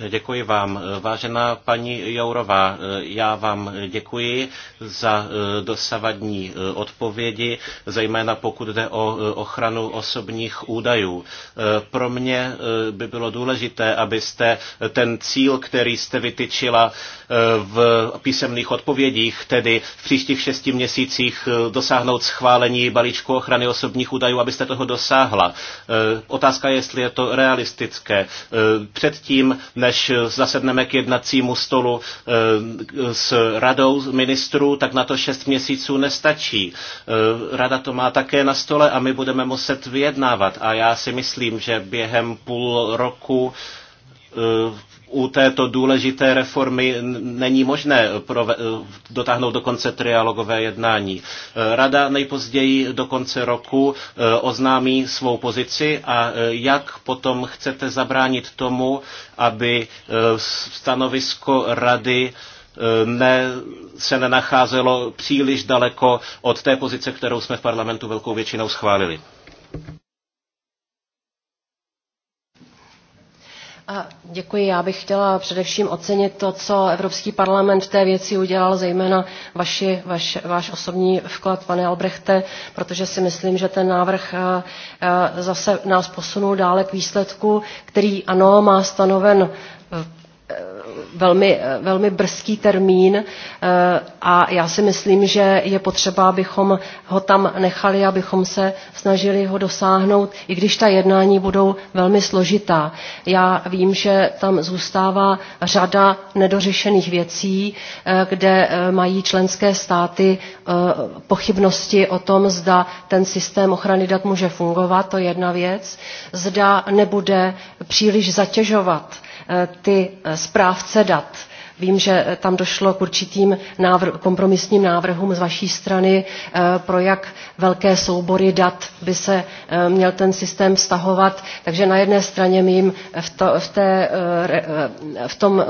Děkuji vám. Vážená paní Jourová, já vám děkuji za eh, dosavadní eh, odpovědi, zejména pokud jde o eh, ochranu osobních údajů. Pro mě by bylo důležité, abyste ten cíl, který jste vytyčila, v písemných odpovědích, tedy v příštích šesti měsících eh, dosáhnout schválení balíčku ochrany osobních údajů, abyste toho dosáhla. Eh, otázka je, jestli je to realistické. Eh, předtím, než zasedneme k jednacímu stolu s radou ministrů, tak na to šest měsíců nestačí. Rada to má také na stole a my budeme muset vyjednávat. A já si myslím, že během půl roku u této důležité reformy není možné dotáhnout do konce trialogové jednání. Eh, rada nejpozději do konce roku eh, oznámí svou pozici a eh, jak potom chcete zabránit tomu, aby stanovisko rady ne, se nenacházelo příliš daleko od té pozice, kterou jsme v parlamentu velkou většinou schválili. děkuji. Já bych chtěla především ocenit to, co Evropský parlament v té věci udělal, zejména vaši, vaš, váš osobní vklad, pane Albrechte, protože si myslím, že ten návrh eh, eh, zase nás posunul dále k výsledku, který ano, má stanoven eh, velmi, velmi brzký termín eh, a já si myslím, že je potřeba, abychom ho tam nechali, abychom se snažili ho dosáhnout, i když ta jednání budou velmi složitá. Já vím, že tam zůstává řada nedořešených věcí, eh, kde eh, mají členské státy pochybnosti o tom, zda ten systém ochrany dat může fungovat, to je jedna věc, zda nebude příliš zatěžovat ty správce dat Vím, že eh, tam došlo k určitým návr- kompromisním návrhům z vaší strany, eh, pro jak velké soubory dat by se eh, měl ten systém vztahovat. Takže na jedné straně my jim v, to, v, té, v tom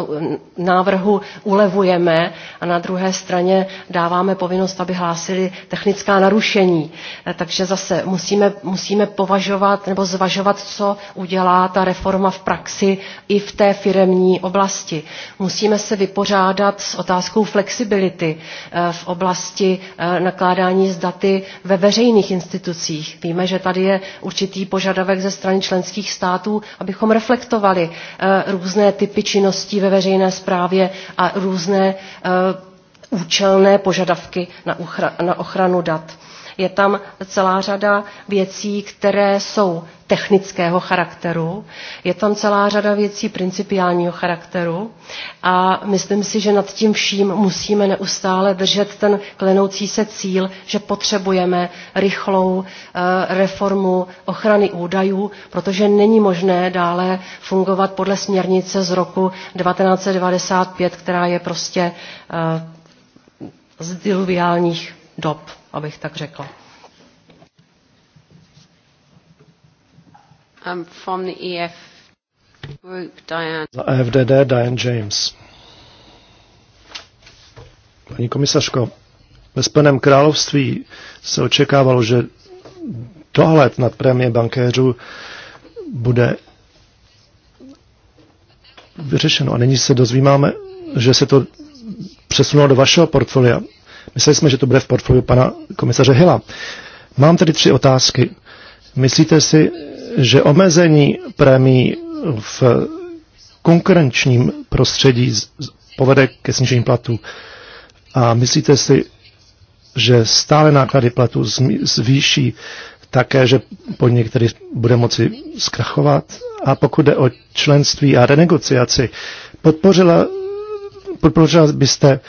návrhu ulevujeme a na druhé straně dáváme povinnost, aby hlásili technická narušení. Takže zase musíme, musíme považovat nebo zvažovat, co udělá ta reforma v praxi i v té firemní oblasti. Musíme se vypořádat s otázkou flexibility eh, v oblasti eh, nakládání s daty ve veřejných institucích. Víme, že tady je určitý požadavek ze strany členských států, abychom reflektovali eh, různé typy činností ve veřejné správě a různé účelné požadavky na ochranu dat. Je tam celá řada věcí, které jsou technického charakteru, je tam celá řada věcí principiálního charakteru a myslím si, že nad tím vším musíme neustále držet ten klenoucí se cíl, že potřebujeme rychlou eh, reformu ochrany údajů, protože není možné dále fungovat podle směrnice z roku 1995, která je prostě eh, z diluviálních dob, abych tak řekla. I'm from the EF group, Diane. Za EFDD Diane James. Paní komisařko, ve Spojeném království se očekávalo, že dohled nad prémie bankéřů bude vyřešeno. A nyní se dozvímáme, že se to přesunulo do vašeho portfolia. Mysleli jsme, že to bude v portfoliu pana komisaře Hila. Mám tedy tři otázky. Myslíte si, že omezení prémí v konkurenčním prostředí povede ke snížení platů? A myslíte si, že stále náklady platů zvýší také, že podnik tedy bude moci zkrachovat? A pokud jde o členství a renegociaci, podpořila, podpořila byste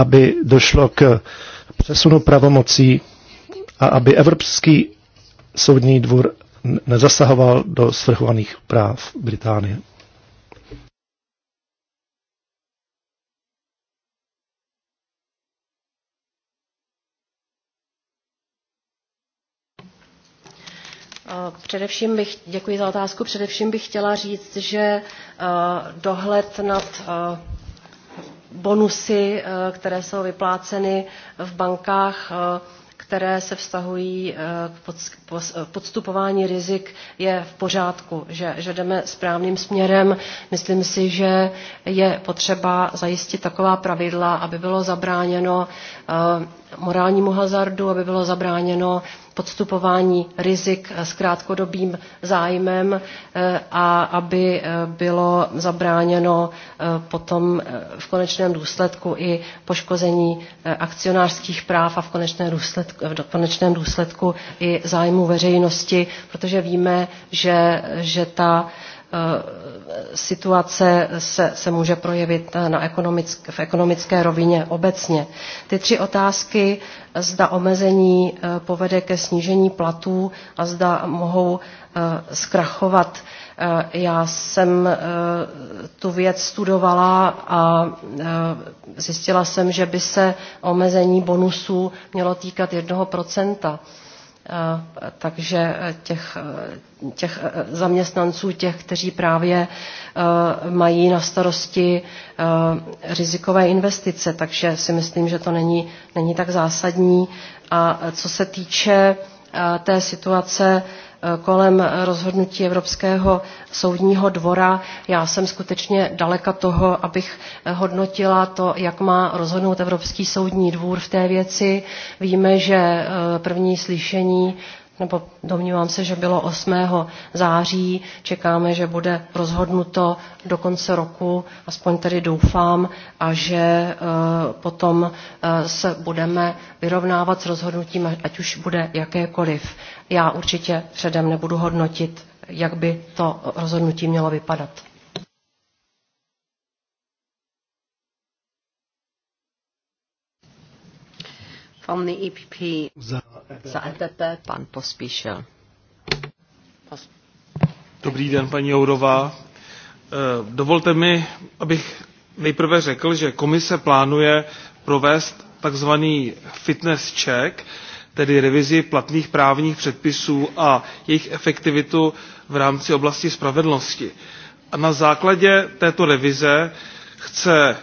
aby došlo k přesunu pravomocí a aby Evropský soudní dvůr nezasahoval do svrchovaných práv Británie. Především bych, děkuji za otázku, především bych chtěla říct, že dohled nad bonusy, eh, které jsou vypláceny v bankách, eh, které se vztahují eh, k podstupování rizik, je v pořádku, že, že jdeme správným směrem. Myslím si, že je potřeba zajistit taková pravidla, aby bylo zabráněno morálnímu hazardu, aby bylo zabráněno podstupování rizik s krátkodobým zájmem eh, a aby eh, bylo zabráněno eh, potom v konečném důsledku i poškození akcionářských práv a v konečném důsledku, v konečném důsledku i zájmu veřejnosti, protože víme, že, že ta Eh, situace se, se může projevit eh, na ekonomick, v ekonomické rovině obecně. Ty tři otázky, zda omezení eh, povede ke snížení platů a zda mohou zkrachovat. Já jsem tu věc studovala a zjistila jsem, že by se omezení bonusů mělo týkat jednoho procenta Eh, takže eh, těch, eh, těch zaměstnanců, těch, kteří právě mají na starosti rizikové investice, takže si myslím, že to není, není tak zásadní. A co se týče té situace kolem rozhodnutí Evropského soudního dvora. Já jsem skutečně daleka toho, abych hodnotila to, jak má rozhodnout Evropský soudní dvůr v té věci. Víme, že eh, první slyšení nebo domnívám se, že bylo 8. září. Čekáme, že bude rozhodnuto do konce roku, aspoň tedy doufám, a že eh, potom eh, se budeme vyrovnávat s rozhodnutím, ať už bude jakékoliv já určitě předem nebudu hodnotit, jak by to rozhodnutí mělo vypadat. From the EPP. Za, e Za EPP pan Pospíšil. Dobrý den, paní Jourová. Eh, dovolte mi, abych nejprve řekl, že komise plánuje provést takzvaný fitness check, tedy revizi platných právních předpisů a jejich efektivitu v rámci oblasti spravedlnosti. A na základě této revize chce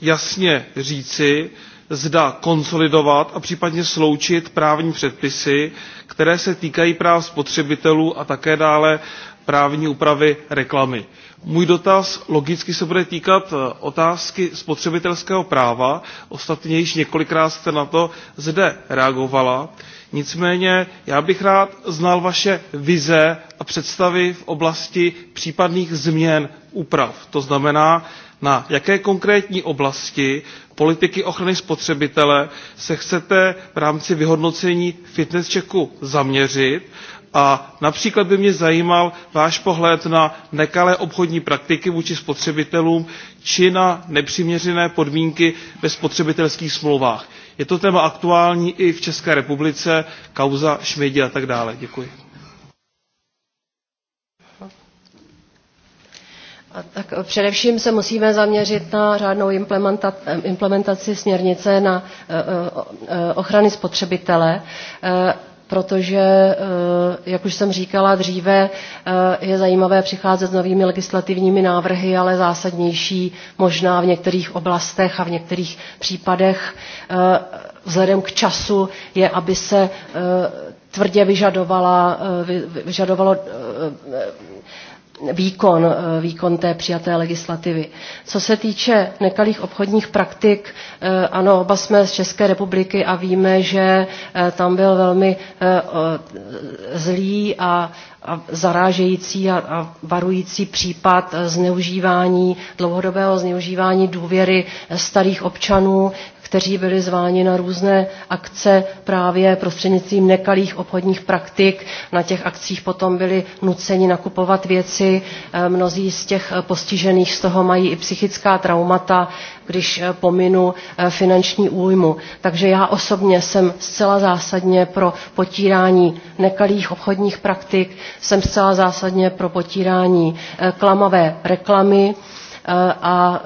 jasně říci, zda konsolidovat a případně sloučit právní předpisy, které se týkají práv spotřebitelů a také dále právní úpravy reklamy. Můj dotaz logicky se bude týkat eh, otázky spotřebitelského práva. Ostatně již několikrát jste na to zde reagovala. Nicméně já bych rád znal vaše vize a představy v oblasti případných změn úprav. To znamená, na jaké konkrétní oblasti politiky ochrany spotřebitele se chcete v rámci vyhodnocení fitness checku zaměřit a například by mě zajímal váš pohled na nekalé obchodní praktiky vůči spotřebitelům či na nepřiměřené podmínky ve spotřebitelských smlouvách. Je to téma aktuální i v České republice, kauza Šmejdi a tak dále. Děkuji. Tak především se musíme zaměřit na řádnou implementaci směrnice na eh, eh, eh, ochrany spotřebitele protože, eh, jak už jsem říkala dříve, eh, je zajímavé přicházet s novými legislativními návrhy, ale zásadnější možná v některých oblastech a v některých případech eh, vzhledem k času je, aby se tvrdě vyžadovala, vyžadovalo výkon, eh, výkon té přijaté legislativy. Co se týče nekalých obchodních praktik, eh, ano, oba jsme z České republiky a víme, že eh, tam byl velmi zlý a a zarážející a, a varující případ zneužívání, dlouhodobého zneužívání důvěry starých občanů, kteří byli zváni na různé akce právě prostřednictvím nekalých obchodních praktik. Na těch akcích potom byli nuceni nakupovat věci. Eh, mnozí z těch eh, postižených z toho mají i psychická traumata, když eh, pominu finanční újmu. Takže já osobně jsem zcela zásadně pro potírání nekalých obchodních praktik, jsem zcela zásadně pro potírání klamavé reklamy a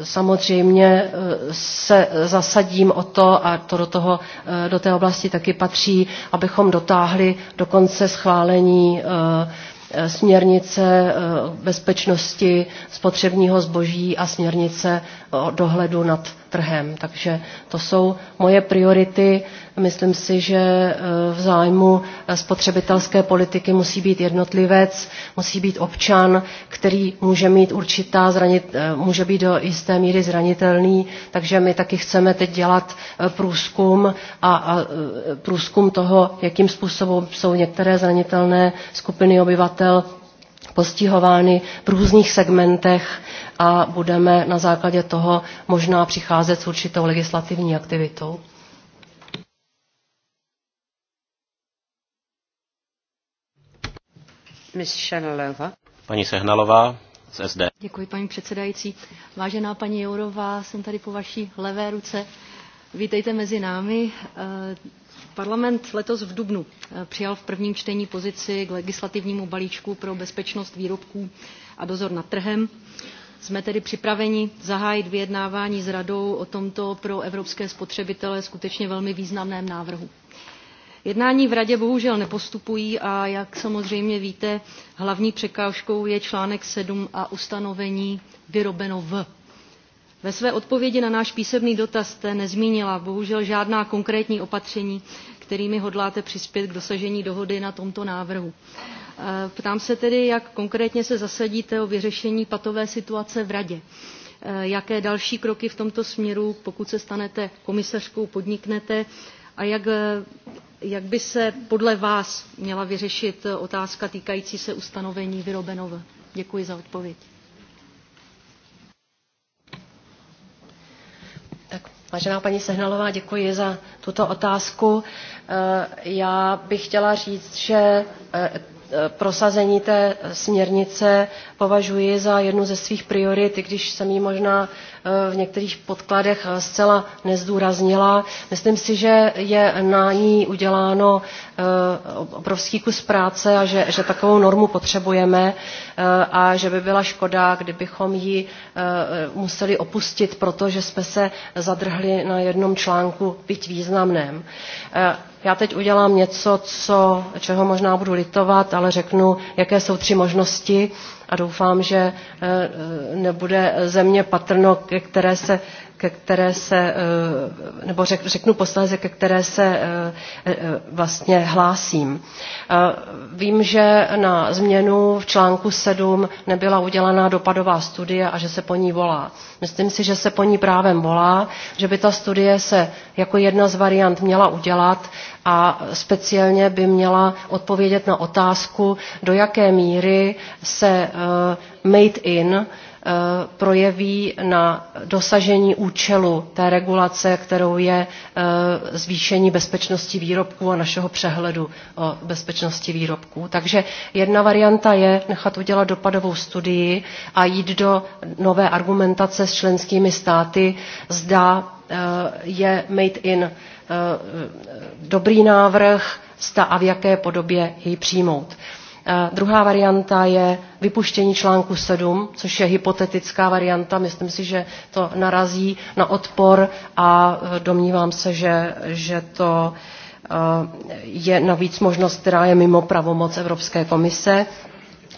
e, samozřejmě e, se zasadím o to, a to do, toho, e, do té oblasti taky patří, abychom dotáhli do konce schválení směrnice bezpečnosti spotřebního zboží a směrnice dohledu nad trhem. Takže to jsou moje priority. Myslím si, že e, v zájmu e, spotřebitelské politiky musí být jednotlivec, musí být občan, který může mít určitá zranit, e, může být do jisté míry zranitelný, takže my taky chceme teď dělat průzkum a, a průzkum toho, jakým způsobem jsou některé zranitelné skupiny obyvatel postihovány v různých segmentech a budeme na základě toho možná přicházet s určitou legislativní aktivitou. Paní Sehnalová z SD. Děkuji, paní předsedající. Vážená paní Jourová, jsem tady po vaší levé ruce. Vítejte mezi námi. Eh, parlament letos v Dubnu eh, přijal v prvním čtení pozici k legislativnímu balíčku pro bezpečnost výrobků a dozor nad trhem jsme tedy připraveni zahájit vyjednávání s radou o tomto pro evropské spotřebitele skutečně velmi významném návrhu. Jednání v radě bohužel nepostupují a jak samozřejmě víte, hlavní překážkou je článek 7 a ustanovení vyrobeno v. Ve své odpovědi na náš písemný dotaz jste nezmínila bohužel žádná konkrétní opatření, kterými hodláte přispět k dosažení dohody na tomto návrhu. Eh, ptám se tedy, jak konkrétně se zasadíte o vyřešení patové situace v Radě. Eh, jaké další kroky v tomto směru, pokud se stanete komisařkou, podniknete a jak, eh, jak by se podle vás měla vyřešit otázka týkající se ustanovení Vyrobenov? Děkuji za odpověď. Vážená paní Sehnalová, děkuji za tuto otázku. Já bych chtěla říct, že Eh, prosazení té směrnice považuji za jednu ze svých priorit, i když jsem ji možná eh, v některých podkladech eh, zcela nezdůraznila. Myslím si, že je na ní uděláno obrovský kus práce a že, že takovou normu potřebujeme a že by byla škoda, kdybychom ji museli opustit, protože jsme se zadrhli na jednom článku, byť významném já teď udělám něco, co, čeho možná budu litovat, ale řeknu, jaké jsou tři možnosti a doufám, že eh, eh, nebude země patrno, ke které se ke které se, eh, nebo řek, řeknu posléze, ke které se eh, eh, vlastně hlásím. Vím, že na změnu v článku 7 nebyla udělaná dopadová studie a že se po ní volá. Myslím si, že se po ní právem volá, že by ta studie se jako jedna z variant měla udělat a speciálně by měla odpovědět na otázku, do jaké míry se made in Eh, projeví na dosažení účelu té regulace, kterou je eh, zvýšení bezpečnosti výrobků a našeho přehledu o bezpečnosti výrobků. Takže jedna varianta je nechat udělat dopadovou studii a jít do nové argumentace s členskými státy, zda eh, je made in dobrý návrh, zda a v jaké podobě jej přijmout. Eh, druhá varianta je vypuštění článku 7, což je hypotetická varianta. Myslím si, že to narazí na odpor a eh, domnívám se, že, že to eh, je navíc možnost, která je mimo pravomoc Evropské komise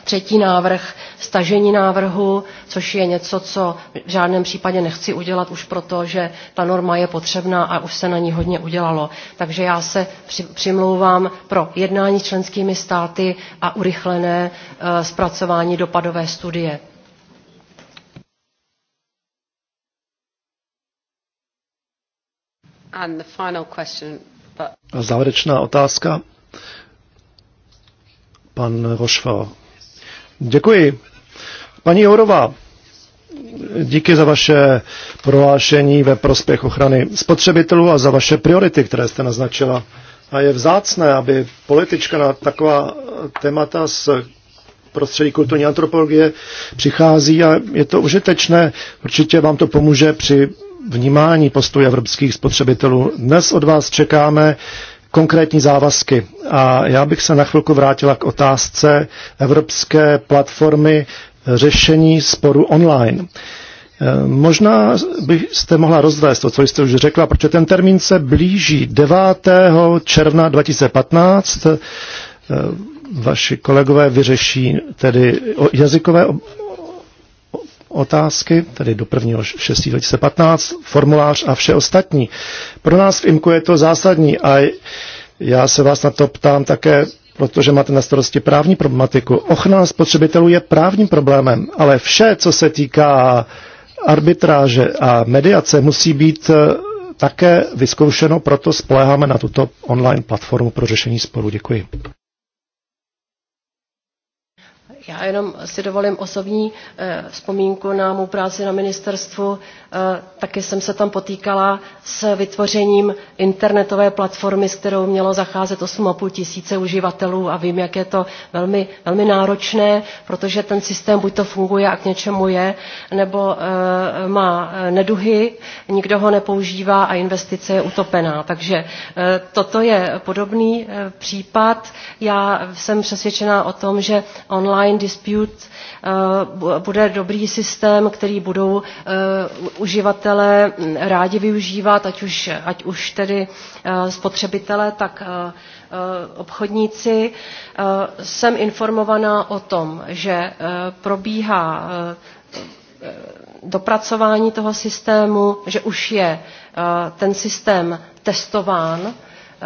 Třetí návrh, stažení návrhu, což je něco, co v žádném případě nechci udělat už proto, že ta norma je potřebná a už se na ní hodně udělalo. Takže já se přimlouvám pro jednání s členskými státy a urychlené eh, zpracování dopadové studie. And the final question, but... Závěrečná otázka. Pan Rochefort. Děkuji. Paní Jourová, díky za vaše prohlášení ve prospěch ochrany spotřebitelů a za vaše priority, které jste naznačila. A je vzácné, aby politička na taková témata z prostředí kulturní antropologie přichází a je to užitečné. Určitě vám to pomůže při vnímání postoje evropských spotřebitelů. Dnes od vás čekáme konkrétní závazky. A já bych se na chvilku vrátila k otázce evropské platformy řešení sporu online. E, možná byste mohla rozvést to, co jste už řekla, protože ten termín se blíží 9. června 2015. E, vaši kolegové vyřeší tedy jazykové otázky, tedy do 1. 6. 2015, formulář a vše ostatní. Pro nás v IMKU je to zásadní a já se vás na to ptám také, protože máte na starosti právní problematiku. Ochrana spotřebitelů je právním problémem, ale vše, co se týká arbitráže a mediace, musí být eh, také vyzkoušeno, proto spoléháme na tuto online platformu pro řešení sporu. Děkuji. Já jenom si dovolím osobní eh, vzpomínku na mou práci na ministerstvu Eh, taky jsem se tam potýkala s vytvořením internetové platformy, s kterou mělo zacházet 8,5 tisíce uživatelů a vím, jak je to velmi, velmi náročné, protože ten systém buď to funguje a k něčemu je, nebo eh, má eh, neduhy, nikdo ho nepoužívá a investice je utopená. Takže toto je podobný případ. Já jsem přesvědčená o tom, že online dispute Eh, bude dobrý systém, který budou eh, uživatelé rádi využívat, ať už, ať už tedy eh, spotřebitelé, tak obchodníci. Jsem informovaná o tom, že probíhá dopracování toho systému, že už je ten systém testován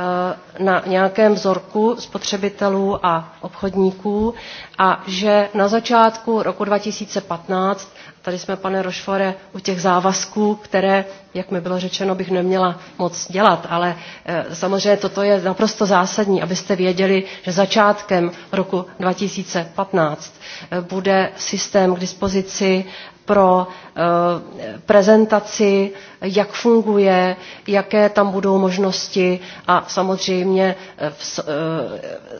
Eh, na nějakém vzorku spotřebitelů a obchodníků a že na začátku roku 2015, tady jsme, pane Rošfore, u těch závazků, které, jak mi bylo řečeno, bych neměla moc dělat, ale eh, samozřejmě toto je naprosto zásadní, abyste věděli, že začátkem roku 2015 eh, bude systém k dispozici pro eh, prezentaci, jak funguje, jaké tam budou možnosti a samozřejmě eh, eh,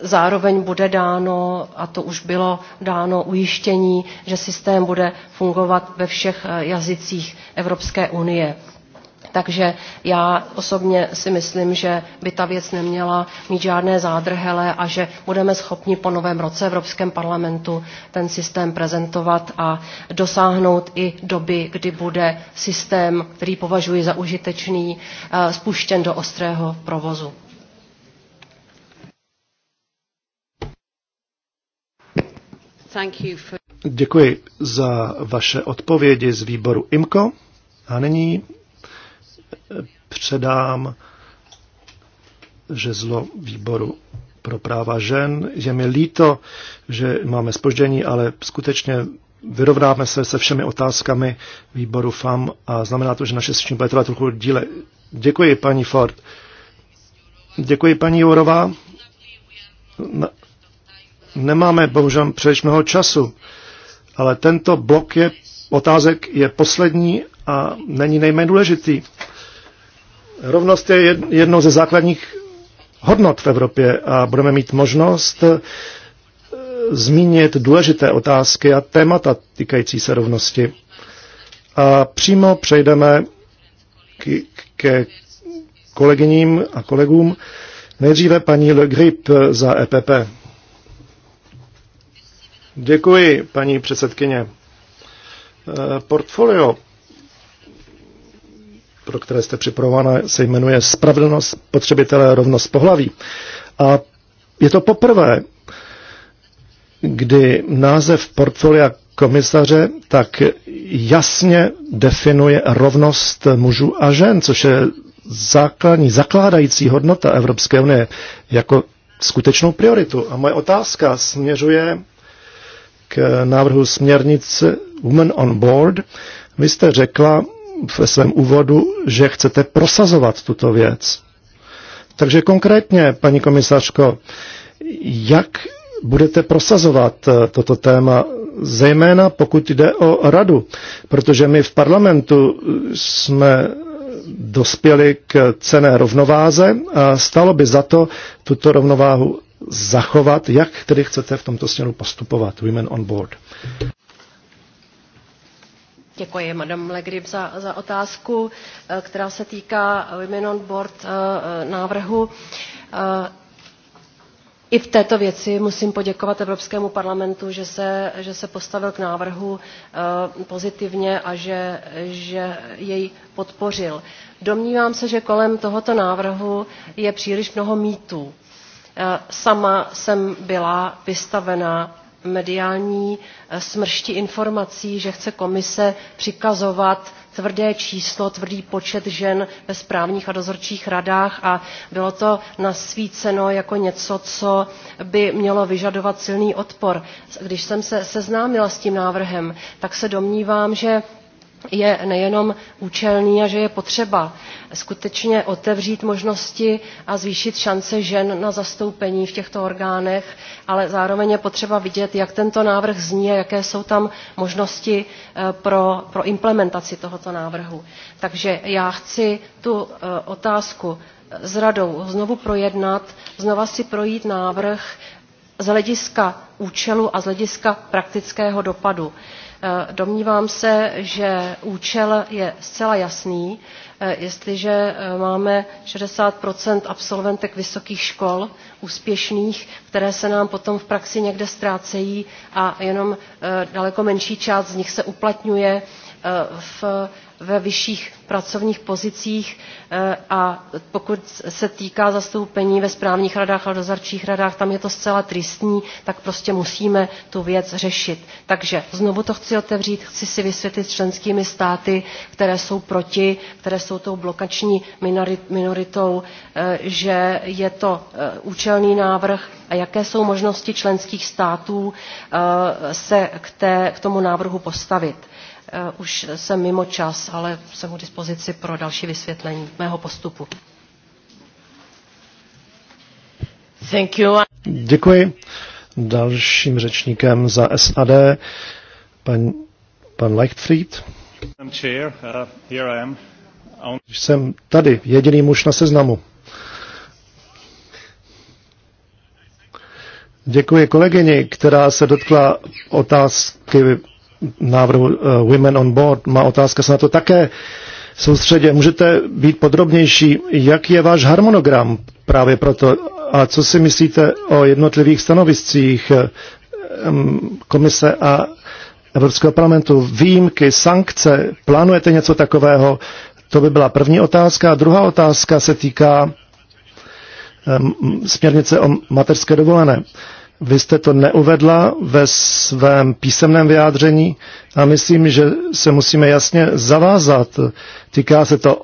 zároveň bude dáno, a to už bylo dáno ujištění, že systém bude fungovat ve všech jazycích Evropské unie. Takže já osobně si myslím, že by ta věc neměla mít žádné zádrhele a že budeme schopni po novém roce v Evropském parlamentu ten systém prezentovat a dosáhnout i doby, kdy bude systém, který považuji za užitečný, eh, spuštěn do ostrého provozu. For... Děkuji za vaše odpovědi z výboru IMCO. A nyní předám žezlo výboru pro práva žen. Je mi líto, že máme spoždění, ale skutečně vyrovnáme se se všemi otázkami výboru FAM a znamená to, že naše sešení bude trvat trochu díle. Děkuji, paní Ford. Děkuji, paní Jourová. Nemáme bohužel příliš mnoho času, ale tento blok je, otázek je poslední a není nejméně důležitý. Rovnost je jednou ze základních hodnot v Evropě a budeme mít možnost eh, zmínit důležité otázky a témata týkající se rovnosti. A přímo přejdeme k, ke kolegyním a kolegům. Nejdříve paní Le Grip za EPP. Děkuji, paní předsedkyně. Eh, portfolio pro které jste připravovaná, se jmenuje Spravedlnost potřebitele rovnost pohlaví. A je to poprvé, kdy název portfolia komisaře tak jasně definuje rovnost mužů a žen, což je základní, zakládající hodnota Evropské unie jako skutečnou prioritu. A moje otázka směřuje k návrhu směrnice Women on Board. Vy jste řekla, ve svém úvodu, že chcete prosazovat tuto věc. Takže konkrétně, paní komisařko, jak budete prosazovat eh, toto téma, zejména pokud jde o radu, protože my v parlamentu jsme dospěli k cené rovnováze a stalo by za to tuto rovnováhu zachovat. Jak tedy chcete v tomto směru postupovat, Women on Board? Děkuji, madam Legrib, za, za otázku, eh, která se týká eh, Women on Board eh, návrhu. I v této věci musím poděkovat Evropskému parlamentu, že se, že se postavil k návrhu pozitivně a že, že jej podpořil. Domnívám se, že kolem tohoto návrhu je příliš mnoho mýtů. Sama jsem byla vystavena mediální eh, smršti informací, že chce komise přikazovat tvrdé číslo, tvrdý počet žen ve správních a dozorčích radách a bylo to nasvíceno jako něco, co by mělo vyžadovat silný odpor. Když jsem se seznámila s tím návrhem, tak se domnívám, že je nejenom účelný a že je potřeba skutečně otevřít možnosti a zvýšit šance žen na zastoupení v těchto orgánech ale zároveň je potřeba vidět jak tento návrh zní a jaké jsou tam možnosti eh, pro, pro implementaci tohoto návrhu. takže já chci tu eh, otázku s radou znovu projednat znova si projít návrh z hlediska účelu a z hlediska praktického dopadu. Eh, domnívám se, že účel je zcela jasný. Eh, jestliže eh, máme 60 absolventek vysokých škol úspěšných, které se nám potom v praxi někde ztrácejí a jenom daleko menší část z nich se uplatňuje v ve vyšších pracovních pozicích eh, a pokud se týká zastoupení ve správních radách a dozorčích radách, tam je to zcela tristní, tak prostě musíme tu věc řešit. Takže znovu to chci otevřít, chci si vysvětlit s členskými státy, které jsou proti, které jsou tou blokační minoritou, eh, že je to eh, účelný návrh a jaké jsou možnosti členských států se k, té, k tomu návrhu postavit Eh, už jsem mimo čas, ale jsem u dispozici pro další vysvětlení mého postupu. Thank you. Děkuji. Dalším řečníkem za SAD pan, pan Leichtfried. Uh, jsem tady, jediný muž na seznamu. Děkuji kolegyni, která se dotkla otázky návrhu eh, Women on Board. Má otázka se na to také soustředě. Můžete být podrobnější, jak je váš harmonogram právě proto a co si myslíte o jednotlivých stanoviscích eh, komise a Evropského parlamentu, výjimky, sankce, plánujete něco takového? To by byla první otázka. A druhá otázka se týká směrnice o materské dovolené. Vy jste to neuvedla ve svém písemném vyjádření a myslím, že se musíme jasně zavázat. Týká se to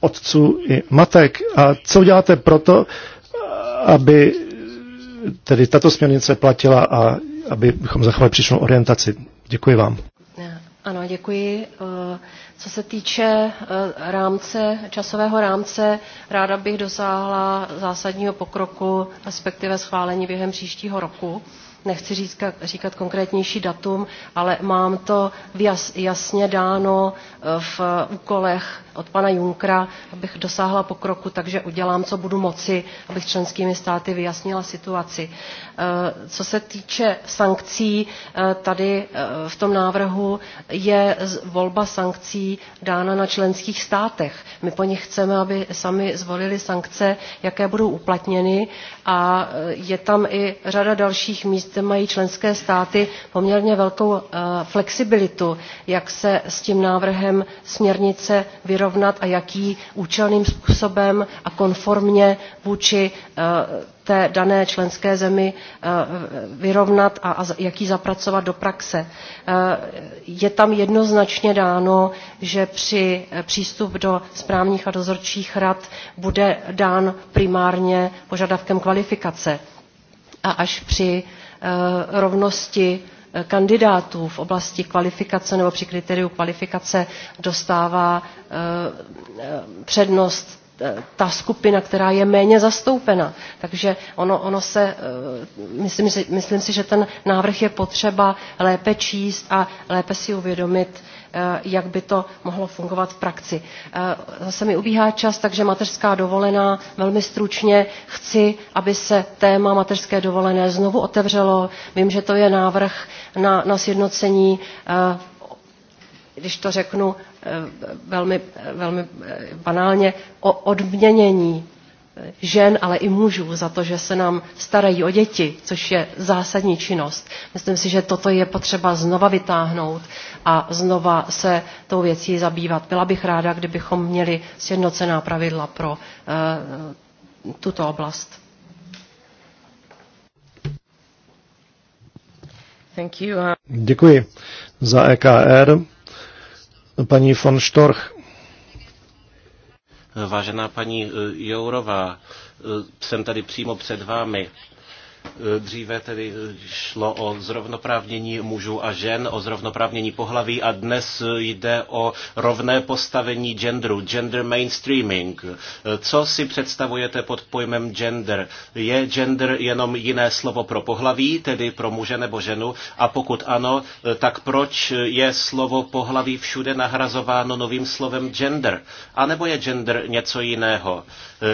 otců i matek. A co děláte proto, aby tedy tato směrnice platila a abychom zachovali příčnou orientaci? Děkuji vám. Ano, děkuji. Co se týče eh, rámce, časového rámce, ráda bych dosáhla zásadního pokroku, respektive schválení během příštího roku. Nechci říkat, říkat konkrétnější datum, ale mám to jasně dáno eh, v úkolech od pana Junkra, abych dosáhla pokroku, takže udělám, co budu moci, abych členskými státy vyjasnila situaci. Eh, co se týče sankcí, eh, tady eh, v tom návrhu je volba sankcí dána na členských státech. My po nich chceme, aby sami zvolili sankce, jaké budou uplatněny a je tam i řada dalších míst, kde mají členské státy poměrně velkou flexibilitu, jak se s tím návrhem směrnice vyrovnat vyrovnat a jaký účelným způsobem a konformně vůči eh, té dané členské zemi eh, vyrovnat a jak ji zapracovat do praxe. Eh, je tam jednoznačně dáno, že při přístup do správních a dozorčích rad bude dán primárně požadavkem kvalifikace a až při rovnosti kandidátů v oblasti kvalifikace nebo při kritériu kvalifikace dostává eh, eh, přednost eh, ta skupina, která je méně zastoupena. Takže ono, ono se, myslím si, myslím si, že ten návrh je potřeba lépe číst a lépe si uvědomit, Eh, jak by to mohlo fungovat v praxi. Eh, zase mi ubíhá čas, takže mateřská dovolená velmi stručně chci, aby se téma mateřské dovolené znovu otevřelo. Vím, že to je návrh na, na sjednocení eh, když to řeknu velmi, velmi banálně, o odměnění žen, ale i mužů za to, že se nám starají o děti, což je zásadní činnost. Myslím si, že toto je potřeba znova vytáhnout a znova se tou věcí zabývat. Byla bych ráda, kdybychom měli sjednocená pravidla pro uh, tuto oblast. Děkuji za EKR. Paní von Storch. Vážená paní eh, Jourová, eh, jsem tady přímo před vámi Eh, dříve tedy šlo o zrovnoprávnění mužů a žen, o zrovnoprávnění pohlaví a dnes jde o rovné postavení genderu, gender mainstreaming. Eh, co si představujete pod pojmem gender? Je gender jenom jiné slovo pro pohlaví, tedy pro muže nebo ženu? A pokud ano, eh, tak proč je slovo pohlaví všude nahrazováno novým slovem gender? A nebo je gender něco jiného?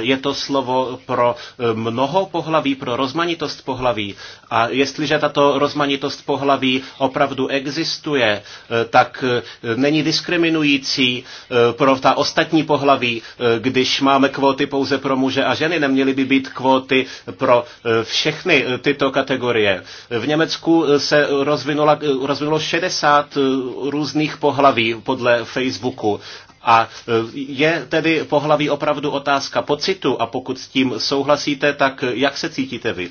Je to slovo pro mnoho pohlaví, pro rozmanitost pohlaví. A jestliže tato rozmanitost pohlaví opravdu existuje, eh, tak eh, není diskriminující eh, pro ta ostatní pohlaví, když máme kvóty pouze pro muže a ženy, neměly by být kvóty pro všechny tyto kategorie. V Německu se rozvinulo 60 různých pohlaví podle Facebooku. A je tedy pohlaví opravdu otázka pocitu a pokud s tím souhlasíte, tak jak se cítíte vy?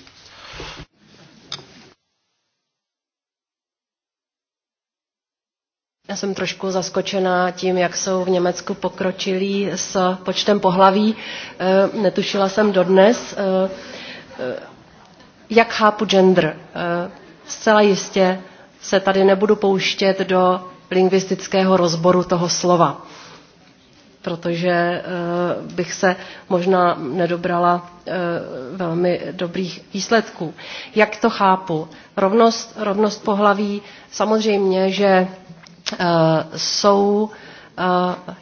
Já jsem trošku zaskočená tím, jak jsou v Německu pokročilí s počtem pohlaví. Eh, netušila jsem dodnes. Eh, eh, jak chápu gender? Zcela jistě se tady nebudu pouštět do lingvistického rozboru toho slova protože eh, bych se možná nedobrala eh, velmi dobrých výsledků. Jak to chápu? Rovnost, rovnost pohlaví, samozřejmě, že eh, jsou,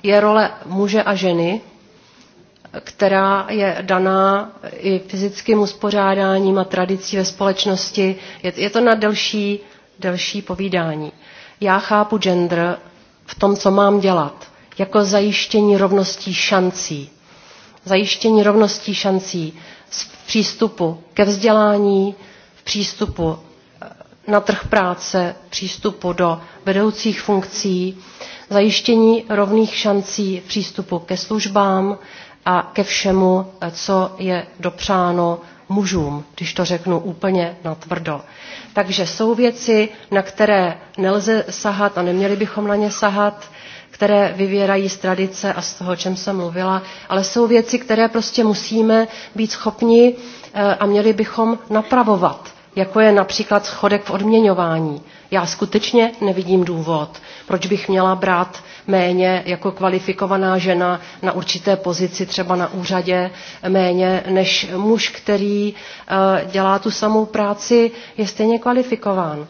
je role muže a ženy, která je daná i fyzickým uspořádáním a tradicí ve společnosti. Je, to na delší, delší povídání. Já chápu gender v tom, co mám dělat jako zajištění rovností šancí. Zajištění rovností šancí v přístupu ke vzdělání, v přístupu eh, na trh práce, přístupu do vedoucích funkcí, zajištění rovných šancí v přístupu ke službám a ke všemu, eh, co je dopřáno mužům, když to řeknu úplně natvrdo. Takže jsou věci, na které nelze sahat a neměli bychom na ně sahat které vyvěrají z tradice a z toho, o čem jsem mluvila, ale jsou věci, které prostě musíme být schopni eh, a měli bychom napravovat jako je například schodek v odměňování. Já skutečně nevidím důvod, proč bych měla brát méně jako kvalifikovaná žena na určité pozici, třeba na úřadě, méně než muž, který eh, dělá tu samou práci, je stejně kvalifikován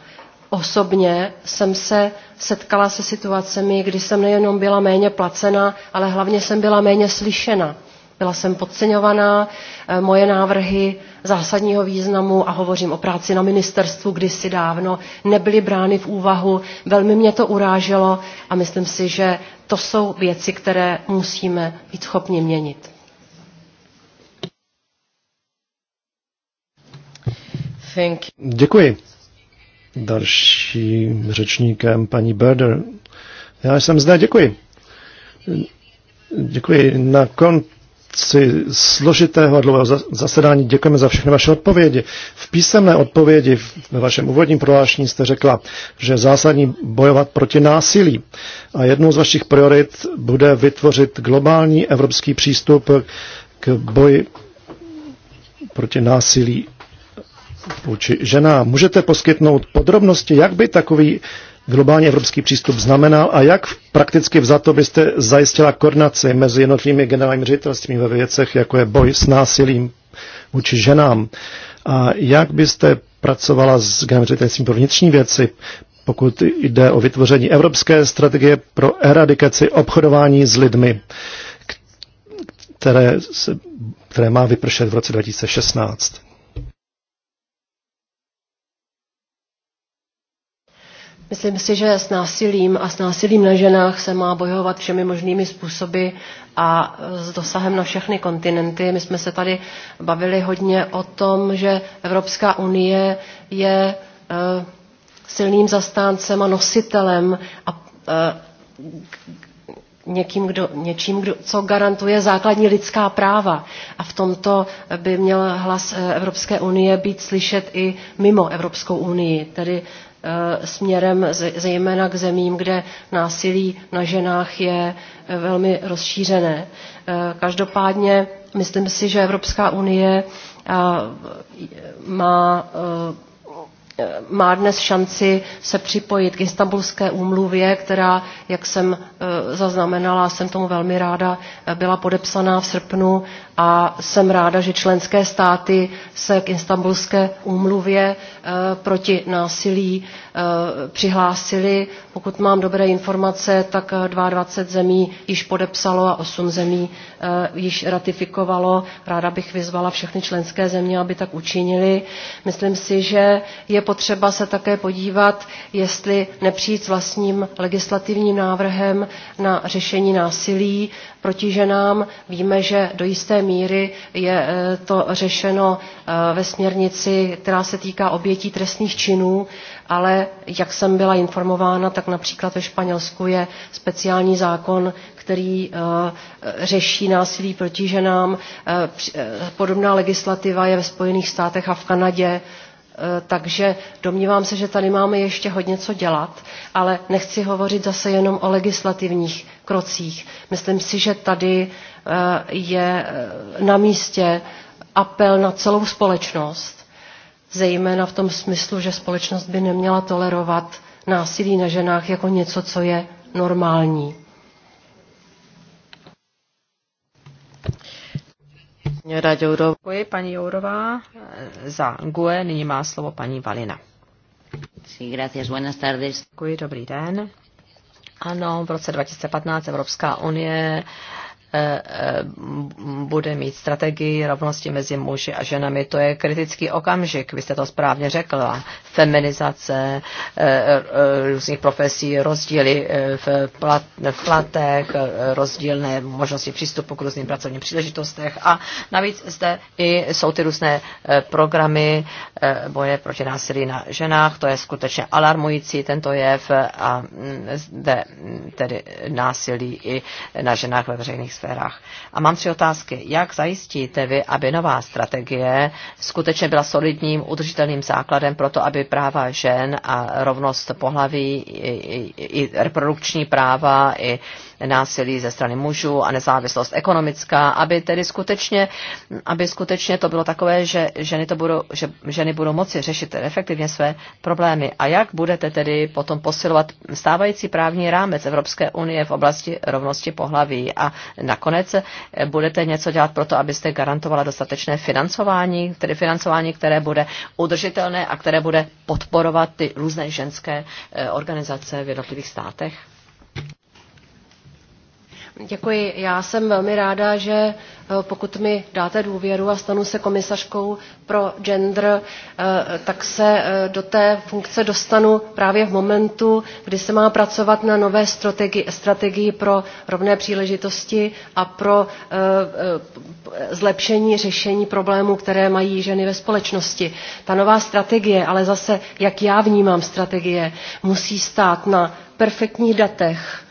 osobně jsem se setkala se situacemi, kdy jsem nejenom byla méně placena, ale hlavně jsem byla méně slyšena. Byla jsem podceňovaná, eh, moje návrhy zásadního významu, a hovořím o práci na ministerstvu kdysi dávno, nebyly brány v úvahu, velmi mě to uráželo a myslím si, že to jsou věci, které musíme být schopni měnit. Děkuji dalším řečníkem, paní Berder. Já jsem zde, děkuji. Děkuji. Na konci složitého a dlouhého zasedání děkujeme za všechny vaše odpovědi. V písemné odpovědi ve vašem úvodním prohlášení jste řekla, že je zásadní bojovat proti násilí a jednou z vašich priorit bude vytvořit globální evropský přístup k boji proti násilí vůči ženám. Můžete poskytnout podrobnosti, jak by takový globální evropský přístup znamenal a jak prakticky vzato byste zajistila koordinaci mezi jednotlivými generálními ředitelstvími ve věcech, jako je boj s násilím vůči ženám. A jak byste pracovala s generálním ředitelstvím pro vnitřní věci, pokud jde o vytvoření evropské strategie pro eradikaci obchodování s lidmi, které, se, které má vypršet v roce 2016. Myslím si, že s násilím a s násilím na ženách se má bojovat všemi možnými způsoby a s dosahem na všechny kontinenty. My jsme se tady bavili hodně o tom, že Evropská unie je eh, silným zastáncem a nositelem a eh, někým, kdo, něčím, kdo, co garantuje základní lidská práva. A v tomto by měl hlas eh, Evropské unie být slyšet i mimo Evropskou unii, tedy Eh, směrem zejména k zemím, kde násilí na ženách je eh, velmi rozšířené. Eh, každopádně myslím si, že Evropská unie má má dnes šanci se připojit k Istanbulské úmluvě, která, jak jsem zaznamenala, jsem tomu velmi ráda, byla podepsaná v srpnu a jsem ráda, že členské státy se k Istanbulské úmluvě eh, proti násilí eh, přihlásily. Pokud mám dobré informace, tak 22 eh, zemí již podepsalo a 8 zemí již ratifikovalo. Ráda bych vyzvala všechny členské země, aby tak učinili. Myslím si, že je potřeba se také podívat, jestli nepřijít s vlastním legislativním návrhem na řešení násilí, proti ženám. Víme, že do jisté míry je eh, to řešeno eh, ve směrnici, která se týká obětí trestných činů, ale jak jsem byla informována, tak například ve Španělsku je speciální zákon, který eh, řeší násilí proti ženám. Podobná legislativa je ve Spojených státech a v Kanadě Eh, takže domnívám se, že tady máme ještě hodně co dělat, ale nechci hovořit zase jenom o legislativních krocích. Myslím si, že tady eh, je eh, na místě apel na celou společnost, zejména v tom smyslu, že společnost by neměla tolerovat násilí na ženách jako něco, co je normální. Radě Děkuji paní Jourová za GUE. Nyní má slovo paní Valina. Sí, gracias. Buenas tardes. Děkuji, dobrý den. Ano, v roce 2015 Evropská unie bude mít strategii rovnosti mezi muži a ženami. To je kritický okamžik, vy jste to správně řekla. Feminizace eh, eh, různých profesí, rozdíly eh, v, plat, v platech, rozdílné možnosti přístupu k různým pracovním příležitostech a navíc zde i jsou ty různé programy boje proti násilí na ženách. To je skutečně alarmující tento jev a mm, zde mm, tedy násilí i na ženách ve veřejných sférách. A mám tři otázky. Jak zajistíte vy, aby nová strategie skutečně byla solidním, udržitelným základem pro to, aby práva žen a rovnost pohlaví i, i, i reprodukční práva i násilí ze strany mužů a nezávislost ekonomická, aby tedy skutečně, aby skutečně to bylo takové, že ženy, to budou, že ženy budou moci řešit efektivně své problémy. A jak budete tedy potom posilovat stávající právní rámec Evropské unie v oblasti rovnosti pohlaví a nakonec eh, budete něco dělat pro to, abyste garantovala dostatečné financování, tedy financování, které bude udržitelné a které bude podporovat ty různé ženské eh, organizace v jednotlivých státech? Děkuji. Já jsem velmi ráda, že eh, pokud mi dáte důvěru a stanu se komisařkou pro gender, eh, tak se eh, do té funkce dostanu právě v momentu, kdy se má pracovat na nové strategii, strategii pro rovné příležitosti a pro zlepšení řešení problémů, které mají ženy ve společnosti. Ta nová strategie, ale zase, jak já vnímám strategie, musí stát na perfektních datech,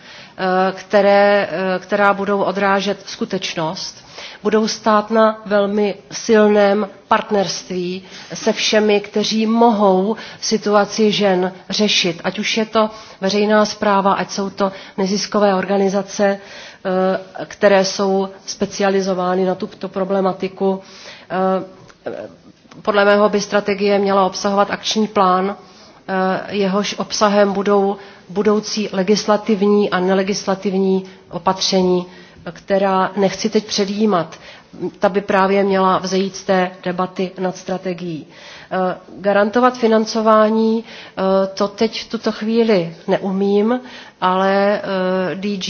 Eh, které, eh, která budou odrážet skutečnost, budou stát na velmi silném partnerství se všemi, kteří mohou situaci žen řešit. Ať už je to veřejná zpráva, ať jsou to neziskové organizace, eh, které jsou specializovány na tuto problematiku. Podle mého by strategie měla obsahovat akční plán, Eh, jehož obsahem budou budoucí legislativní a nelegislativní opatření, která nechci teď předjímat. Ta by právě měla vzejít z té debaty nad strategií. Eh, garantovat financování eh, to teď v tuto chvíli neumím, ale DG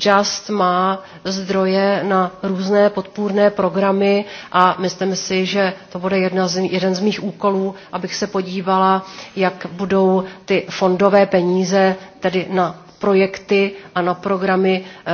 Just má zdroje na různé podpůrné programy a myslím si, že to bude jedna z, jeden z mých úkolů, abych se podívala, jak budou ty fondové peníze, tedy na projekty a na programy eh,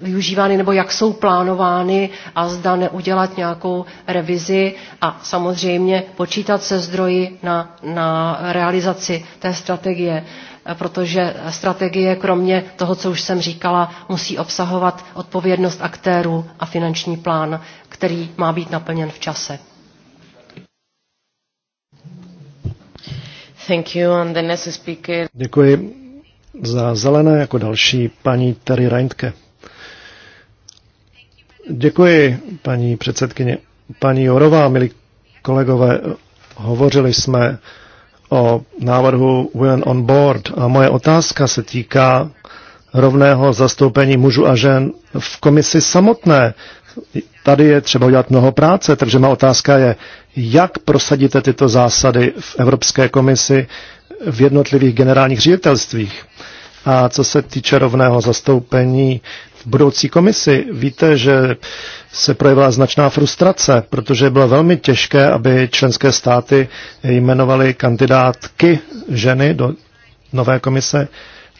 využívány nebo jak jsou plánovány a zda neudělat nějakou revizi a samozřejmě počítat se zdroji na, na realizaci té strategie protože strategie kromě toho, co už jsem říkala, musí obsahovat odpovědnost aktérů a finanční plán, který má být naplněn v čase. Thank you. And the next speaker. Děkuji za zelené jako další paní Terry Reintke. Děkuji, paní předsedkyně. Paní Jorová, milí kolegové, hovořili jsme o návrhu Women on Board. A moje otázka se týká rovného zastoupení mužů a žen v komisi samotné. Tady je třeba udělat mnoho práce, takže má otázka je, jak prosadíte tyto zásady v Evropské komisi v jednotlivých generálních ředitelstvích. A co se týče rovného zastoupení v budoucí komisi. Víte, že se projevila značná frustrace, protože bylo velmi těžké, aby členské státy jmenovaly kandidátky ženy do nové komise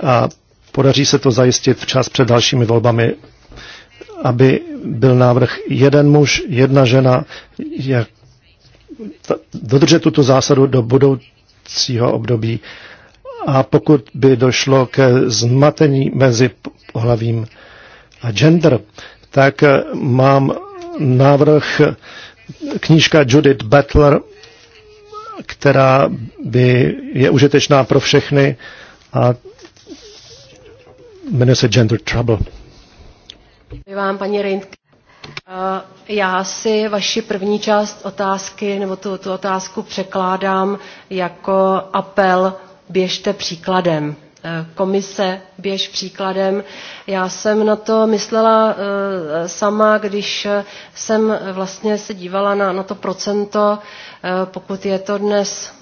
a podaří se to zajistit včas před dalšími volbami, aby byl návrh jeden muž, jedna žena, jak dodržet tuto zásadu do budoucího období. A pokud by došlo ke zmatení mezi pohlavím, a gender, tak eh, mám návrh knížka Judith Butler, která by je užitečná pro všechny a jmenuje se Gender Trouble. Děkuji vám, paní Reintke. Eh, já si vaši první část otázky, nebo tu, tu otázku překládám jako apel běžte příkladem. Eh, komise běž příkladem. Já jsem na to myslela eh, sama, když jsem vlastně se dívala na, na to procento, eh, pokud je to dnes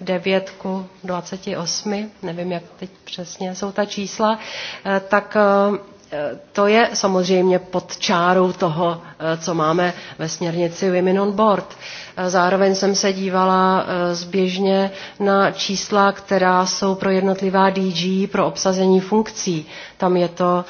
9 ku 28, nevím, jak teď přesně jsou ta čísla, tak Eh, to je samozřejmě pod čárou toho, eh, co máme ve směrnici Women on Board. Eh, zároveň jsem se dívala zběžně na čísla, která jsou pro jednotlivá DG pro obsazení funkcí. Tam je to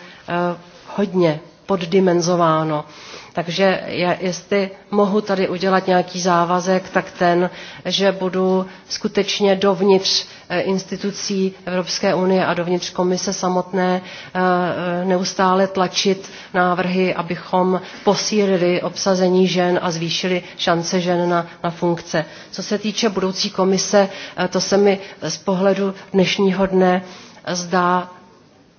hodně poddimenzováno. Uh, takže já, jestli mohu tady udělat nějaký závazek, tak ten, že budu skutečně dovnitř eh, institucí Evropské unie a dovnitř komise samotné eh, eh, neustále tlačit návrhy, abychom posílili obsazení žen a zvýšili šance žen na, na funkce. Co se týče budoucí komise, to se mi z pohledu dnešního dne zdá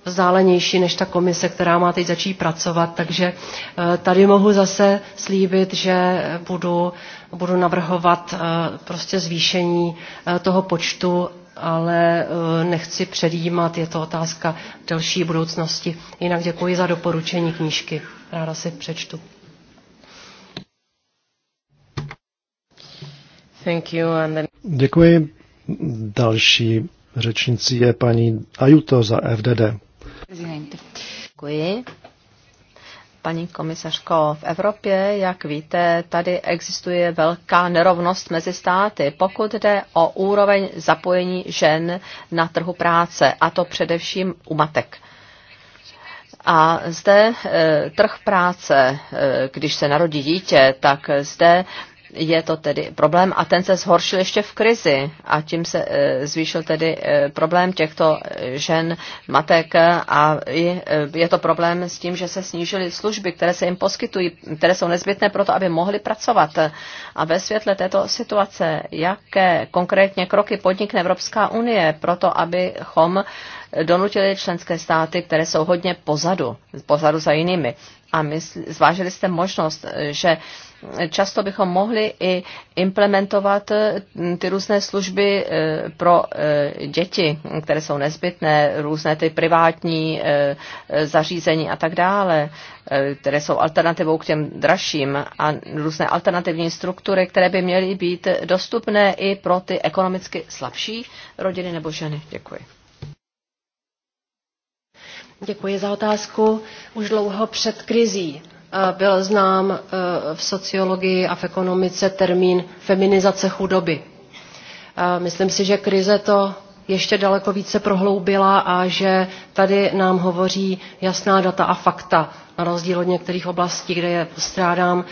vzdálenější než ta komise, která má teď začít pracovat, takže eh, tady mohu zase slíbit, že budu, budu navrhovat eh, prostě zvýšení eh, toho počtu, ale nechci předjímat, je to otázka delší budoucnosti. Jinak děkuji za doporučení knížky, ráda si přečtu. Thank you, and then... Děkuji. Další řečnicí je paní Ajuto za FDD. Děkuji. Paní komisařko, v Evropě, jak víte, tady existuje velká nerovnost mezi státy, pokud jde o úroveň zapojení žen na trhu práce, a to především u matek. A zde eh, trh práce, eh, když se narodí dítě, tak zde je to tedy problém a ten se zhoršil ještě v krizi a tím se eh, zvýšil tedy eh, problém těchto eh, žen, matek a je to problém s tím, že se snížily služby, které se jim poskytují, které jsou nezbytné pro to, aby mohly pracovat. A ve světle této situace, jaké konkrétně kroky podnikne Evropská unie pro to, abychom donutili členské státy, které jsou hodně pozadu, pozadu za jinými. A my zvážili jste možnost, že často bychom mohli i implementovat eh, ty různé služby eh, pro eh, děti, které jsou nezbytné, různé ty privátní zařízení a tak dále, které jsou alternativou k těm dražším a různé alternativní struktury, které by měly být dostupné i pro ty ekonomicky slabší rodiny nebo ženy. Děkuji. Děkuji za otázku. Už dlouho před krizí Eh, byl znám eh, v sociologii a v ekonomice termín feminizace chudoby. Eh, myslím si, že krize to ještě daleko více prohloubila a že tady nám hovoří jasná data a fakta. Na rozdíl od některých oblastí, kde je strádám,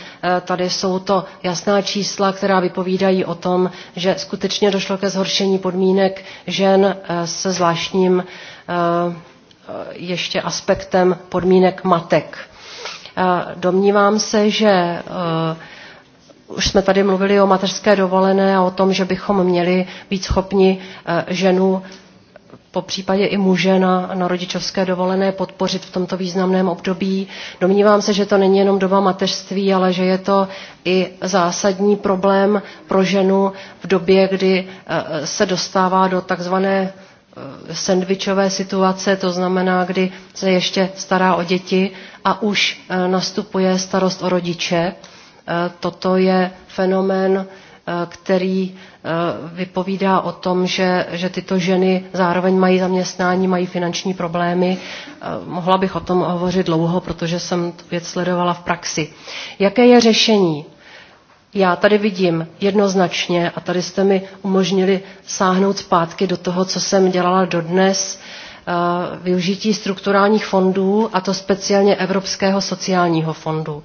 tady jsou to jasná čísla, která vypovídají o tom, že skutečně došlo ke zhoršení podmínek žen se zvláštním ještě aspektem podmínek matek Eh, domnívám se, že eh, už jsme tady mluvili o mateřské dovolené a o tom, že bychom měli být schopni eh, ženu po případě i muže na, na rodičovské dovolené podpořit v tomto významném období. Domnívám se, že to není jenom doba mateřství, ale že je to i zásadní problém pro ženu v době, kdy se dostává do takzvané Eh, sendvičové situace, to znamená, kdy se ještě stará o děti a už eh, nastupuje starost o rodiče. Eh, toto je fenomén, který vypovídá o tom, že, že tyto ženy zároveň mají zaměstnání, mají finanční problémy. Mohla bych o tom hovořit dlouho, protože jsem tu věc sledovala v praxi. Jaké je řešení? já tady vidím jednoznačně, a tady jste mi umožnili sáhnout zpátky do toho, co jsem dělala dodnes, eh, využití strukturálních fondů, a to speciálně Evropského sociálního fondu.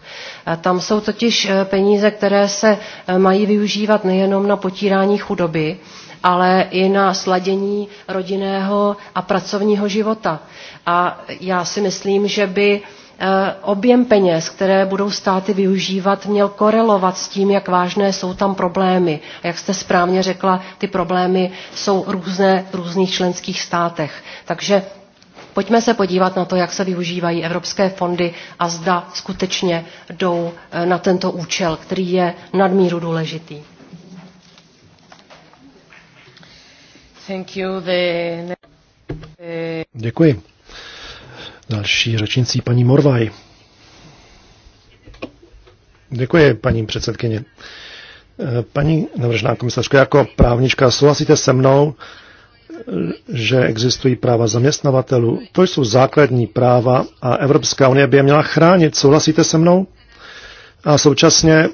Eh, tam jsou totiž eh, peníze, které se mají využívat nejenom na potírání chudoby, ale i na sladění rodinného a pracovního života. A já si myslím, že by Eh, objem peněz, které budou státy využívat, měl korelovat s tím, jak vážné jsou tam problémy. A jak jste správně řekla, ty problémy jsou různé v různých členských státech. Takže pojďme se podívat na to, jak se využívají evropské fondy a zda skutečně jdou eh, na tento účel, který je nadmíru důležitý. Děkuji. Další řečnicí paní Morvaj. Děkuji, paní předsedkyně. Eh, paní navržená komisařko, jako právnička souhlasíte se mnou, eh, že existují práva zaměstnavatelů. To jsou základní práva a Evropská unie by je měla chránit. Souhlasíte se mnou? A současně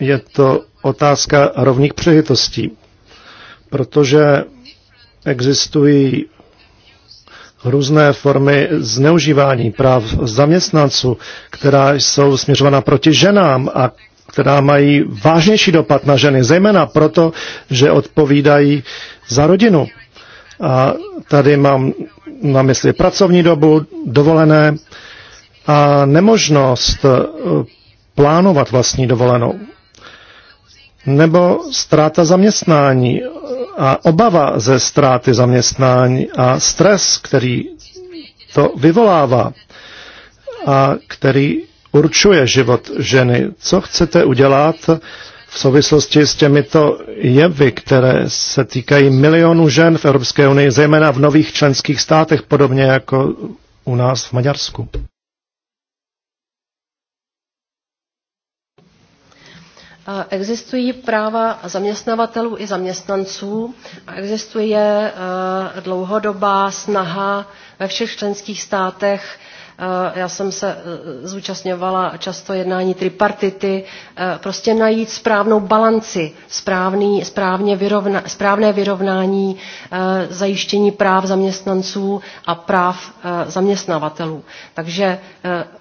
je to otázka rovných přehytostí, protože existují různé formy zneužívání práv zaměstnanců, která jsou směřována proti ženám a která mají vážnější dopad na ženy, zejména proto, že odpovídají za rodinu. A tady mám na mysli pracovní dobu, dovolené a nemožnost eh, plánovat vlastní dovolenou. Nebo ztráta zaměstnání, a obava ze ztráty zaměstnání a stres, který to vyvolává a který určuje život ženy. Co chcete udělat v souvislosti s těmito jevy, které se týkají milionů žen v Evropské unii, zejména v nových členských státech, podobně jako u nás v Maďarsku? Existují práva zaměstnavatelů i zaměstnanců a existuje eh, dlouhodobá snaha ve všech členských státech Eh, já jsem se eh, zúčastňovala často jednání tripartity, eh, prostě najít správnou balanci, správný, správně vyrovna, správné vyrovnání zajištění práv zaměstnanců a práv zaměstnavatelů. Takže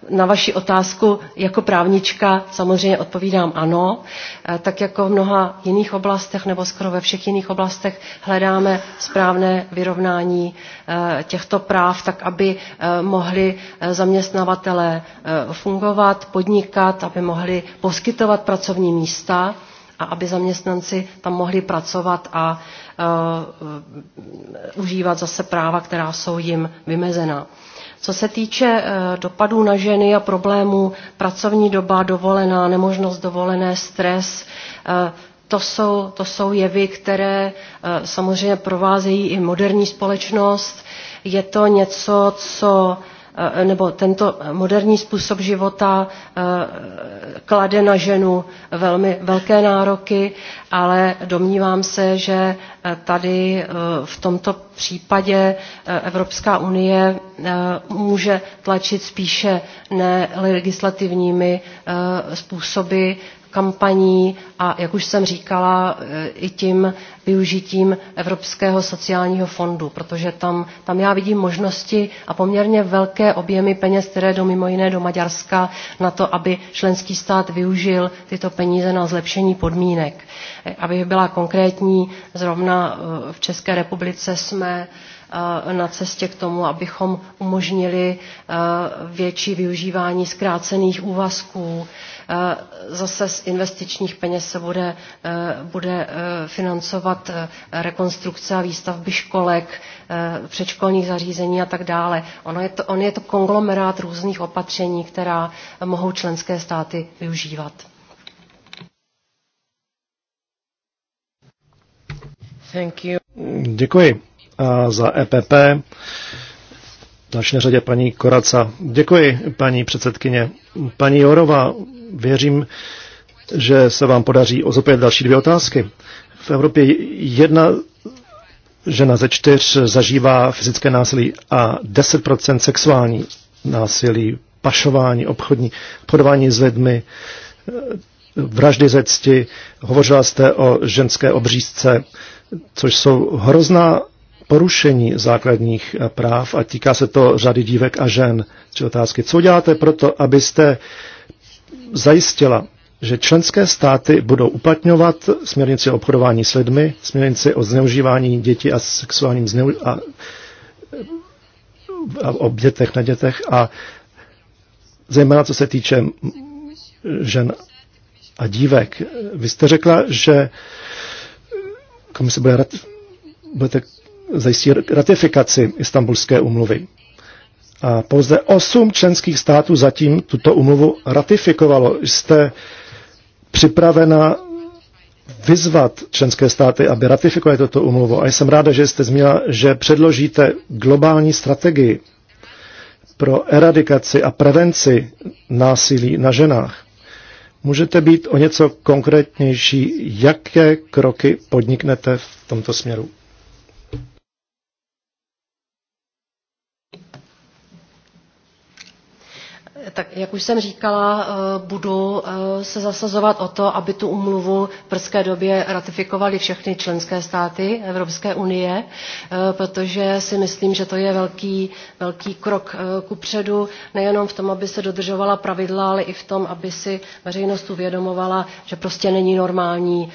na vaši otázku jako právnička samozřejmě odpovídám ano, tak jako v mnoha jiných oblastech nebo skoro ve všech jiných oblastech hledáme správné vyrovnání těchto práv, tak aby mohli zaměstnavatelé eh, fungovat, podnikat, aby mohli poskytovat pracovní místa a aby zaměstnanci tam mohli pracovat a eh, užívat zase práva, která jsou jim vymezena. Co se týče eh, dopadů na ženy a problémů pracovní doba, dovolená, nemožnost dovolené, stres, to jsou, to jsou jevy, které samozřejmě provázejí i moderní společnost. Je to něco, co Eh, nebo tento moderní způsob života eh, klade na ženu velmi velké nároky, ale domnívám se, že eh, tady v tomto případě Evropská unie může tlačit spíše ne legislativními způsoby, kampaní a, jak už jsem říkala, eh, i tím využitím Evropského sociálního fondu, protože tam, tam já vidím možnosti a poměrně velké objemy peněz, které jdou mimo jiné do Maďarska, na to, aby členský stát využil tyto peníze na zlepšení podmínek. Eh, Abych byla konkrétní, zrovna eh, v České republice jsme na cestě k tomu, abychom umožnili větší využívání zkrácených úvazků, Eh, zase z investičních peněz se bude, eh, bude eh, financovat rekonstrukce a výstavby školek, předškolních zařízení a tak dále. Ono je to, on je to konglomerát různých opatření, která mohou členské státy využívat. Thank you. Děkuji. A za EPP další na řadě paní Koraca. Děkuji, paní předsedkyně. Paní Jorová, věřím, že se vám podaří ozopět další dvě otázky. V Evropě jedna žena ze čtyř zažívá fyzické násilí a 10% sexuální násilí, pašování, obchodní, podování s lidmi, vraždy ze cti. Hovořila jste o ženské obřízce, což jsou hrozná porušení základních práv a týká se to řady dívek a žen. Tři otázky. Co děláte proto, abyste zajistila, že členské státy budou uplatňovat směrnici o obchodování s lidmi, směrnici o zneužívání dětí a sexuálním zneužívání a, a o dětech na dětech a zejména co se týče žen a dívek. Vy jste řekla, že komise bude rat, budete zajistit ratifikaci istambulské umluvy a pouze osm členských států zatím tuto umluvu ratifikovalo. Jste připravena vyzvat členské státy, aby ratifikovali toto umluvu. A jsem ráda, že jste zmínila, že předložíte globální strategii pro eradikaci a prevenci násilí na ženách. Můžete být o něco konkrétnější, jaké kroky podniknete v tomto směru? tak jak už jsem říkala, eh, budu eh, se zasazovat o to, aby tu umluvu v brzké době ratifikovali všechny členské státy Evropské unie, eh, protože si myslím, že to je velký, velký krok předu, nejenom v tom, aby se dodržovala pravidla, ale i v tom, aby si veřejnost uvědomovala, že prostě není normální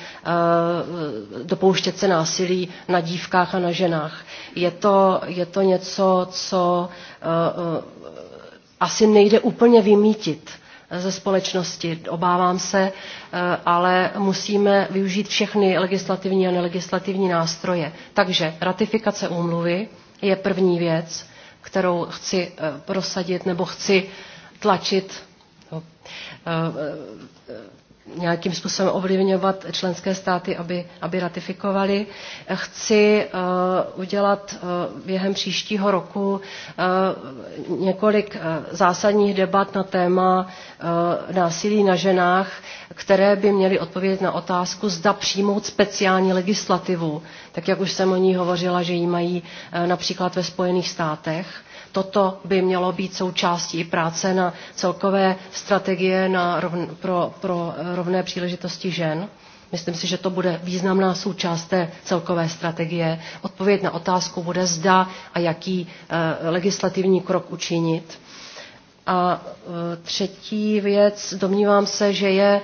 dopouštět se násilí na dívkách a na ženách. Je to, je to něco, co asi nejde úplně vymítit ze společnosti, obávám se, eh, ale musíme využít všechny legislativní a nelegislativní nástroje. Takže ratifikace úmluvy je první věc, kterou chci eh, prosadit nebo chci tlačit eh, nějakým způsobem ovlivňovat členské státy, aby, aby ratifikovali. Chci uh, udělat uh, během příštího roku uh, několik uh, zásadních debat na téma uh, násilí na ženách, které by měly odpovědět na otázku, zda přijmout speciální legislativu tak jak už jsem o ní hovořila, že ji mají eh, například ve Spojených státech. Toto by mělo být součástí práce na celkové strategie na rovn, pro, pro eh, rovné příležitosti žen. Myslím si, že to bude významná součást té celkové strategie. Odpověď na otázku bude zda a jaký eh, legislativní krok učinit a e, třetí věc, domnívám se, že je e,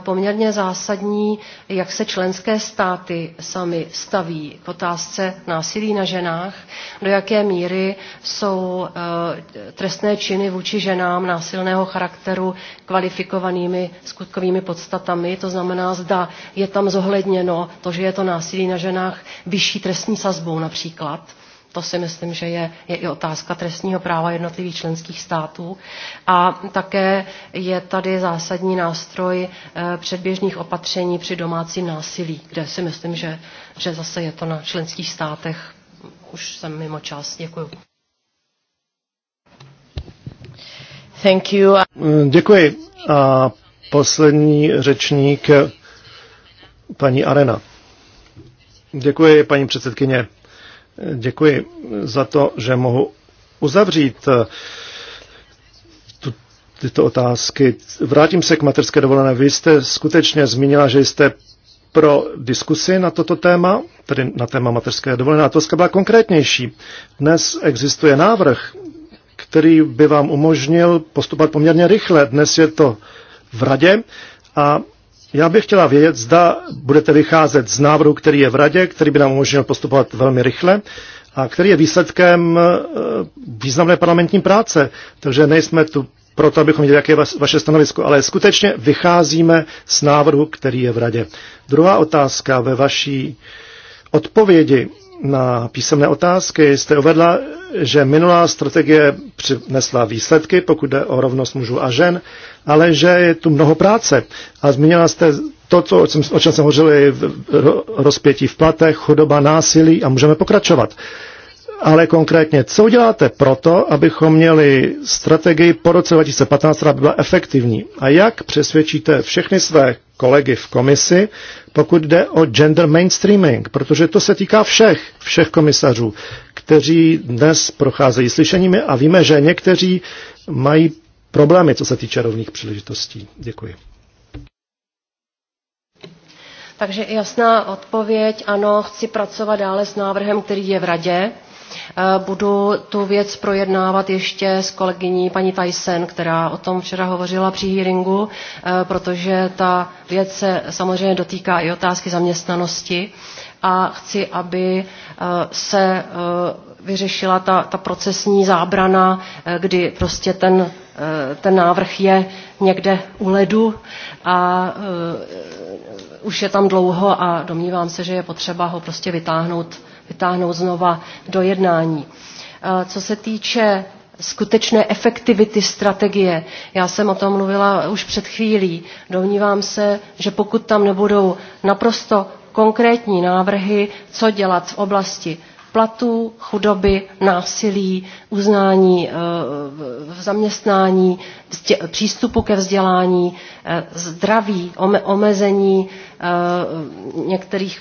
poměrně zásadní, jak se členské státy sami staví k otázce násilí na ženách, do jaké míry jsou e, trestné činy vůči ženám násilného charakteru kvalifikovanými skutkovými podstatami, to znamená, zda je tam zohledněno to, že je to násilí na ženách vyšší trestní sazbou například to si myslím, že je, je i otázka trestního práva jednotlivých členských států. A také je tady zásadní nástroj eh, předběžných opatření při domácím násilí, kde si myslím, že, že zase je to na členských státech. Už jsem mimo čas. Děkuji. Thank you. Eh, děkuji. A poslední řečník, paní Arena. Děkuji, paní předsedkyně. Děkuji za to, že mohu uzavřít eh, tu, tyto otázky. Vrátím se k materské dovolené. Vy jste skutečně zmínila, že jste pro diskusi na toto téma, tedy na téma materské dovolené. A to byla konkrétnější. Dnes existuje návrh, který by vám umožnil postupovat poměrně rychle. Dnes je to v radě a já bych chtěla vědět, zda budete vycházet z návrhu, který je v radě, který by nám umožnil postupovat velmi rychle a který je výsledkem eh, významné parlamentní práce. Takže nejsme tu proto, abychom viděli, jaké je vaše stanovisko, ale skutečně vycházíme z návrhu, který je v radě. Druhá otázka ve vaší odpovědi na písemné otázky jste uvedla, že minulá strategie přinesla výsledky, pokud jde o rovnost mužů a žen, ale že je tu mnoho práce. A zmínila jste to, co, o čem jsme hovořili, rozpětí v platech, chudoba, násilí a můžeme pokračovat. Uh, ale konkrétně, co uděláte proto, abychom měli strategii po roce 2015, která by byla efektivní? A jak přesvědčíte všechny své kolegy v komisi, pokud jde o gender mainstreaming? Protože to se týká všech, všech komisařů, kteří dnes procházejí slyšeními a víme, že někteří mají problémy, co se týče rovných příležitostí. Děkuji. Takže jasná odpověď, ano, chci pracovat dále s návrhem, který je v radě Eh, budu tu věc projednávat ještě s kolegyní paní Tyson, která o tom včera hovořila při hearingu, eh, protože ta věc se samozřejmě dotýká i otázky zaměstnanosti a chci, aby eh, se vyřešila ta, ta procesní zábrana, kdy prostě ten, ten návrh je někde u ledu a už je tam dlouho a domnívám se, že je potřeba ho prostě vytáhnout vytáhnout znova do jednání. Eh, co se týče skutečné efektivity strategie. Já jsem o tom mluvila už před chvílí. Domnívám se, že pokud tam nebudou naprosto konkrétní návrhy, co dělat v oblasti platů, chudoby, násilí, uznání eh, v zaměstnání, přístupu ke vzdělání, eh, zdraví, omezení některých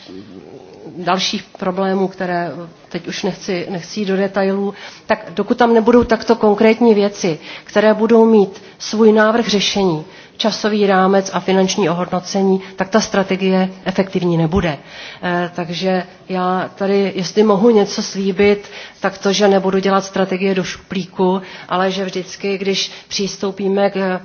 dalších problémů, které teď už nechci, nechci jít do detailů, tak dokud tam nebudou takto konkrétní věci, které budou mít svůj návrh řešení, časový rámec a finanční ohodnocení, tak ta strategie efektivní nebude. Eh, takže já tady, jestli mohu něco slíbit, tak to, že nebudu dělat strategie do šuplíku, ale že vždycky, když přistoupíme k, eh,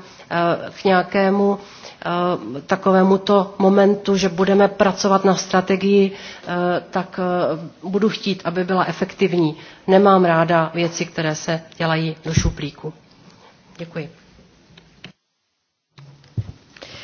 k nějakému Eh, takovémuto momentu, že budeme pracovat na strategii, eh, tak eh, budu chtít, aby byla efektivní. Nemám ráda věci, které se dělají do šuplíku. Děkuji.